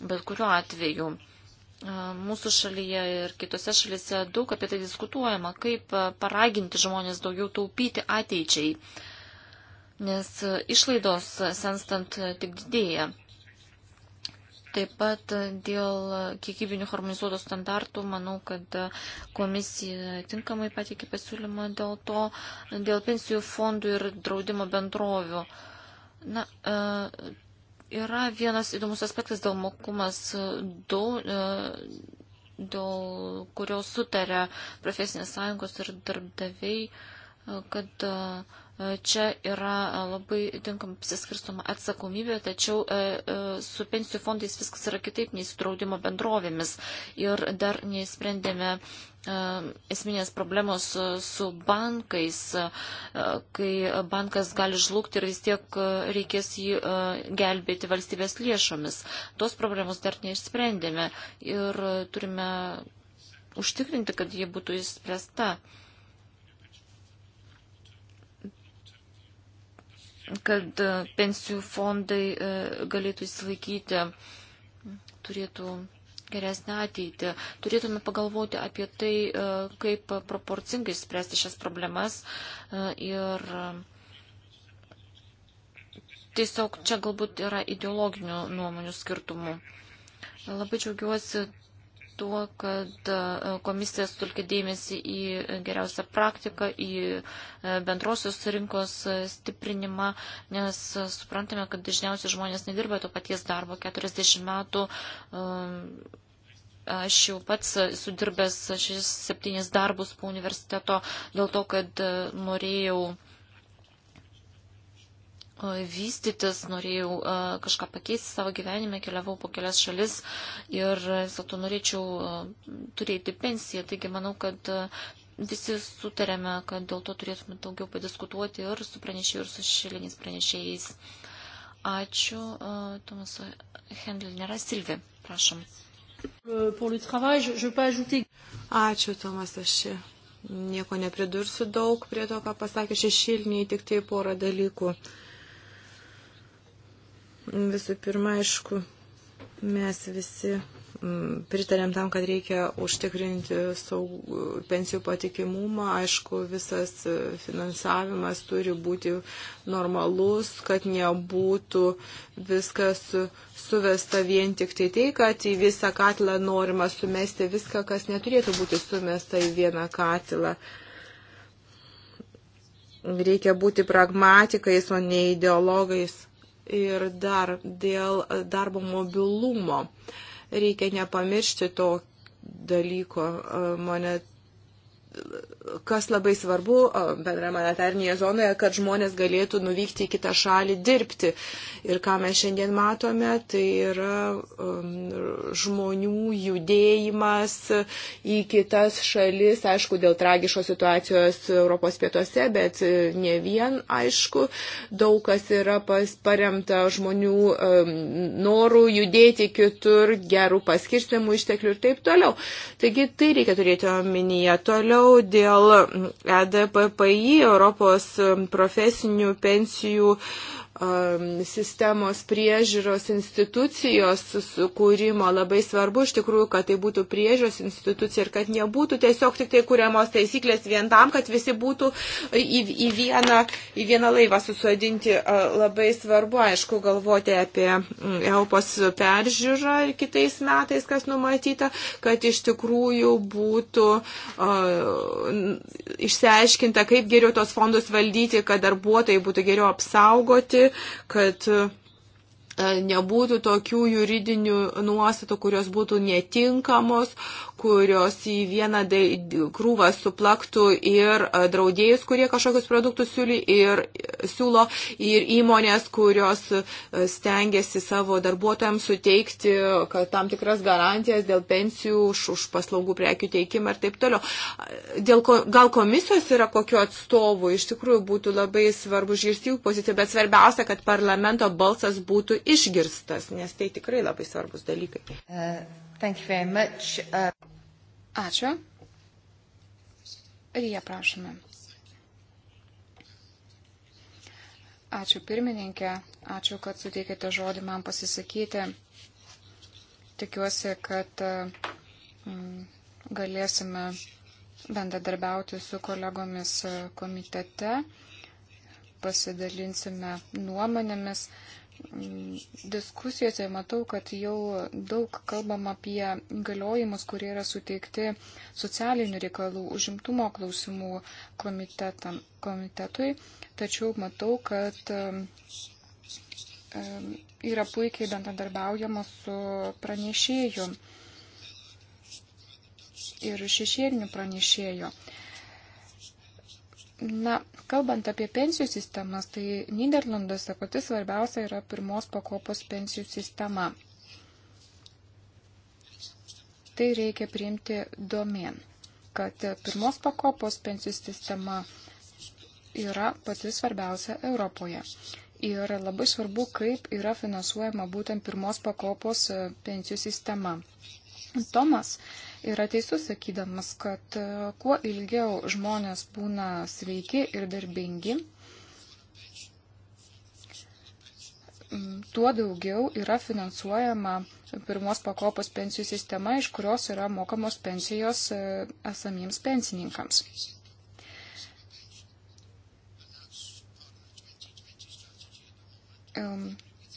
bet kuriuo atveju mūsų šalyje ir kitose šalyse daug apie tai diskutuojama, kaip paraginti žmonės daugiau taupyti ateičiai, nes išlaidos senstant tik didėja. Taip pat dėl kiekybinių harmonizuotų standartų, manau, kad komisija tinkamai patikė pasiūlymą dėl to, dėl pensijų fondų ir draudimo bendrovių. Na, Yra vienas įdomus aspektas dėl mokumas 2, e, dėl kurio sutarė profesinės sąjungos ir darbdaviai, e, kad uh, Čia yra labai tinkam apsiskirstoma atsakomybė, tačiau e, e, su pensijų fondais viskas yra kitaip nei su draudimo bendrovėmis. Ir dar neįsprendėme e, esminės problemos su bankais, kai bankas gali žlugti ir vis tiek reikės jį gelbėti valstybės lėšomis. Tos problemos dar neišsprendėme ir turime užtikrinti, kad jie būtų išspręsta. kad e, pensijų fondai e, galėtų įsilaikyti, turėtų geresnę ateitį. Turėtume pagalvoti apie tai, e, kaip proporcingai spręsti šias problemas ir tiesiog čia galbūt yra ideologinių nuomonių skirtumų. Labai džiaugiuosi tuo, kad e, komisija stulkė dėmesį į geriausią praktiką, į e, bendrosios rinkos stiprinimą, nes suprantame, kad dažniausiai žmonės nedirba to paties darbo 40 metų. E, aš jau pats sudirbęs šis septynis darbus po universiteto dėl to, kad norėjau vystytis, norėjau kažką pakeisti savo gyvenime, keliavau po kelias šalis ir vis dėlto norėčiau turėti pensiją. Taigi manau, kad visi sutarėme, kad dėl to turėtume daugiau padiskutuoti ir su pranešėjais, ir su šiliniais pranešėjais. Ačiū, Tomas Hendel, nėra Silvi, prašom. Ačiū, Tomas, aš nieko nepridursiu daug prie to, ką pasakė šešiliniai, tik tai porą dalykų. Uh, Visų pirma, aišku, mes visi mm, pritarėm tam, kad reikia užtikrinti saug, pensijų patikimumą. Aišku, visas e, finansavimas turi būti normalus, kad nebūtų viskas suvesta vien tik tai tai, kad į visą katilą norima sumesti viską, kas neturėtų būti sumesta į vieną katilą. Reikia būti pragmatikais, o ne ideologais. Ir dar dėl darbo mobilumo. Reikia nepamiršti to dalyko. E, Mane kas labai svarbu bendramonetarnėje zonoje, kad žmonės galėtų nuvykti į kitą šalį dirbti. Ir ką mes šiandien matome, tai yra um, žmonių judėjimas į kitas šalis, aišku, dėl tragiškos situacijos Europos pietuose, bet e, ne vien, aišku, daug kas yra paremta žmonių um, norų judėti kitur, gerų paskirstimų išteklių ir taip toliau. Taigi tai reikia turėti omenyje. Toliau Toliau dėl mm, EDPPI, Europos mm, profesinių pensijų uh, sistemos priežiūros institucijos sukūrimo labai svarbu iš tikrųjų, kad tai būtų priežiūros institucija ir kad nebūtų tiesiog tik tai kuriamos taisyklės vien tam, kad visi būtų į, į, vieną, į vieną laivą susodinti. Labai svarbu, aišku, galvoti apie Europos peržiūrą ir kitais metais, kas numatyta, kad iš tikrųjų būtų uh, išsiaiškinta, kaip geriau tos fondus valdyti, kad darbuotojai būtų geriau apsaugoti pabrėžti, kad e, nebūtų tokių juridinių nuostatų, kurios būtų netinkamos, kurios į vieną krūvą suplaktų ir e, draudėjus, kurie kažkokius produktus siūly, ir, e, siūlo, ir įmonės, kurios e, stengiasi savo darbuotojams suteikti tam tikras garantijas dėl pensijų, už, už paslaugų prekių teikimą ir taip toliau. Dėl ko, gal komisijos yra kokio atstovų, iš tikrųjų būtų labai svarbu išgirsti jų poziciją, bet svarbiausia, kad parlamento balsas būtų išgirstas, nes tai tikrai labai svarbus dalykai. Uh. Thank you very much. Uh... Ačiū. Ir jie prašome. Ačiū pirmininkė, ačiū, kad suteikėte žodį man pasisakyti. Tikiuosi, kad mm, galėsime bendradarbiauti su kolegomis e, komitete, pasidalinsime nuomonėmis diskusijose matau, kad jau daug kalbam apie galiojimus, kurie yra suteikti socialinių reikalų užimtumo klausimų komitetui, tačiau matau, kad yra puikiai bendradarbiaujama su pranešėju ir šešėliniu pranešėju. Na, kalbant apie pensijų sistemas, tai Niderlanduose pati svarbiausia yra pirmos pakopos pensijų sistema. Tai reikia priimti domen, kad pirmos pakopos pensijų sistema yra pati svarbiausia Europoje. Ir labai svarbu, kaip yra finansuojama būtent pirmos pakopos e, pensijų sistema. Tomas yra teisus sakydamas, kad e, kuo ilgiau žmonės būna sveiki ir darbingi, tuo daugiau yra finansuojama pirmos pakopos pensijų sistema, iš kurios yra mokamos pensijos e, esamiems pensininkams. Um,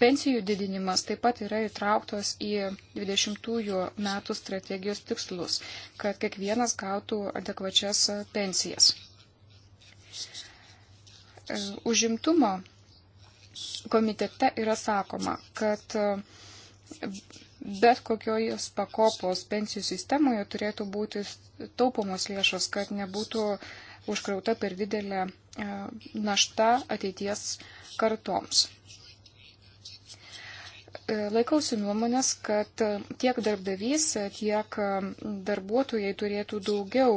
Pensijų didinimas taip pat yra įtrauktos į 20-ųjų metų strategijos tikslus, kad kiekvienas gautų adekvačias pensijas. E, užimtumo komitete yra sakoma, kad bet kokios pakopos pensijų sistemoje turėtų būti taupomos lėšos, kad nebūtų užkrauta per didelė e, našta ateities kartoms. E, laikausi nuomonės, kad e, tiek darbdavys, e, tiek darbuotojai turėtų daugiau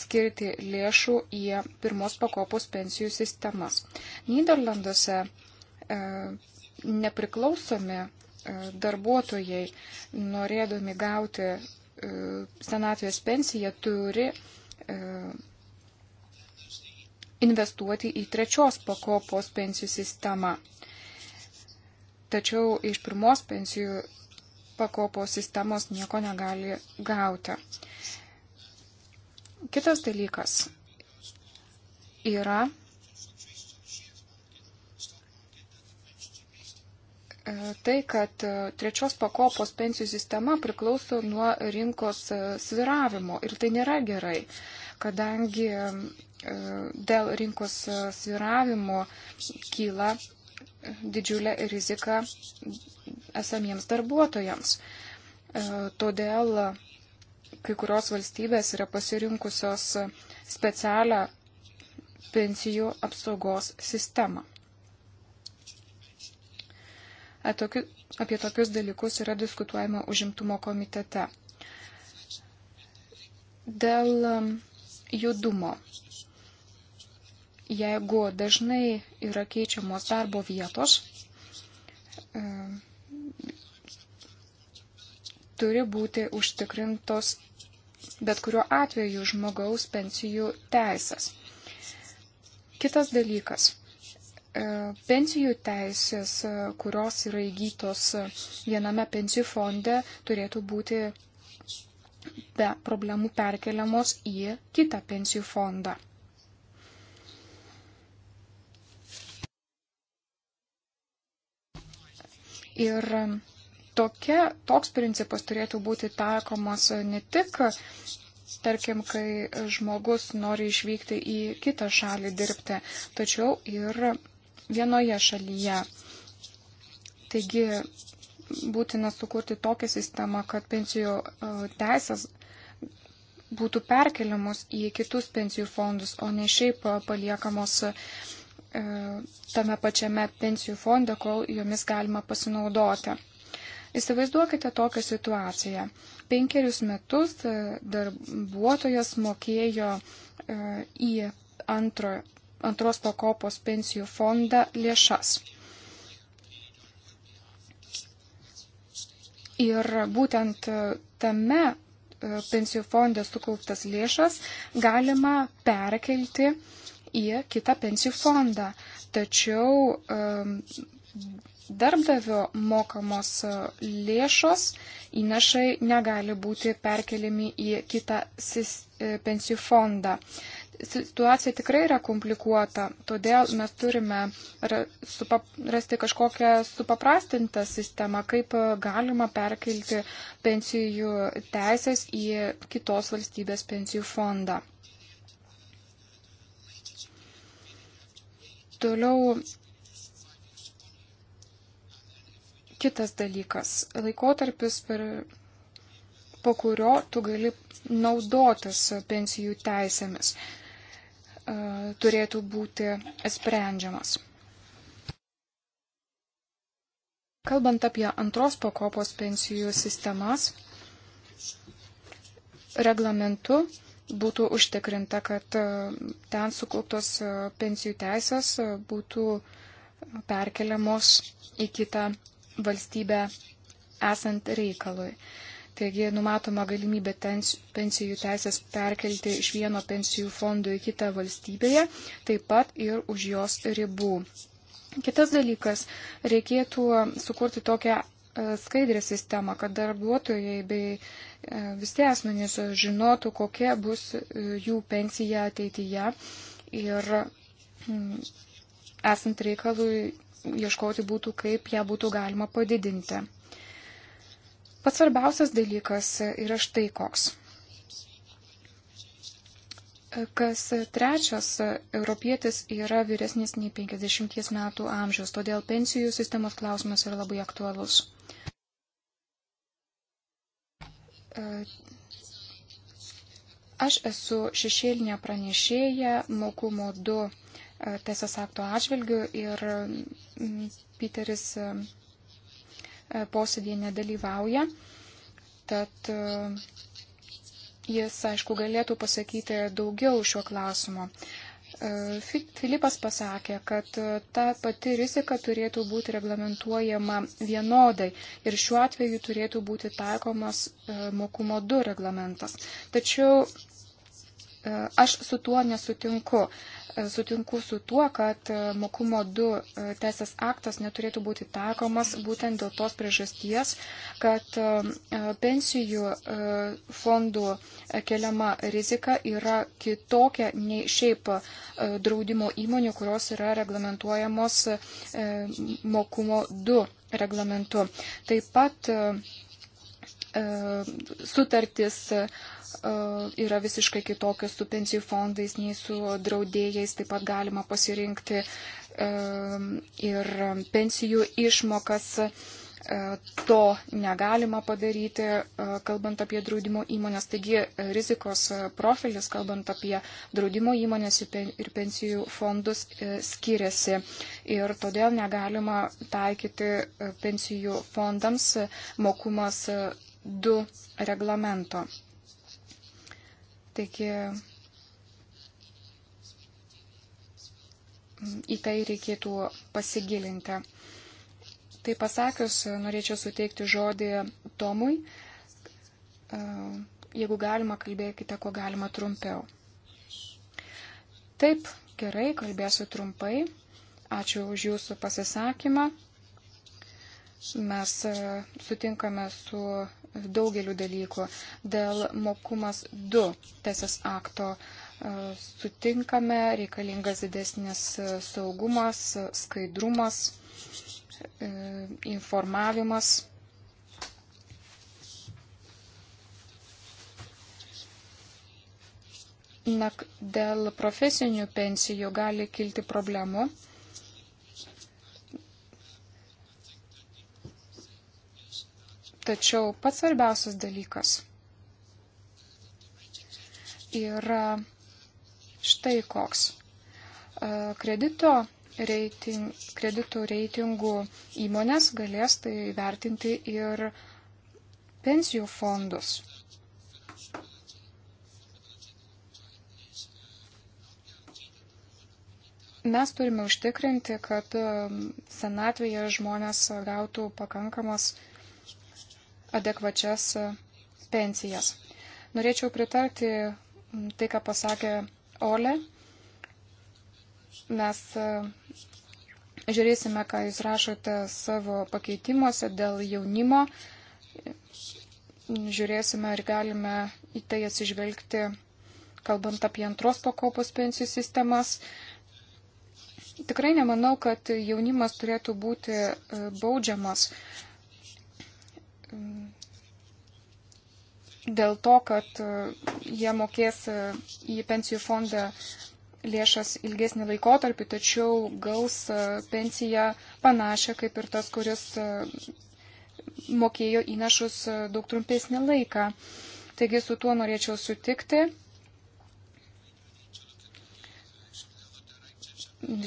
skirti lėšų į pirmos pakopos pensijų sistemas. Niderlanduose nepriklausomi darbuotojai, norėdami gauti senatvės pensiją, turi investuoti į trečios pakopos pensijų sistemą tačiau iš pirmos pensijų pakopos sistemos nieko negali gauti. Kitas dalykas yra e, tai, kad e, trečios pakopos pensijų sistema priklauso nuo rinkos e, sviravimo ir tai nėra gerai, kadangi dėl rinkos sviravimo kyla didžiulę riziką esamiems darbuotojams. E, todėl kai kurios valstybės yra pasirinkusios specialią pensijų apsaugos sistemą. E, apie tokius dalykus yra diskutuojama užimtumo komitete. Dėl judumo jeigu dažnai yra keičiamos darbo vietos, e, turi būti užtikrintos bet kuriuo atveju žmogaus pensijų teisės. Kitas dalykas. E, pensijų teisės, e, kurios yra įgytos viename pensijų fonde, turėtų būti be problemų perkeliamos į kitą pensijų fondą. Ir um, tokia, toks principas turėtų būti taikomas uh, ne tik, tarkim, kai žmogus nori išvykti į kitą šalį dirbti, tačiau ir vienoje šalyje. Taigi būtina sukurti tokią sistemą, kad pensijų uh, teisės būtų perkeliamos į kitus pensijų fondus, o ne šiaip uh, paliekamos E, tame pačiame pensijų fonde, kol jomis galima pasinaudoti. Įsivaizduokite tokią situaciją. Penkerius metus e, darbuotojas mokėjo e, į antro, antros pakopos pensijų fondą lėšas. Ir būtent tame pensijų fonde sukauptas lėšas galima perkelti uh, į kitą pensijų fondą. Tačiau darbdavio mokamos e, lėšos įnašai negali būti perkeliami į kitą e, pensijų fondą. Situacija tikrai yra komplikuota, todėl mes turime rasti kažkokią supaprastintą sistemą, kaip galima perkelti pensijų teisės į kitos valstybės pensijų fondą. Toliau kitas dalykas. Laikotarpis, per, po kurio tu gali naudotis pensijų teisėmis, e, turėtų būti sprendžiamas. Kalbant apie antros pakopos pensijų sistemas, reglamentu būtų užtikrinta, kad e, ten sukauptos e, pensijų teisės e, būtų perkeliamos į kitą valstybę esant reikalui. Taigi numatoma galimybė pensijų teisės perkelti iš vieno pensijų fondo į kitą valstybėje, taip pat ir už jos ribų. Kitas dalykas, reikėtų sukurti tokią E, skaidrę sistemą, kad darbuotojai bei e, visi asmenys žinotų, kokia bus e, jų pensija ateityje ir mm, esant reikalui ieškoti būtų, kaip ją būtų galima padidinti. Pats svarbiausias dalykas yra štai koks. Kas trečias europietis yra vyresnis nei 50 metų amžiaus, todėl pensijų sistemos klausimas yra labai aktualus. Aš esu šešėlinė pranešėja mokumo 2 e, teisės akto atžvilgių ir Piteris e, e, posėdėje nedalyvauja. Tad jis, aišku, galėtų pasakyti daugiau šiuo klausimu. Filipas pasakė, kad e, ta pati rizika turėtų būti reglamentuojama vienodai ir šiuo atveju turėtų būti taikomas e, mokumo 2 reglamentas. Tačiau e, aš su tuo nesutinku sutinku su tuo, kad e, mokumo 2 e, teisės aktas neturėtų būti taikomas būtent dėl tos priežasties, kad e, pensijų fondų keliama rizika yra kitokia nei šiaip draudimo įmonių, kurios yra reglamentuojamos mokumo 2 reglamentu. Taip pat sutartis E, yra visiškai kitokios su pensijų fondais nei su draudėjais. Taip pat galima pasirinkti e, ir pensijų išmokas. E, to negalima padaryti, kalbant apie draudimo įmonės. Taigi rizikos profilis, kalbant apie draudimo įmonės ir pensijų fondus, skiriasi. Ir todėl negalima taikyti pensijų fondams mokumas 2 reglamento. Taigi į tai reikėtų pasigilinti. Tai pasakius, norėčiau suteikti žodį Tomui. E, jeigu galima, kalbėkite, ko galima trumpiau. Taip, gerai, kalbėsiu trumpai. Ačiū už jūsų pasisakymą. Mes e, sutinkame su daugeliu dalykų. Dėl mokumas 2 teisės akto e, sutinkame, reikalingas didesnis e, saugumas, skaidrumas, e, informavimas. Na, dėl profesinių pensijų gali kilti problemų Tačiau pats svarbiausias dalykas yra štai koks. E, kredito reiting, kreditų reitingų įmonės galės tai vertinti ir pensijų fondus. Mes turime užtikrinti, kad e, senatvėje žmonės gautų pakankamas adekvačias e, pensijas. Norėčiau pritarti tai, ką pasakė Ole. Mes e, žiūrėsime, ką jūs rašote savo pakeitimuose dėl jaunimo. Žiūrėsime, ar galime į tai atsižvelgti, kalbant apie antros pakopos pensijų sistemas. Tikrai nemanau, kad jaunimas turėtų būti e, baudžiamas. Mm. dėl to, kad e, jie mokės e, į pensijų fondą lėšas ilgesnį laikotarpį, tačiau gaus e, pensiją panašią kaip ir tas, kuris mokėjo įnašus daug trumpesnį laiką. Taigi su tuo norėčiau sutikti.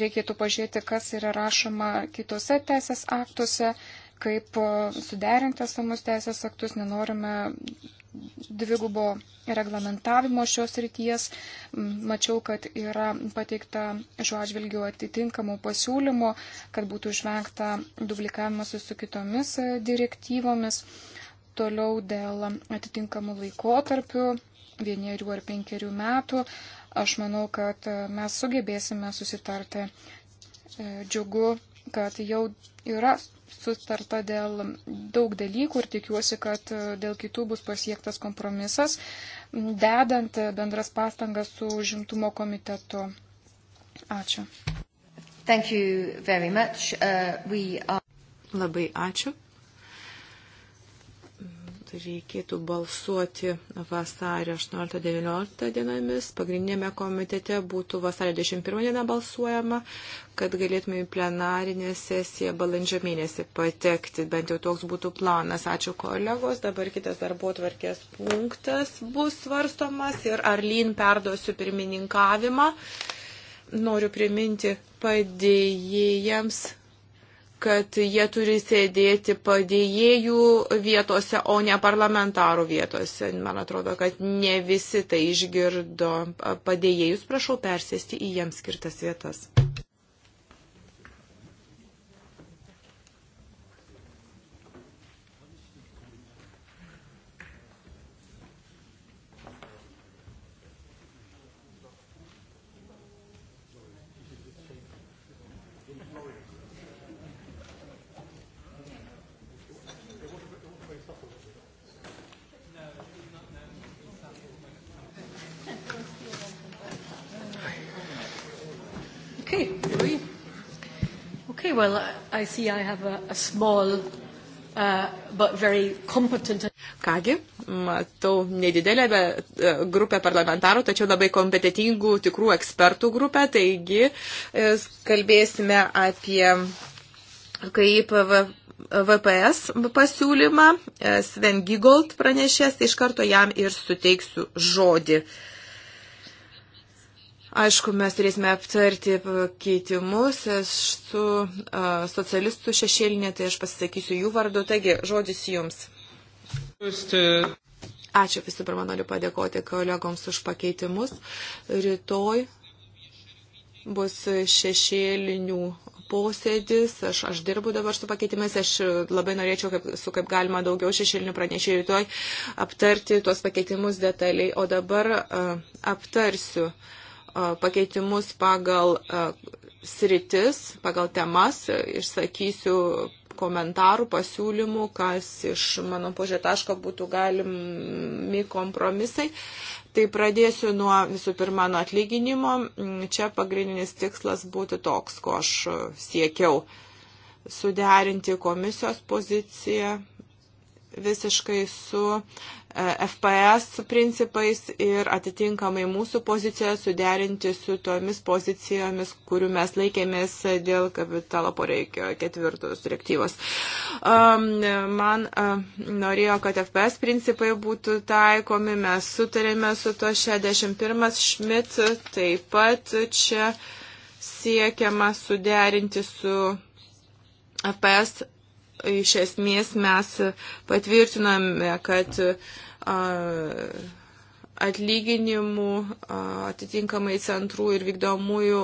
Reikėtų pažiūrėti, kas yra rašoma kitose teisės aktuose, kaip e, suderinti samus teisės aktus, nenorime dvigubo reglamentavimo šios ryties. Mačiau, kad yra pateikta šiuo atžvilgiu atitinkamų pasiūlymų, kad būtų išvengta dublikavimas su kitomis e, direktyvomis. Toliau dėl atitinkamų laikotarpių, vienerių ar penkerių metų, aš manau, kad e, mes sugebėsime susitarti. Džiugu kad jau yra sutarta dėl daug dalykų ir tikiuosi, kad e, dėl kitų bus pasiektas kompromisas, dedant e, bendras pastangas su žimtumo komitetu. Ačiū. Uh, are... Labai ačiū reikėtų balsuoti vasario 18-19 dienomis. Pagrindinėme komitete būtų vasario 21 dieną balsuojama, kad galėtume į plenarinę sesiją balandžio mėnesį patekti. Bent jau toks būtų planas. Ačiū kolegos. Dabar kitas darbo tvarkės punktas bus svarstomas ir Arlyn perduosiu pirmininkavimą. Noriu priminti padėjėjams kad jie turi sėdėti padėjėjų vietose, o ne parlamentarų vietose. Man atrodo, kad ne visi tai išgirdo. Padėjėjus prašau persėsti į jiems skirtas vietas. Okay, well, I see I have a, a small uh, but very competent. Kągi, matau nedidelę e, grupę parlamentarų, tačiau labai kompetitingų tikrų ekspertų grupę, taigi e, kalbėsime apie kaip VPS pasiūlymą. E, Sven Gigold pranešės, tai iš karto jam ir suteiksiu žodį. Uh, Aišku, mes turėsime aptarti keitimus. Aš su uh, socialistų šešėlinė, tai aš pasisakysiu jų vardu. Taigi, žodis jums. Ačiū visų pirma, noriu padėkoti kolegoms už pakeitimus. Rytoj bus šešėlinių posėdis, aš, aš dirbu dabar su pakeitimais, aš labai norėčiau kaip, su kaip galima daugiau šešėlinių pranešėjų rytoj aptarti tuos pakeitimus detaliai, o dabar uh, aptarsiu uh, pakeitimus pagal sritis, pagal temas, išsakysiu komentarų, pasiūlymų, kas iš mano požiūrė taško būtų galimi kompromisai. Tai pradėsiu nuo visų pirma nuo atlyginimo. Čia pagrindinis tikslas būtų toks, ko aš siekiau suderinti komisijos poziciją visiškai su FPS principais ir atitinkamai mūsų poziciją suderinti su tomis pozicijomis, kurių mes laikėmės dėl kapitalo poreikio ketvirtos direktyvos. Um, man uh, norėjo, kad FPS principai būtų taikomi, mes sutarėme su to 61 Šmit, taip pat čia siekiama suderinti su FPS iš esmės mes patvirtiname, kad uh, atlyginimų atitinkamai centrų ir vykdomųjų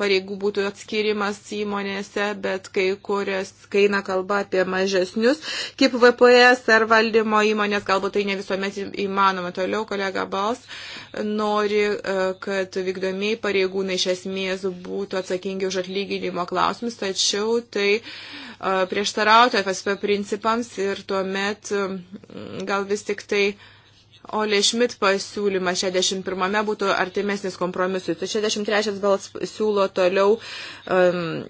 pareigų būtų atskirimas įmonėse, bet kai kurias, kai eina kalba apie mažesnius, kaip VPS ar valdymo įmonės, galbūt tai ne visuomet įmanoma. Toliau kolega Bals nori, kad vykdomiai pareigūnai iš esmės būtų atsakingi už atlyginimo klausimus, tačiau tai prieštarauti FSP principams ir tuomet gal vis tik tai uh, Ole Šmit pasiūlymas 61 būtų artimesnis kompromisui. 63 tai gal siūlo toliau um,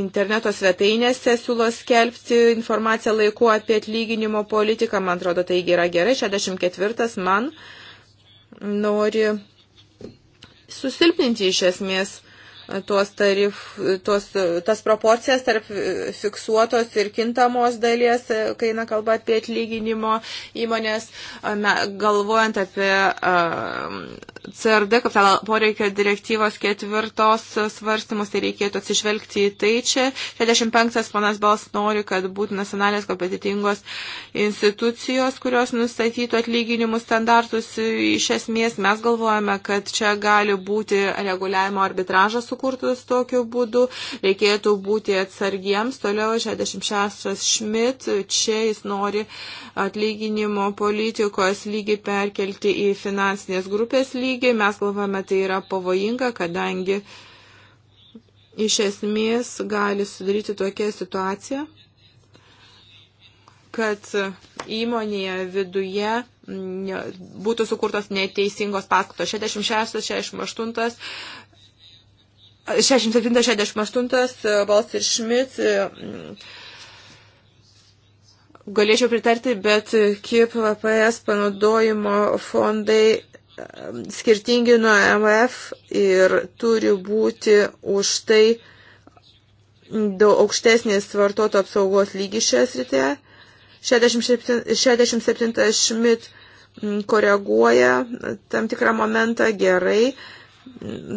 interneto svetainėse siūlo skelbti informaciją laiku apie atlyginimo politiką. Man atrodo, tai yra gerai. 64 man nori susilpninti iš esmės tuos tarif, tuos, tas proporcijas tarp fiksuotos ir kintamos dalies, kai eina kalba apie atlyginimo įmonės, galvojant apie CRD kapitalo poreikio direktyvos ketvirtos svarstymus, tai reikėtų atsižvelgti į tai čia. 65 ponas Bals nori, kad būtų nacionalinės kompetitingos institucijos, kurios nustatytų atlyginimų standartus. Iš esmės mes galvojame, kad čia gali būti reguliavimo arbitražas sukurtas tokiu būdu, reikėtų būti atsargiems. Toliau 66 Šmit, čia jis nori atlyginimo politikos lygį perkelti į finansinės grupės lygį lygiai. Mes galvojame, tai yra pavojinga, kadangi iš esmės gali sudaryti tokia situacija, kad įmonėje viduje būtų sukurtos neteisingos paskatos. 66, 68, 67, 68, Bals ir Šmit. Galėčiau pritarti, bet KIP VPS panaudojimo fondai skirtingi nuo MF ir turi būti už tai daug aukštesnis vartoto apsaugos lygis šioje srityje. 67, 67 Šmit koreguoja tam tikrą momentą gerai.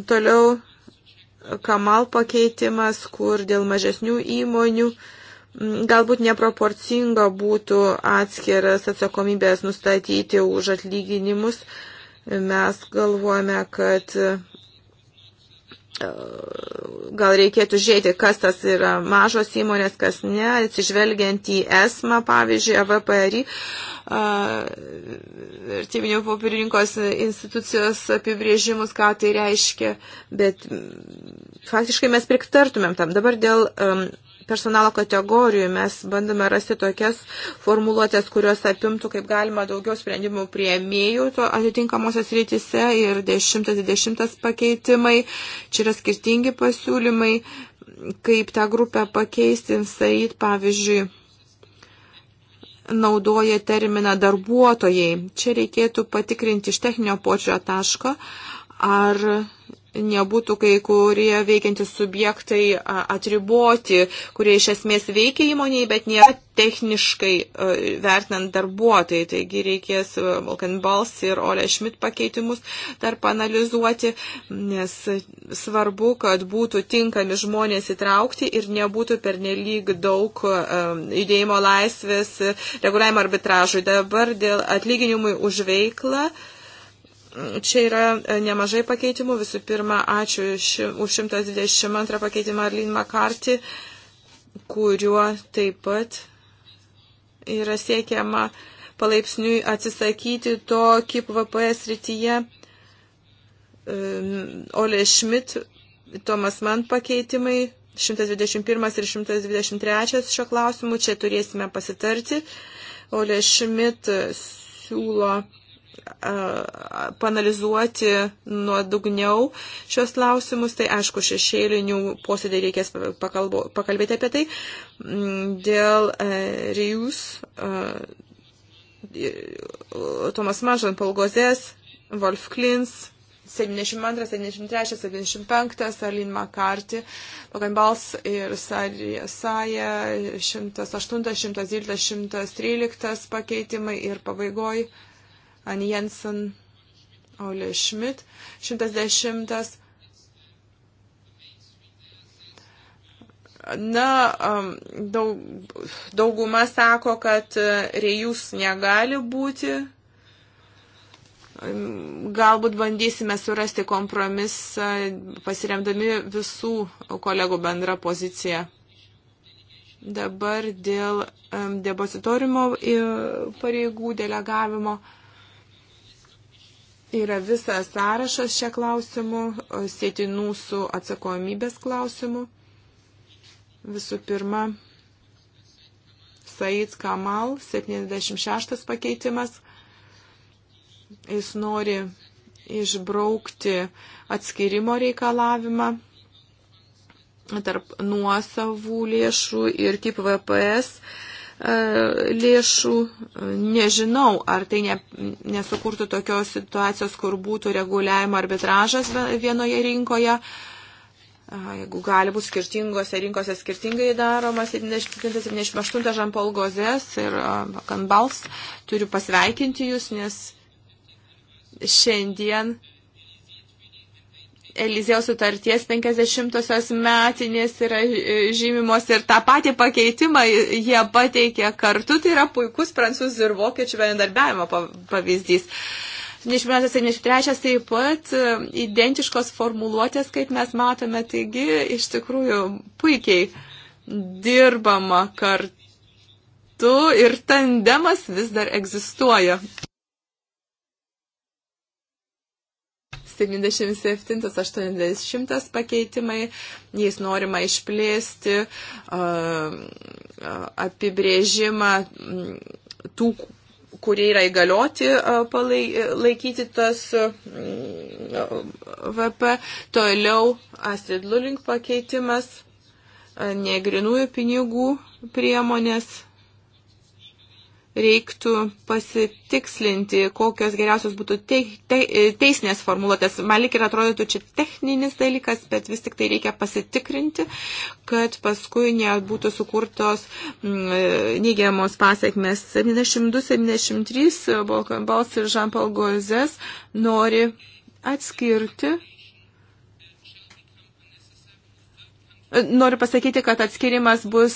Toliau Kamal pakeitimas, kur dėl mažesnių įmonių galbūt neproporcinga būtų atskiras atsakomybės nustatyti už atlyginimus Mes galvojame, kad e, gal reikėtų žiūrėti, kas tas yra mažos įmonės, kas ne, atsižvelgiant į esmą, pavyzdžiui, AVPRI, vertybinio popierininkos institucijos apibrėžimus, ką tai reiškia, bet faktiškai mes priktartumėm tam. Dabar dėl um, personalo kategorijų. Mes bandome rasti tokias formuluotės, kurios apimtų kaip galima daugiau sprendimų prieimėjų atitinkamosios rytise ir 10-20 pakeitimai. Čia yra skirtingi pasiūlymai, kaip tą grupę pakeisti. Said, pavyzdžiui, naudoja terminą darbuotojai. Čia reikėtų patikrinti iš techninio počio taško, ar nebūtų kai kurie veikiantys subjektai atriboti, kurie iš esmės veikia įmoniai, bet nėra techniškai vertinant darbuotojai. Taigi reikės Vulcan Balls ir Ole Schmidt pakeitimus dar panalizuoti, nes svarbu, kad būtų tinkami žmonės įtraukti ir nebūtų pernelyg daug judėjimo laisvės reguliavimo arbitražui. Dabar dėl atlyginimui už veiklą. Čia yra e, nemažai pakeitimų. Visų pirma, ačiū ši, už 122 pakeitimą Arlin Makarti, kuriuo taip pat yra siekiama palaipsniui atsisakyti to kaip VPS rytyje. E, Ole Schmidt, Tomas Mann pakeitimai 121 ir 123 šio klausimu. Čia turėsime pasitarti. Ole Schmidt siūlo panalizuoti nuodugniau šios klausimus, tai aišku, šešėlinių posėdė reikės pakalbo, pakalbėti apie tai. Mm, dėl e, Rijus, Tomas Mažan, Polgozės, Wolf Klins, 72, 73, 75, Alin Makarti, Logan Bals ir Sarija Saja, 108, 112, 113 pakeitimai ir pabaigoj Ann Jensen, Ole Schmidt, 110. Na, um, daug, dauguma sako, kad uh, rejus negali būti. Um, galbūt bandysime surasti kompromisą, pasiremdami visų kolegų bendrą poziciją. Dabar dėl um, depozitorimo pareigų delegavimo. Yra visas sąrašas šia klausimu, sėtinų su atsakomybės klausimu. Visų pirma, Said Kamal, 76 pakeitimas. Jis nori išbraukti atskirimo reikalavimą tarp nuosavų lėšų ir kaip VPS E, lėšų. Nežinau, ar tai ne, nesukurtų tokios situacijos, kur būtų reguliavimo arbitražas vienoje rinkoje. Jeigu gali būti skirtingose rinkose skirtingai daromas, 78 Žampol Gozės ir Kanbals turiu pasveikinti jūs, nes šiandien Elizėjaus sutarties 50-osios metinės yra e, žymimos ir tą patį pakeitimą jie pateikė kartu, tai yra puikus prancūzų ir vokiečių bendarbiavimo pavyzdys. 1973 taip pat e, identiškos formuluotės, kaip mes matome, taigi iš tikrųjų puikiai dirbama kartu ir tandemas vis dar egzistuoja. 77-80 pakeitimai, jais norima išplėsti apibrėžimą tų kurie yra įgalioti palaikyti tas VP. Toliau Astrid Luling pakeitimas, negrinųjų pinigų priemonės reiktų pasitikslinti, kokios geriausios būtų te, te, teisinės formuluotės. Man lik ir atrodytų čia techninis dalykas, bet vis tik tai reikia pasitikrinti, kad paskui nebūtų sukurtos mm, neigiamos pasiekmes. 72-73 Balkan Bals ir Žampal Gozes nori atskirti Noriu pasakyti, kad atskirimas bus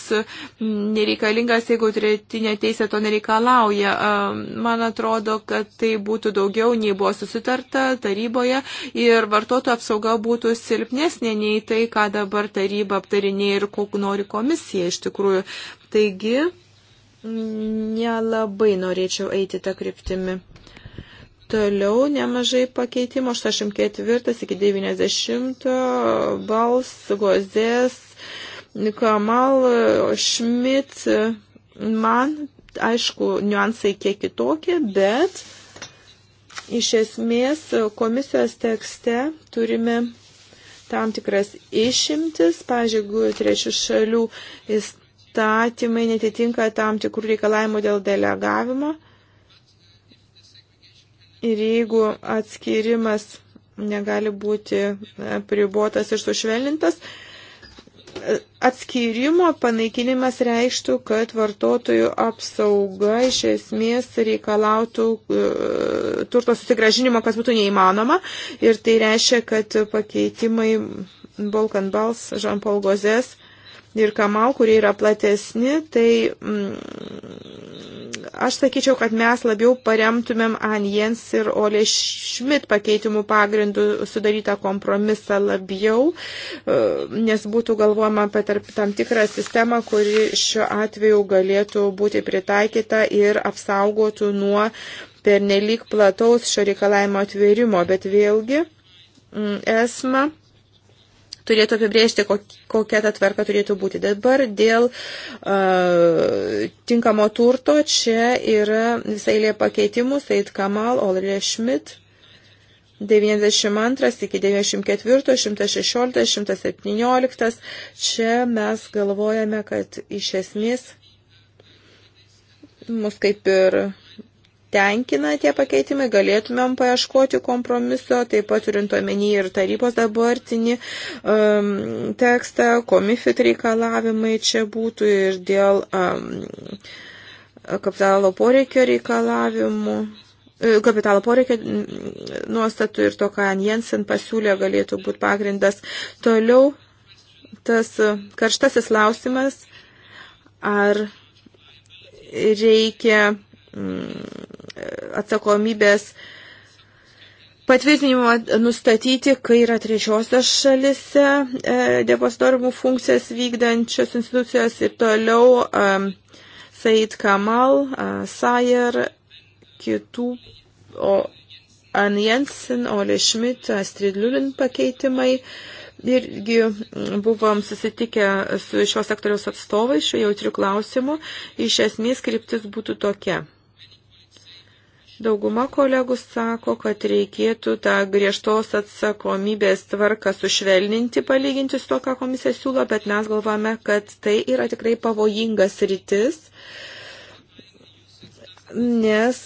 nereikalingas, jeigu tretinė teisė to nereikalauja. Man atrodo, kad tai būtų daugiau nei buvo susitarta taryboje ir vartotojų apsauga būtų silpnesnė nei tai, ką dabar taryba aptarinėja ir kokį nori komisija iš tikrųjų. Taigi, nelabai norėčiau eiti tą kryptimį. Toliau nemažai pakeitimų, 84 iki 90 bals, gozės, Kamal, Šmit, man, aišku, niuansai kiek kitokie, bet iš esmės komisijos tekste turime tam tikras išimtis, pažiūrėjau, trečių šalių įstatymai netitinka tam tikrų reikalavimų dėl delegavimo Ir jeigu atskirimas negali būti pribuotas ir sušvelnintas, atskirimo panaikinimas reikštų, kad vartotojų apsauga iš esmės reikalautų e, turto susigražinimo, kas būtų neįmanoma. Ir tai reiškia, kad pakeitimai Balkan Bals, Jean-Paul Gozės ir kamau, kurie yra platesni, tai mm, aš sakyčiau, kad mes labiau paremtumėm Ann Jens ir Ole Schmidt pakeitimų pagrindų sudarytą kompromisą labiau, e, nes būtų galvojama apie tarp, tam tikrą sistemą, kuri šiuo atveju galėtų būti pritaikyta ir apsaugotų nuo pernelyg plataus šio reikalavimo atvėrimo, bet vėlgi mm, esma. Mm, turėtų apibrėžti, kokia ta tvarka turėtų būti. Dabar dėl uh, tinkamo turto čia yra visai lė pakeitimų Said Kamal, Olrė Schmidt. 92 iki 94, 116, 117. Čia mes galvojame, kad iš esmės mus kaip ir tenkina tie pakeitimai, galėtumėm paieškoti kompromiso, taip pat turint omeny ir tarybos dabartinį um, tekstą, komifit reikalavimai čia būtų ir dėl um, kapitalo poreikio reikalavimų e, kapitalo poreikio mm, nuostatų ir to, ką Jensen pasiūlė, galėtų būti pagrindas. Toliau tas karštasis klausimas, ar reikia Mm, atsakomybės patvirtinimą nustatyti, kai yra trečiosios šalise e, depozitoriumų funkcijas vykdančios institucijos ir toliau e, Said Kamal, e, Sayer, kitų, o Ann Jensen, Ole Schmidt, Astrid Lulin pakeitimai. Irgi mm, buvom susitikę su šios sektoriaus atstovai šiuo jautriu klausimu. Iš esmės kryptis būtų tokia. Dauguma kolegų sako, kad reikėtų tą griežtos atsakomybės tvarką sušvelninti, palyginti su to, ką komisija siūlo, bet mes galvame, kad tai yra tikrai pavojingas rytis, nes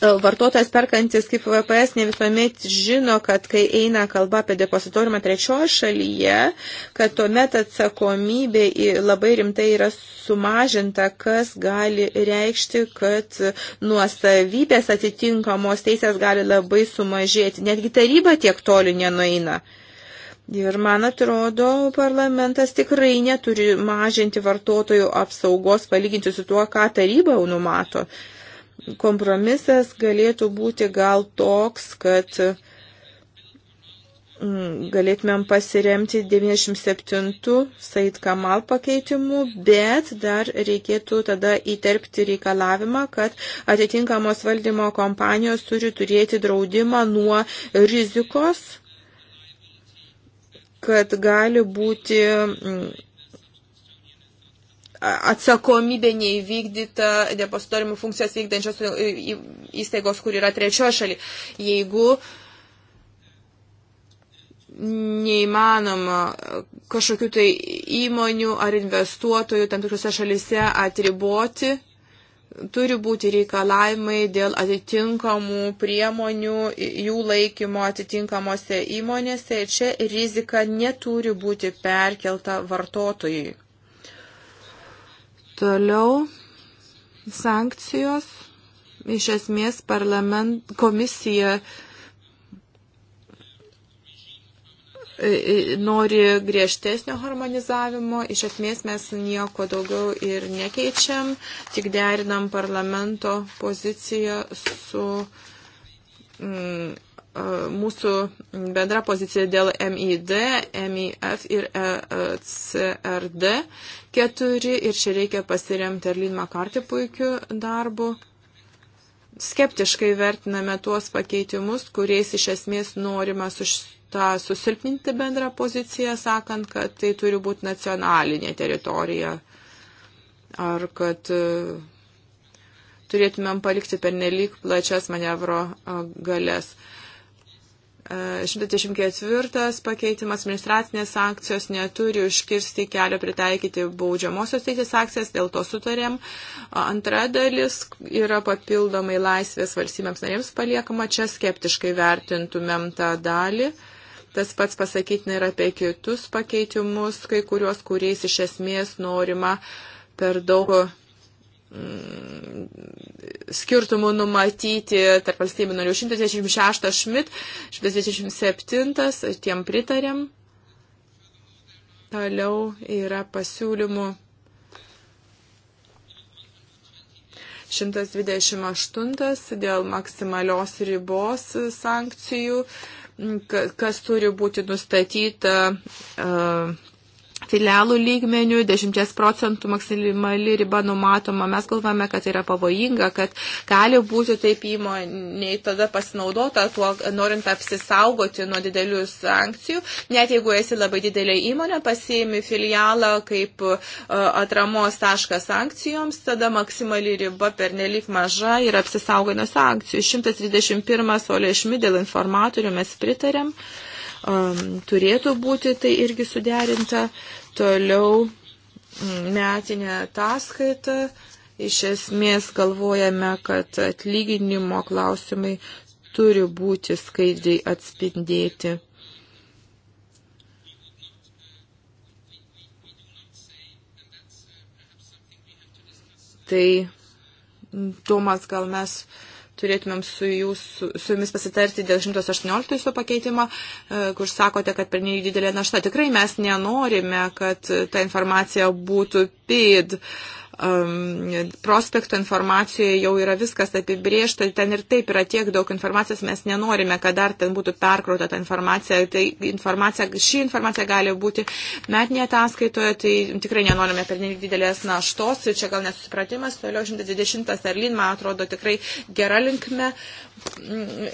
vartotojas perkantis kaip VPS ne visuomet žino, kad kai eina kalba apie depozitoriumą trečioje šalyje, kad tuomet atsakomybė labai rimtai yra sumažinta, kas gali reikšti, kad nuosavybės atitinkamos teisės gali labai sumažėti. Netgi taryba tiek toli nenueina. Ir man atrodo, parlamentas tikrai neturi mažinti vartotojų apsaugos palyginti su tuo, ką taryba jau numato. Uh, kompromisas galėtų būti gal toks, kad mm, galėtumėm pasiremti 97 Said Kamal pakeitimu, bet dar reikėtų tada įterpti reikalavimą, kad atitinkamos valdymo kompanijos turi turėti draudimą nuo rizikos, kad gali būti mm, atsakomybė neįvykdyta depozitorimų funkcijas vykdančios e, įstaigos, kur yra trečioje šalyje. Jeigu neįmanoma kažkokių tai įmonių ar investuotojų tam tikrose šalise atriboti, turi būti reikalavimai dėl atitinkamų priemonių, jų laikymo atitinkamose įmonėse ir čia rizika neturi būti perkelta vartotojui. Toliau sankcijos. Iš esmės parlament, komisija e, e, nori griežtesnio harmonizavimo. Iš esmės mes nieko daugiau ir nekeičiam, tik derinam parlamento poziciją su mm, E, mūsų bendra pozicija dėl MID, MIF ir e, e, CRD 4 ir čia reikia pasiremti Erlin Makartį puikiu darbu. Skeptiškai vertiname tuos pakeitimus, kuriais iš esmės norima sus, tą susilpninti bendrą poziciją, sakant, kad tai turi būti nacionalinė teritorija ar kad turėtumėm palikti pernelyg plačias manevro galės. Uh, 124 pakeitimas administracinės sankcijos neturi užkirsti kelio pritaikyti baudžiamosios teisės akcijas, dėl to sutarėm. Antra dalis yra papildomai laisvės valstybėms narėms paliekama, čia skeptiškai vertintumėm tą dalį. Tas pats pasakytina ir apie kitus pakeitimus, kai kuriuos, kuriais iš esmės norima per daug Mm, skirtumų numatyti tarp valstybių narių 126 Šmit, 127, tiem pritarėm. Toliau yra pasiūlymų 128 dėl maksimalios ribos sankcijų, kas turi būti nustatyta. Uh, filialų lygmenių, 10 procentų maksimali riba numatoma. Mes galvame, kad tai yra pavojinga, kad gali būti taip įmoniai tada pasinaudota tuo, norint apsisaugoti nuo didelių sankcijų. Net jeigu esi labai didelė įmonė, pasiimi filialą kaip e, atramos taškas sankcijoms, tada maksimali riba per nelik maža ir apsisaugai nuo sankcijų. 131 solė šmid dėl informatorių mes pritarėm turėtų būti tai irgi suderinta Toliau mm, metinė ataskaita. Iš esmės galvojame, kad atlyginimo klausimai turi būti skaidriai atspindėti. Tai mm, Tomas, gal mes uh, turėtumėm su, jūs, su jumis pasitarti dėl 118 pakeitimo, e, kur sakote, kad per didelė našta. Tikrai mes nenorime, kad ta informacija būtų PID. Uh, um, prospekto informacijoje jau yra viskas apibriešta, ten ir taip yra tiek daug informacijos, mes nenorime, kad dar ten būtų perkrauta ta informacija. Tai informacija, ši informacija gali būti metinėje ataskaitoje, tai tikrai nenorime per nelik didelės naštos, čia gal nesusipratimas, toliau 120 Erlin, man atrodo, tikrai gera linkme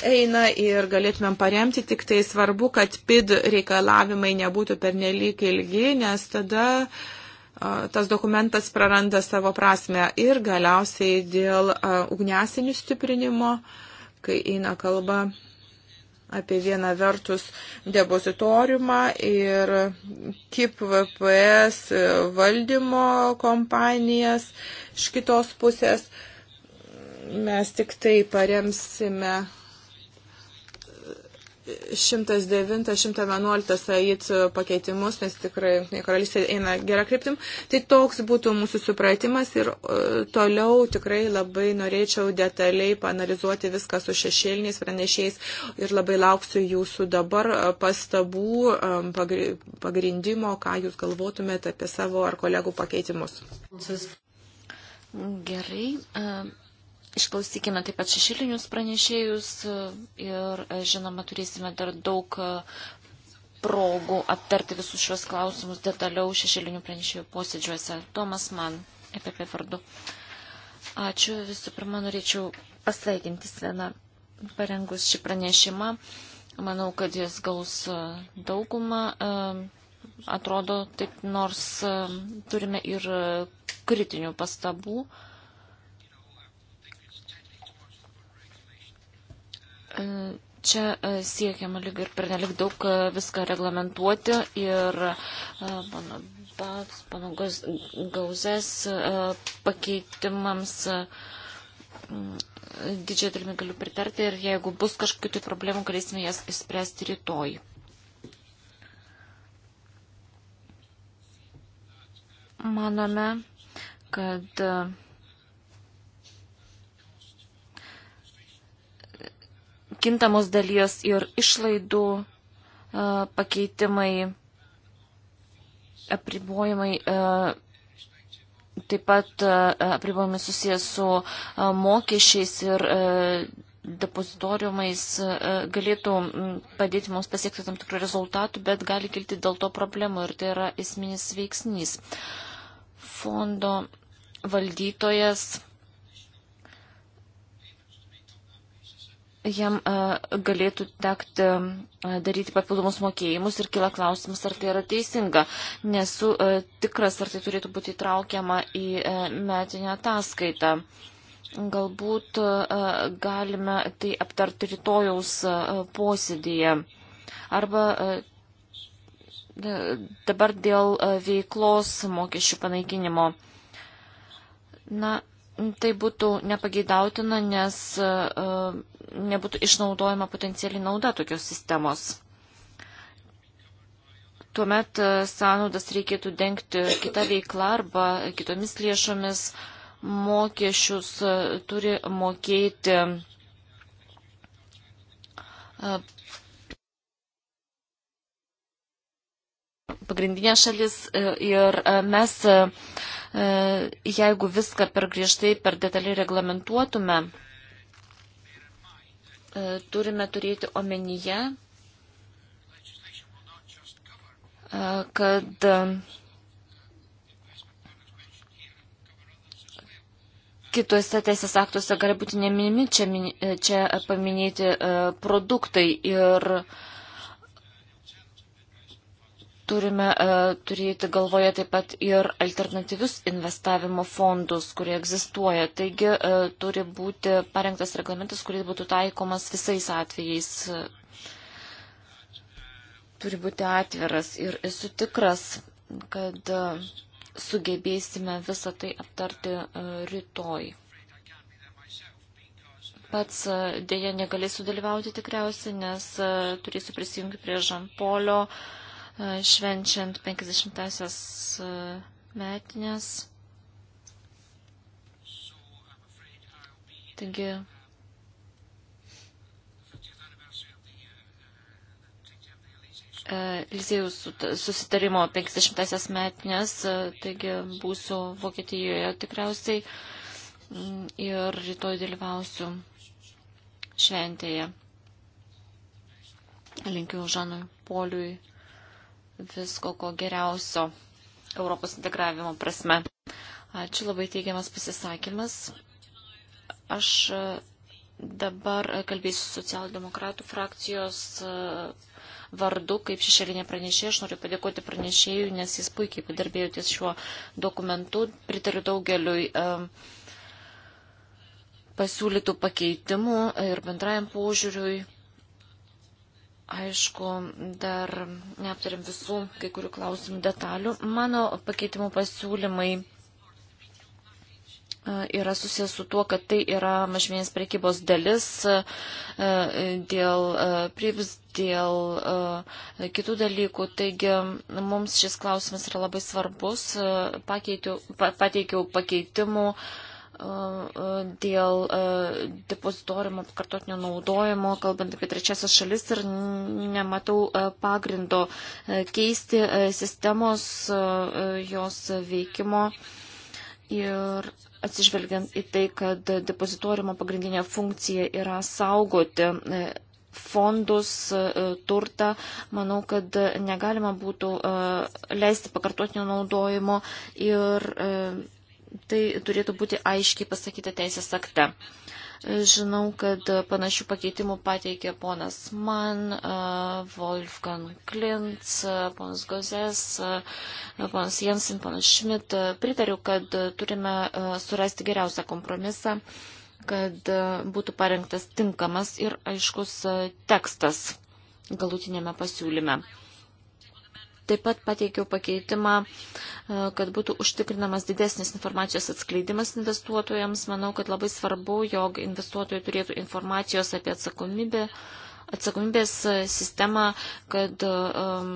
eina ir galėtumėm paremti, tik tai svarbu, kad PID reikalavimai nebūtų per nelik ilgi, nes tada uh, tas dokumentas praranda savo prasme ir galiausiai dėl ugnesienių stiprinimo, kai eina kalba apie vieną vertus depozitoriumą ir KIP VPS valdymo kompanijas iš kitos pusės. Mes tik tai paremsime 109-111 AIT pakeitimus, nes tikrai ne, karalystė eina gerą kryptim. Tai toks būtų mūsų supratimas ir e, toliau tikrai labai norėčiau detaliai panalizuoti viską su šešėliniais pranešiais ir labai lauksiu jūsų dabar e, pastabų e, pagrindimo, ką jūs galvotumėte apie savo ar kolegų pakeitimus. Gerai. Um Išklausykime taip pat šešilinius pranešėjus e, ir, e, žinoma, turėsime dar daug e, progų aptarti visus šios klausimus detaliau šešėlinių pranešėjų posėdžiuose. Tomas man, EPP vardu. Ačiū. Visų pirma, norėčiau pasveikinti Sveną parengus šį pranešimą. Manau, kad jis gaus daugumą. Atrodo, taip nors turime ir kritinių pastabų. Čia e, siekiama lyg ir pernelik daug e, viską reglamentuoti ir e, mano bats, mano gauzės pakeitimams didžiai dalimi galiu pritarti ir jeigu bus kažkokių tai problemų, galėsime jas įspręsti rytoj. Manome, kad uh, kintamos dalies ir išlaidų e, pakeitimai, apribojimai, e, taip pat e, apribojimai susijęs su mokesčiais ir depozitoriumais galėtų padėti mums pasiekti tam tikrų rezultatų, bet gali kilti dėl to problemų ir tai yra esminis veiksnys. Fondo valdytojas jam galėtų tekti daryti papildomus mokėjimus ir kila klausimas, ar tai yra teisinga. Nesu tikras, ar tai turėtų būti įtraukiama į metinę ataskaitą. Galbūt galime tai aptarti rytojaus posėdėje. Arba dabar dėl veiklos mokesčių panaikinimo. Na, Tai būtų nepageidautina, nes e, nebūtų išnaudojama potencialiai nauda tokios sistemos. Tuomet e, sąnaudas reikėtų dengti kitą veiklą arba kitomis lėšomis. Mokesčius e, turi mokėti pagrindinė šalis ir mes E, jeigu viską per griežtai, per detaliai reglamentuotume, e, turime turėti omenyje, e, kad kitose teisės aktuose gali būti neminimi čia, čia paminėti produktai ir uh, Turime e, turėti galvoje taip pat ir alternatyvius investavimo fondus, kurie egzistuoja. Taigi e, turi būti parengtas reglamentas, kuris būtų taikomas visais atvejais. Turi būti atviras ir esu tikras, kad e, sugebėsime visą tai aptarti e, rytoj pats e, dėja negalėsiu dalyvauti tikriausiai, nes e, turėsiu prisijungti prie Žampolio švenčiant 50-asias metinės. Taigi, Lizėjus susitarimo 50-asias metinės, taigi būsiu Vokietijoje tikriausiai ir rytoj dalyvausiu šventėje. Linkiu Žanui Poliui visko, ko geriausio Europos integravimo prasme. Ačiū labai teigiamas pasisakymas. Aš e, dabar kalbėsiu socialdemokratų frakcijos e, vardu, kaip šešėlinė pranešėja. Aš noriu padėkoti pranešėjui, nes jis puikiai padirbėjo ties šiuo dokumentu. Pritariu daugeliui e, pasiūlytų pakeitimų ir bendrajam požiūriui. Aišku, dar neaptarėm visų kai kurių klausimų detalių. Mano pakeitimų pasiūlymai e, yra susijęs su tuo, kad tai yra mažmenės prekybos dalis e, dėl e, privis, dėl kitų dalykų. Taigi mums šis klausimas yra labai svarbus. Pakeitiu, pateikiau pakeitimų dėl depozitoriumo pakartotinio naudojimo, kalbant apie trečiasias šalis ir nematau pagrindo keisti sistemos jos veikimo ir atsižvelgiant į tai, kad depozitoriumo pagrindinė funkcija yra saugoti e, fondus, e, turtą, manau, kad negalima būtų leisti pakartotinio naudojimo ir e, tai turėtų būti aiškiai pasakyta teisės akte. Žinau, kad panašių pakeitimų pateikė ponas Mann, Wolfgang Klintz, ponas Gozes, ponas Jensen, ponas Schmidt. Pritariu, kad turime surasti geriausią kompromisą, kad būtų parengtas tinkamas ir aiškus tekstas galutinėme pasiūlyme. Taip pat pateikiau pakeitimą, e, kad būtų užtikrinamas didesnis informacijos atskleidimas investuotojams. Manau, kad labai svarbu, jog investuotojai turėtų informacijos apie atsakomybę atsakomybės e, sistemą, kad um,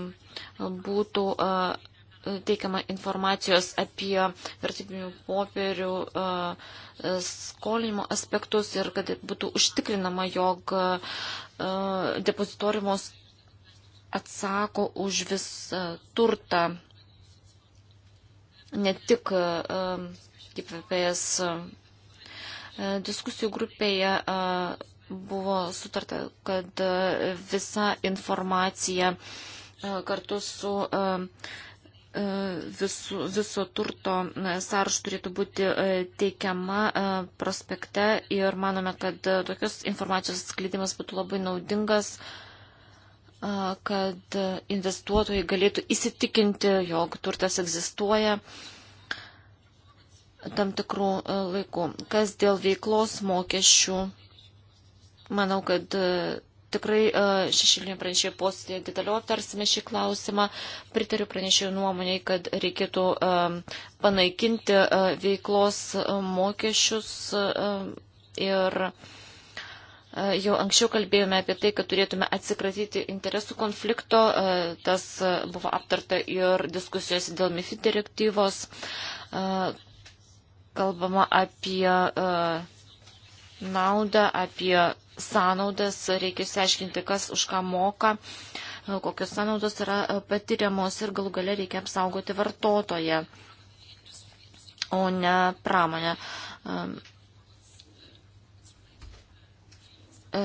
būtų uh, teikiama informacijos apie vertybinių popierių uh, skolinimo aspektus ir kad būtų užtikrinama, jog uh, depozitorimo atsako už vis e, turtą, ne tik e, kaip VPS e, diskusijų grupėje buvo sutarta, kad visa informacija kartu su viso, viso turto sąraš turėtų būti teikiama prospekte ir manome, kad tokios informacijos atskleidimas būtų labai naudingas kad investuotojai galėtų įsitikinti, jog turtas egzistuoja tam tikrų laikų. Kas dėl veiklos mokesčių, manau, kad tikrai šešilinė pranešėjų postėje detaliau aptarsime šį klausimą. Pritariu pranešėjų nuomonėj, kad reikėtų panaikinti veiklos mokesčius ir Jau anksčiau kalbėjome apie tai, kad turėtume atsikratyti interesų konflikto. Tas buvo aptarta ir diskusijose dėl MIFID direktyvos. Kalbama apie naudą, apie sąnaudas. Reikia išsiaiškinti, kas už ką moka, kokios sąnaudos yra patiriamos ir galų gale reikia apsaugoti vartotoje, o ne pramonę. E,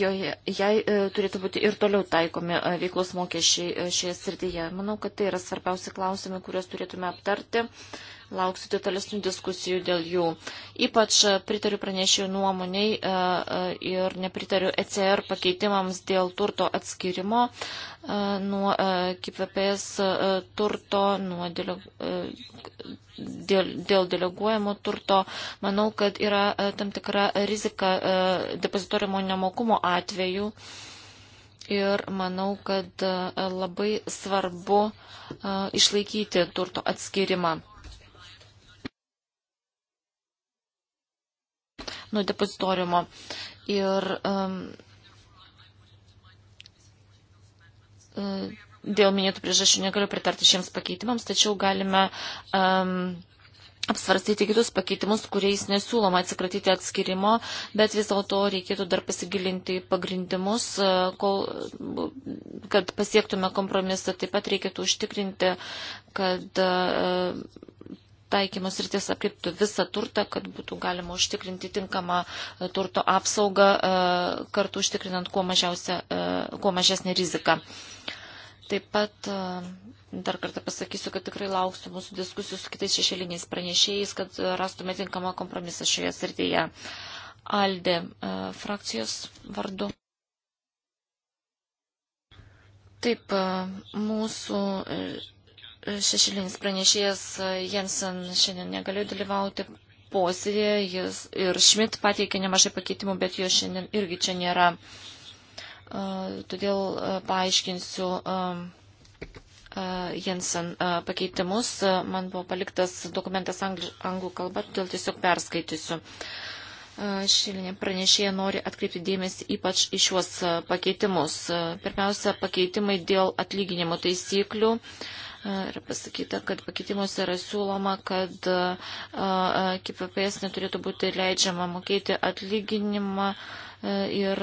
joje, jai e, turėtų būti ir toliau taikomi e, veiklos mokesčiai šioje srityje. Manau, kad tai yra svarbiausi klausimai, kuriuos turėtume aptarti lauksite tolesnių diskusijų dėl jų. Ypač e, pritariu pranešėjų nuomoniai e, e, ir nepritariu ECR pakeitimams dėl turto atskirimo nuo KPPS turto, nuo dėl, dėl deleguojamo turto, manau, kad yra tam tikra rizika depozitorimo nemokumo atveju. Ir manau, kad labai svarbu išlaikyti turto atskirimą. nuo depozitoriumo. Ir um, e, dėl minėtų priežasčių negaliu pritarti šiems pakeitimams, tačiau galime um, apsvarstyti kitus pakeitimus, kuriais nesiūloma atsikratyti atskirimo, bet vis dėlto reikėtų dar pasigilinti pagrindimus, e, kol, kad pasiektume kompromisą. Taip pat reikėtų užtikrinti, kad e, taikymos rytis apkiptų visą turtą, kad būtų galima užtikrinti tinkamą e, turto apsaugą, e, kartu užtikrinant kuo, e, kuo mažesnį riziką. Taip pat dar kartą pasakysiu, kad tikrai lauksiu mūsų diskusijų su kitais šešėliniais pranešėjais, kad rastume tinkamą kompromisą šioje srityje. Alde frakcijos vardu. Taip, mūsų šešilinis pranešėjas Jensen šiandien negalėjo dalyvauti posėdėje, jis ir Šmit pateikė nemažai pakeitimų, bet jo šiandien irgi čia nėra. Todėl paaiškinsiu Jensen pakeitimus. Man buvo paliktas dokumentas anglų kalba, todėl tiesiog perskaitysiu. Šilinė pranešėja nori atkreipti dėmesį ypač į šiuos pakeitimus. Pirmiausia, pakeitimai dėl atlyginimo taisyklių. Uh, Yra pasakyta, kad pakeitimuose yra siūloma, kad KPPS neturėtų būti leidžiama mokėti atlyginimą ir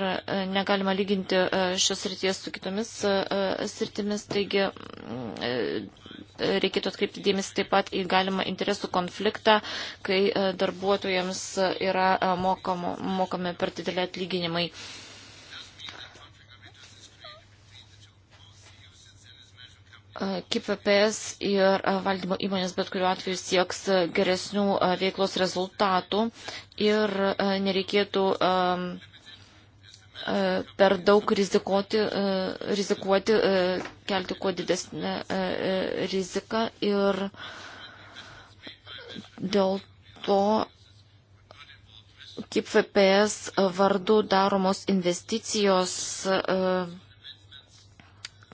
negalima lyginti šios srities su kitomis sritimis, taigi mm, reikėtų atkreipti dėmesį taip pat į galimą interesų konfliktą, kai darbuotojams yra mokamo, mokami per didelį atlyginimai. KPPS ir e, valdymo įmonės bet kuriuo atveju sieks e, geresnių e, veiklos rezultatų ir nereikėtų per daug rizikuoti, rizikuoti kelti kuo didesnę riziką ir dėl to kaip VPS vardu daromos investicijos uh,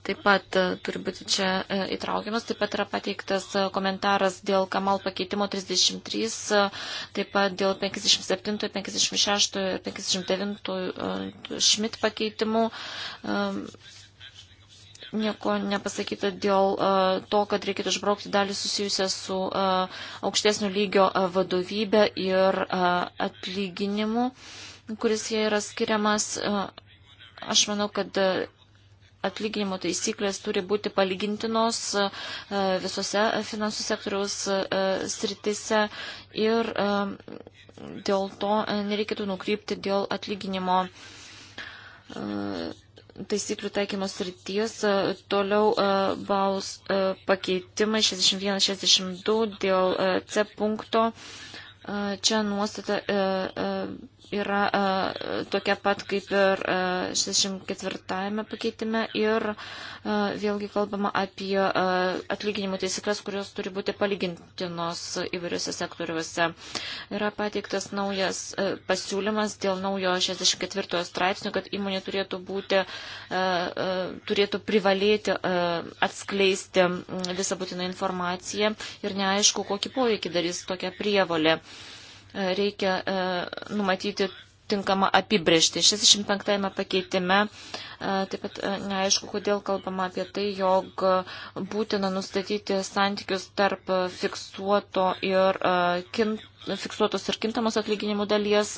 taip pat e, turi būti čia e, įtraukiamas. Taip pat yra pateiktas e, komentaras dėl Kamal pakeitimo 33, taip pat dėl 57, 56 ir 59 Šmit pakeitimų. Nieko nepasakyta dėl to, kad reikėtų išbraukti dalį susijusią su aukštesnio lygio vadovybė ir atlyginimu, kuris jie yra skiriamas. Aš manau, kad atlyginimo taisyklės turi būti palygintinos e, visose finansų sektoriaus e, sritise ir e, dėl to nereikėtų nukrypti dėl atlyginimo taisyklių taikymo srities. Toliau baus pakeitimai 61-62 dėl C punkto. Čia nuostata yra a, e, tokia pat kaip ir e, a, 64 pakeitime ir a, e, vėlgi kalbama apie a, atlyginimų taisyklės, kurios turi būti palygintinos įvairiuose sektoriuose. Yra pateiktas naujas a, pasiūlymas dėl naujo 64 straipsnio, kad įmonė turėtų, būti, a, a, turėtų privalėti a, atskleisti visą būtiną informaciją ir neaišku, kokį poveikį darys tokia prievolė. A, reikia e, numatyti tinkamą apibrėžtį. 65 pakeitime e, taip pat e, neaišku, kodėl kalbama apie tai, jog būtina nustatyti santykius tarp fiksuoto ir, kint, fiksuotos ir kintamos atlyginimų dalies.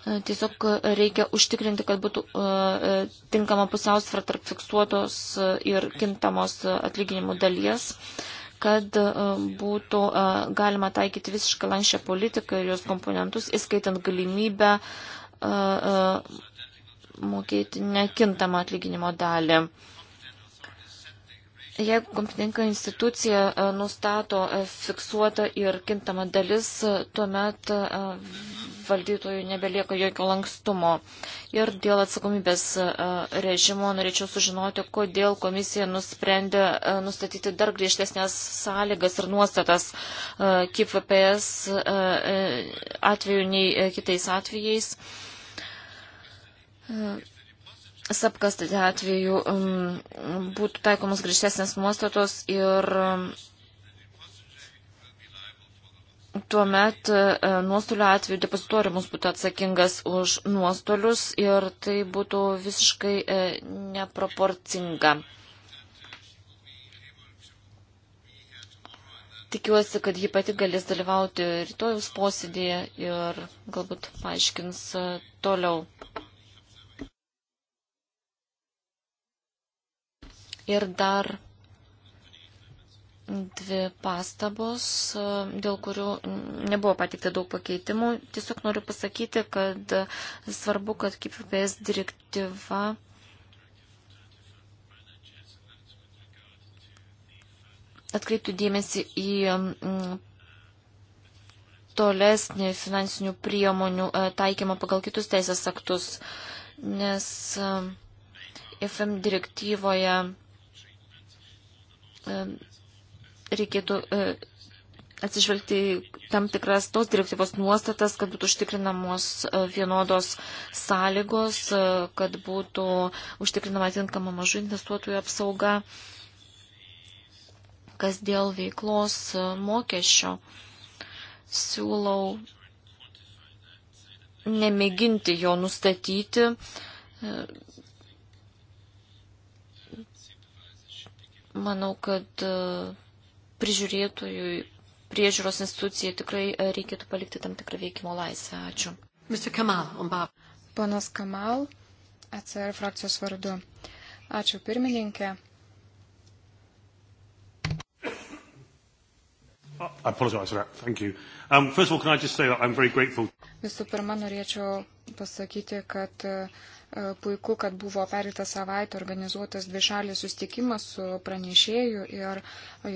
Tiesiog reikia užtikrinti, kad būtų tinkama pusiausvara tarp fiksuotos ir kintamos atlyginimų dalies. Uh, kad e, būtų e, galima taikyti visiškai lanšę politiką ir jos komponentus, įskaitant galimybę e, mokėti nekintamą atlyginimo dalį. Jeigu kompetentinga institucija e, nustato e, fiksuotą ir kintamą dalis, e, tuomet valdytojų nebelieka jokio lankstumo. Ir dėl atsakomybės režimo norėčiau sužinoti, kodėl komisija nusprendė nustatyti dar griežtesnės sąlygas ir nuostatas kaip VPS atveju nei kitais atvejais sapkastai atveju um, būtų taikomos grįžtesnės nuostatos ir um, Tuomet uh, nuostolių atveju depozitoriumus būtų atsakingas už nuostolius ir tai būtų visiškai uh, neproporcinga. Tikiuosi, kad ji pati galės dalyvauti rytojus posėdėje ir galbūt paaiškins uh, toliau. Ir dar dvi pastabos, dėl kurių nebuvo patikta daug pakeitimų. Tiesiog noriu pasakyti, kad svarbu, kad kaip VPS direktyva atkreiptų dėmesį į mm, tolesnį finansinių priemonių e, taikymą pagal kitus teisės aktus, nes e, FM direktyvoje reikėtų e, atsižvelgti tam tikras tos direktyvos nuostatas, kad būtų užtikrinamos e, vienodos sąlygos, e, kad būtų užtikrinama atinkama mažų investuotojų apsauga, kas dėl veiklos mokesčio. Siūlau nemėginti jo nustatyti, Manau, kad e, prižiūrėtojui, priežiūros institucijai tikrai e, reikėtų palikti tam tikrą veikimo laisvę. Ačiū. Kamal, Panas Kamal, ACR frakcijos vardu. Ačiū pirmininkė. Um, Visų pirma, norėčiau pasakyti, kad uh, E, puiku, kad buvo perėtą savaitę organizuotas dvišalis sustikimas su pranešėju ir e,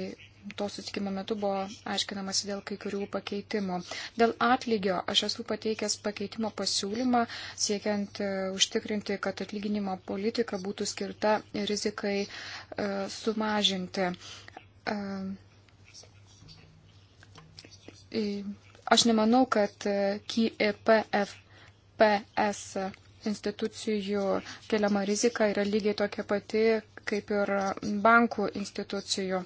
to sutikimo metu buvo aiškinamas dėl kai kurių pakeitimų. Dėl atlygio aš esu pateikęs pakeitimo pasiūlymą, siekiant e, užtikrinti, kad atlyginimo politika būtų skirta rizikai sumažinti. Aš nemanau, kad KIPFPS institucijų keliama rizika yra lygiai tokia pati kaip ir bankų institucijų.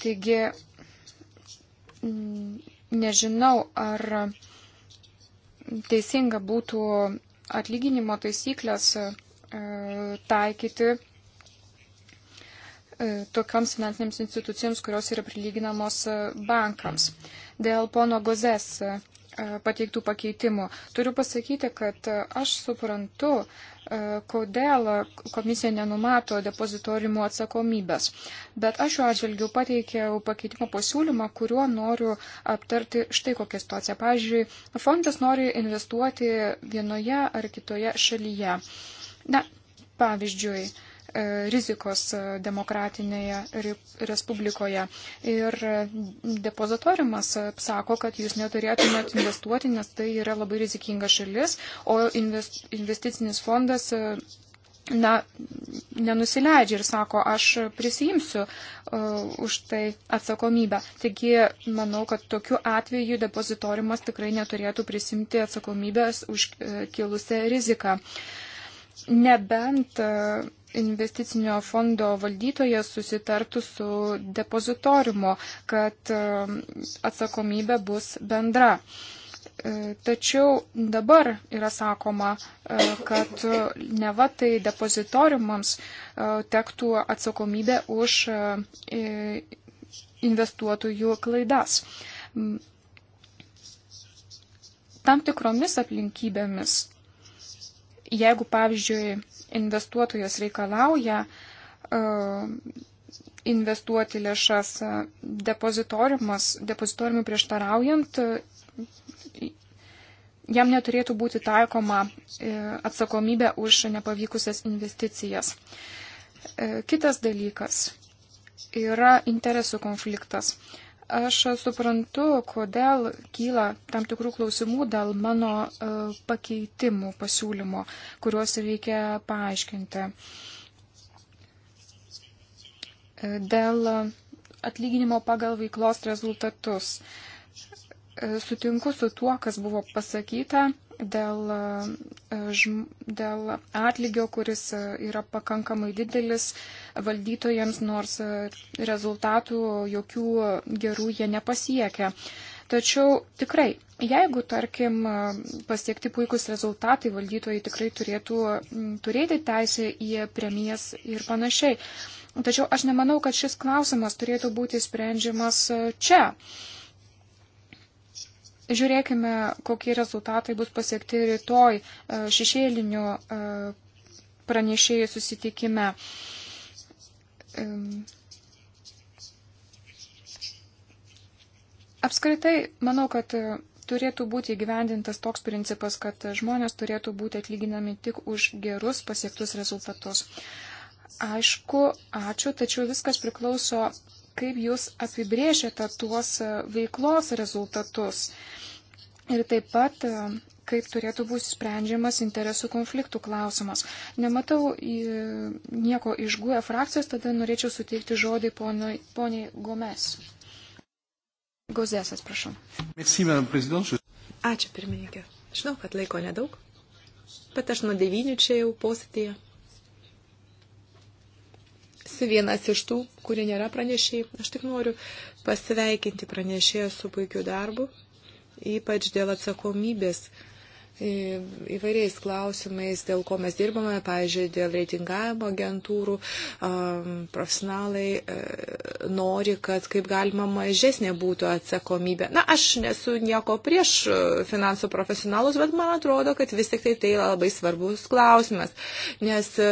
Taigi mm, nežinau, ar teisinga būtų atlyginimo taisyklės e, taikyti e, tokioms finansinėms institucijoms, kurios yra prilyginamos bankams. Dėl pono Gozės E, pateiktų pakeitimų. Turiu pasakyti, kad aš suprantu, e, kodėl komisija nenumato depozitorimo atsakomybės. Bet aš šiuo atžvilgiu pateikiau pakeitimo pasiūlymą, kuriuo noriu aptarti štai kokią situaciją. Pavyzdžiui, fondas nori investuoti vienoje ar kitoje šalyje. Na, pavyzdžiui, E, rizikos e, demokratinėje Respublikoje. Ir e, depozitoriumas sako, kad jūs neturėtumėt investuoti, nes tai yra labai rizikinga šalis, o investicinis fondas. Na, nenusileidžia ir sako, aš prisijimsiu uh, už tai atsakomybę. Taigi, manau, kad tokiu atveju depozitoriumas tikrai neturėtų prisimti atsakomybės už uh, kilusią riziką. Nebent uh, investicinio fondo valdytojas susitartų su depozitoriumo, kad e, atsakomybė bus bendra. E, tačiau dabar yra sakoma, e, kad ne va tai depozitoriumams tektų atsakomybė už investuotojų klaidas. Tam tikromis aplinkybėmis, jeigu pavyzdžiui investuotojas reikalauja e, investuoti lėšas e, depozitoriumas, depozitoriumui prieštaraujant, e, jam neturėtų būti taikoma atsakomybė už nepavykusias investicijas. Kitas dalykas yra interesų konfliktas. Aš suprantu, kodėl kyla tam tikrų klausimų dėl mano e, pakeitimų pasiūlymo, kuriuos reikia paaiškinti. E, dėl atlyginimo pagal veiklos rezultatus. E, sutinku su tuo, kas buvo pasakyta dėl, e, dėl atlygio, kuris e, yra pakankamai didelis valdytojams, nors e, rezultatų jokių gerų jie nepasiekia. Tačiau tikrai, jeigu, tarkim, pasiekti puikus rezultatai, valdytojai tikrai turėtų turėti teisę į premijas ir panašiai. Tačiau aš nemanau, kad šis klausimas turėtų būti sprendžiamas čia. Uh, Žiūrėkime, kokie rezultatai bus pasiekti rytoj e, šešėlinių e, pranešėjų susitikime. Apskritai, manau, kad e, turėtų būti įgyvendintas toks principas, kad žmonės turėtų būti atlyginami tik už gerus pasiektus rezultatus. Aišku, ačiū, tačiau viskas priklauso kaip jūs apibrėžiate tuos e, veiklos rezultatus ir taip pat e, kaip turėtų būti sprendžiamas interesų konfliktų klausimas. Nematau e, nieko iš GUE frakcijos, tada norėčiau suteikti žodį poniai, poniai Gomes. Gozesas, prašau. Ačiū, pirmininkė. Žinau, kad laiko nedaug, bet aš nuo devynių čia jau posėdėje vienas iš tų, kurie nėra pranešėjai. Aš tik noriu pasveikinti pranešėją su puikiu darbu, ypač dėl atsakomybės įvairiais klausimais, dėl ko mes dirbame, pavyzdžiui, dėl reitingavimo agentūrų, profesionalai e, nori, kad kaip galima mažesnė būtų atsakomybė. Na, aš nesu nieko prieš e, finansų profesionalus, bet man atrodo, kad vis tik tai tai labai svarbus klausimas, nes e,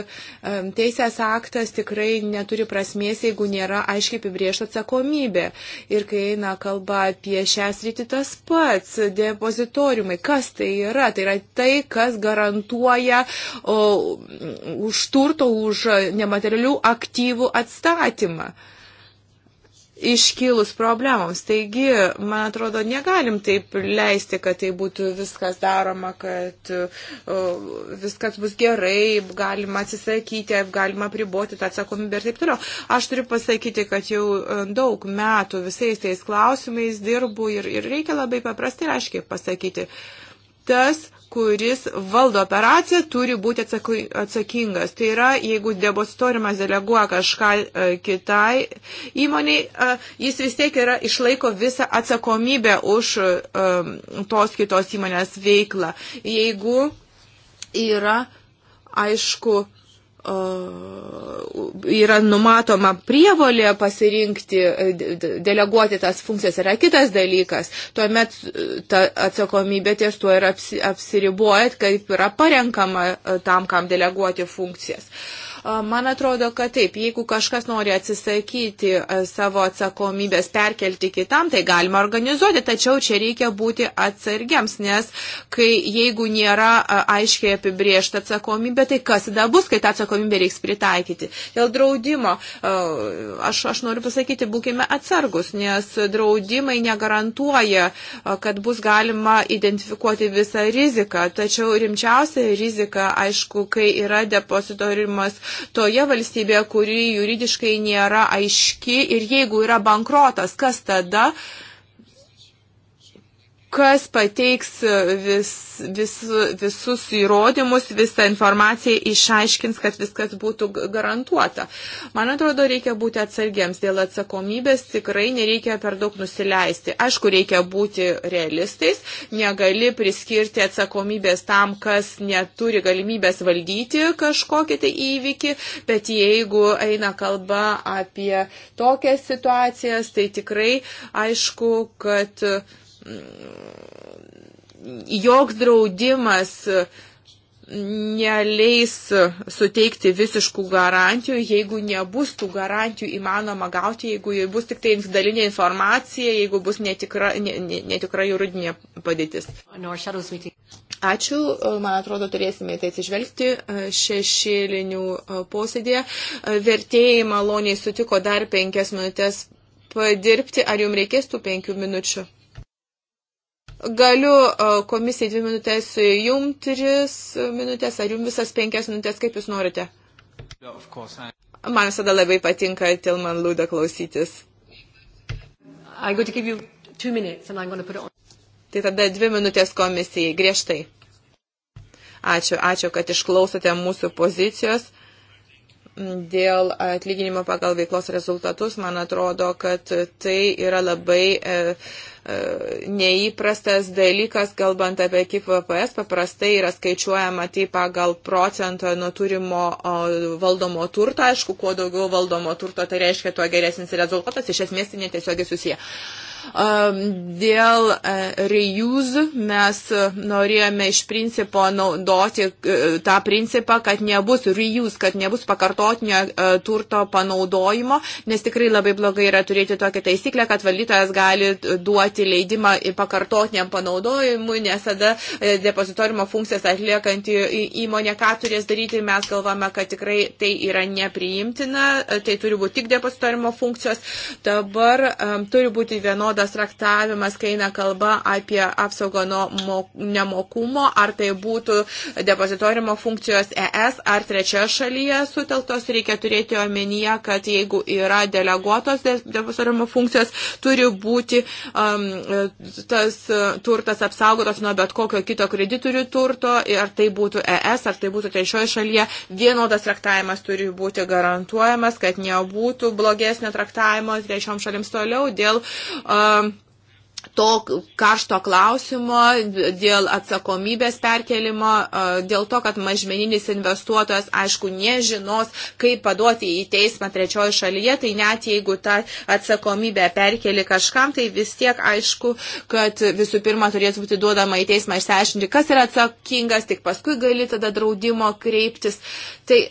teisės aktas tikrai neturi prasmės, jeigu nėra aiškiai apibriešta atsakomybė. Ir kai eina kalba apie šią sritį, tas pats, depozitoriumai, kas tai yra, Tai yra tai, kas garantuoja o, už turto, už nematerialių aktyvų atstatymą iškilus problemams. Taigi, man atrodo, negalim taip leisti, kad tai būtų viskas daroma, kad viskas bus gerai, galima atsisakyti, galima priboti tą atsakomybę ir taip toliau. Aš turiu pasakyti, kad jau e, daug metų visais tais klausimais dirbu ir, ir reikia labai paprastai ir aiškiai pasakyti. Uh, tas, kuris valdo operaciją, turi būti atsakingas. Tai yra, jeigu depozitoriumas deleguoja kažką e, kitai įmoniai, e, jis vis tiek yra, išlaiko visą atsakomybę už e, tos kitos įmonės veiklą. Jeigu yra, aišku, E, yra numatoma prievolė pasirinkti, e, deleguoti tas funkcijas, yra kitas dalykas. Tuomet e, ta atsakomybė ties tuo ir apsiribuojat, kaip yra parenkama tam, kam deleguoti funkcijas. Uh, Man atrodo, kad taip, jeigu kažkas nori atsisakyti savo atsakomybės perkelti kitam, tai galima organizuoti, tačiau čia reikia būti atsargiams, nes kai jeigu nėra aiškiai apibriešta atsakomybė, tai kas tada bus, kai tą atsakomybę reiks pritaikyti. Dėl draudimo, aš, aš noriu pasakyti, būkime atsargus, nes draudimai negarantuoja, kad bus galima identifikuoti visą riziką, tačiau rimčiausia rizika, aišku, kai yra depozitorimas toje valstybėje, kuri juridiškai nėra aiški ir jeigu yra bankrotas, kas tada? Uh, kas pateiks vis, vis, visus įrodymus, visą informaciją išaiškins, kad viskas būtų garantuota. Man atrodo, reikia būti atsargiems dėl atsakomybės, tikrai nereikia per daug nusileisti. Aišku, reikia būti realistais, negali priskirti atsakomybės tam, kas neturi galimybės valdyti kažkokį tai įvykį, bet jeigu eina kalba apie tokias situacijas, tai tikrai aišku, kad uh, joks draudimas neleis suteikti visiškų garantijų, jeigu nebus tų garantijų įmanoma gauti, jeigu bus tik tai dalinė informacija, jeigu bus netikra, ne, ne, netikra juridinė padėtis. Ačiū, man atrodo, turėsime tai atsižvelgti e, šešėlinių e, posėdėje. E, vertėjai maloniai sutiko dar penkias minutės padirbti, ar jums reikės tų penkių minučių? Galiu komisijai dvi minutės, jum tris minutės, ar jum visas penkias minutės, kaip jūs norite. Man visada labai patinka Tilman Lūda klausytis. Tai tada dvi minutės komisijai, griežtai. Ačiū, ačiū, kad išklausote mūsų pozicijos dėl atlyginimo pagal veiklos rezultatus, man atrodo, kad tai yra labai e, e, neįprastas dalykas, kalbant apie KIP VPS, paprastai yra skaičiuojama tai pagal procentą nuo turimo valdomo turto. Aišku, kuo daugiau valdomo turto, tai reiškia, tuo geresnis rezultatas. Iš esmės tai netiesiogiai susiję. Uh, Dėl e, reuse mes e, norėjome iš principo naudoti e, tą principą, kad nebus reuse, kad nebus pakartotinio turto panaudojimo, nes tikrai labai blogai yra turėti tokią taisyklę, kad valytojas gali duoti leidimą pakartotiniam panaudojimui, nes tada depozitorimo funkcijas atliekanti įmonė ką turės daryti, mes galvame, kad tikrai tai yra nepriimtina, tai turi būti tik depozitorimo funkcijos. Dabar um, turi būti vienoda vienodas traktavimas, kai eina kalba apie apsaugą nuo nemokumo, ar tai būtų depozitorimo funkcijos ES ar trečioje šalyje suteltos. Reikia turėti omenyje, kad jeigu yra deleguotos depozitorimo funkcijos, turi būti um, tas turtas apsaugotas nuo bet kokio kito kreditorių turto, ar tai būtų ES, ar tai būtų trečioje šalyje. Vienodas traktavimas turi būti garantuojamas, kad nebūtų blogesnio traktavimo trečiom šalims toliau dėl uh, to karšto klausimo dėl atsakomybės perkelimo, dėl to, kad mažmeninis investuotojas, aišku, nežinos, kaip paduoti į teismą trečiojo šalyje, tai net jeigu tą atsakomybę perkeli kažkam, tai vis tiek aišku, kad visų pirma turėtų būti duodama į teismą išsiaiškinti, kas yra atsakingas, tik paskui gali tada draudimo kreiptis. Tai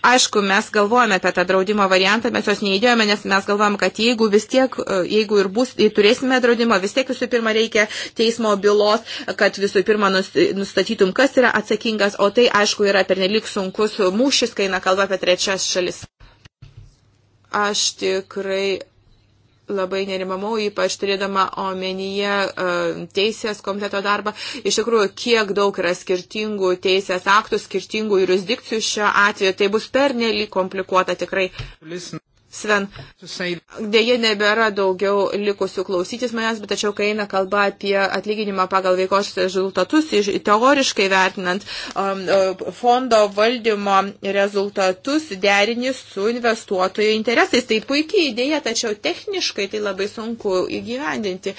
Aišku, mes galvojame apie tą draudimo variantą, mes jos neįdėjome, nes mes galvojam, kad jeigu vis tiek, e, jeigu ir bus, jei turėsime draudimą, vis tiek visų pirma reikia teismo bylos, kad visų pirma nustatytum, kas yra atsakingas, o tai, aišku, yra pernelik sunkus mūšis, kai eina kalba apie trečias šalis. Aš tikrai labai nerimamau, ypač turėdama omenyje e, teisės komiteto darbą. Iš tikrųjų, kiek daug yra skirtingų teisės aktų, skirtingų jurisdikcijų šio atveju, tai bus per nelik komplikuota tikrai. Sven. Dėje nebėra daugiau likusių klausytis manęs, bet tačiau, kai eina kalba apie atlyginimą pagal veikos rezultatus, teoriškai vertinant um, uh, fondo valdymo rezultatus derinis su investuotojo interesais. Tai puikiai idėja, tačiau techniškai tai labai sunku įgyvendinti.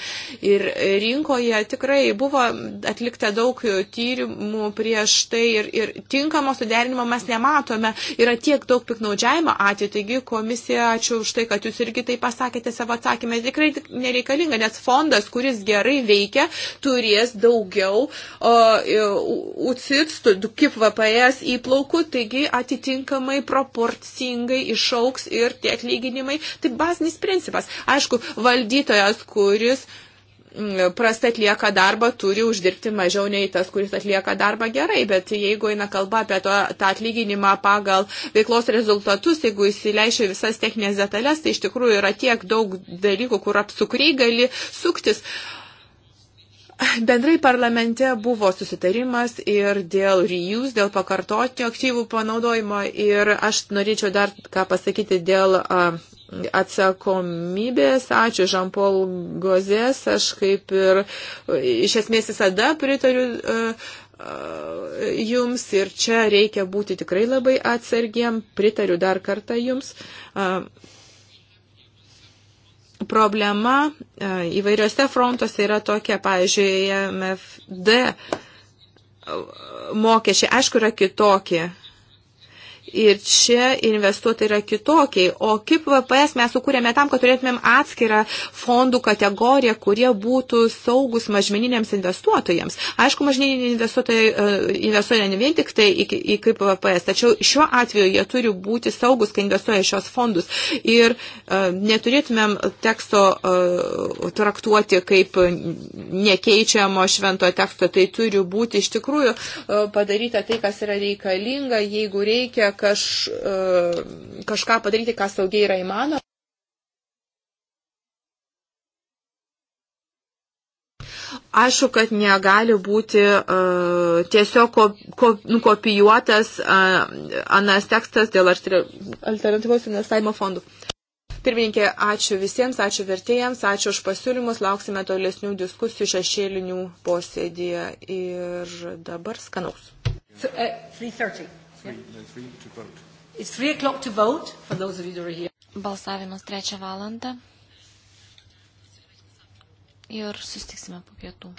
Ir rinkoje tikrai buvo atlikta daug tyrimų prieš tai ir, ir tinkamo suderinimo mes nematome. Yra tiek daug piknaudžiavimo atveju, taigi komisija ačiū už tai, kad jūs irgi tai pasakėte savo atsakymę. Tikrai nereikalinga, nes fondas, kuris gerai veikia, turės daugiau UCITS, kaip VPS įplaukų, taigi atitinkamai proporcingai išauks ir tie atlyginimai. Tai bazinis principas. Aišku, valdytojas, kuris uh, prastai atlieka darbą, turi uždirbti mažiau nei tas, kuris atlieka darbą gerai, bet jeigu eina kalba apie to, tą atlyginimą pagal veiklos rezultatus, jeigu įsileišia visas techninės detalės, tai iš tikrųjų yra tiek daug dalykų, kur apsukriai gali suktis. Bendrai parlamente buvo susitarimas ir dėl reuse, dėl pakartotinio aktyvų panaudojimo ir aš norėčiau dar ką pasakyti dėl uh, atsakomybės. Ačiū Žampol Gozės, aš kaip ir iš esmės visada pritariu uh, jums ir čia reikia būti tikrai labai atsargiem, pritariu dar kartą jums. E, problema įvairiose frontuose yra tokia, pavyzdžiui, MFD mokesčiai, aišku, yra kitokie Ir čia investuotojai yra kitokiai. O kaip VPS mes sukūrėme tam, kad turėtumėm atskirą fondų kategoriją, kurie būtų saugus mažmeniniams investuotojams. Aišku, mažmeniniai investuotojai e, investuoja ne vien tik tai į, į kaip VPS, tačiau šiuo atveju jie turi būti saugus, kai investuoja šios fondus. Ir uh, neturėtumėm teksto uh, traktuoti kaip nekeičiamo švento teksto. Tai turi būti iš tikrųjų uh, padaryta tai, kas yra reikalinga, jeigu reikia kaž, e, kažką padaryti, ką saugiai yra įmanoma. Aišku, kad negali būti uh, tiesiog ko, ko, nukopijuotas uh, e, anas tekstas dėl alternatyvos investavimo fondų. Pirmininkė, ačiū visiems, ačiū vertėjams, ačiū už pasiūlymus, lauksime tolesnių diskusijų šešėlinių posėdėje ir dabar skanaus. 3.30. Uh, Three, no, three to vote. It's three o'clock to vote, for those of you that are here. Balsavimas trečią valandą ir sustiksime po pietų.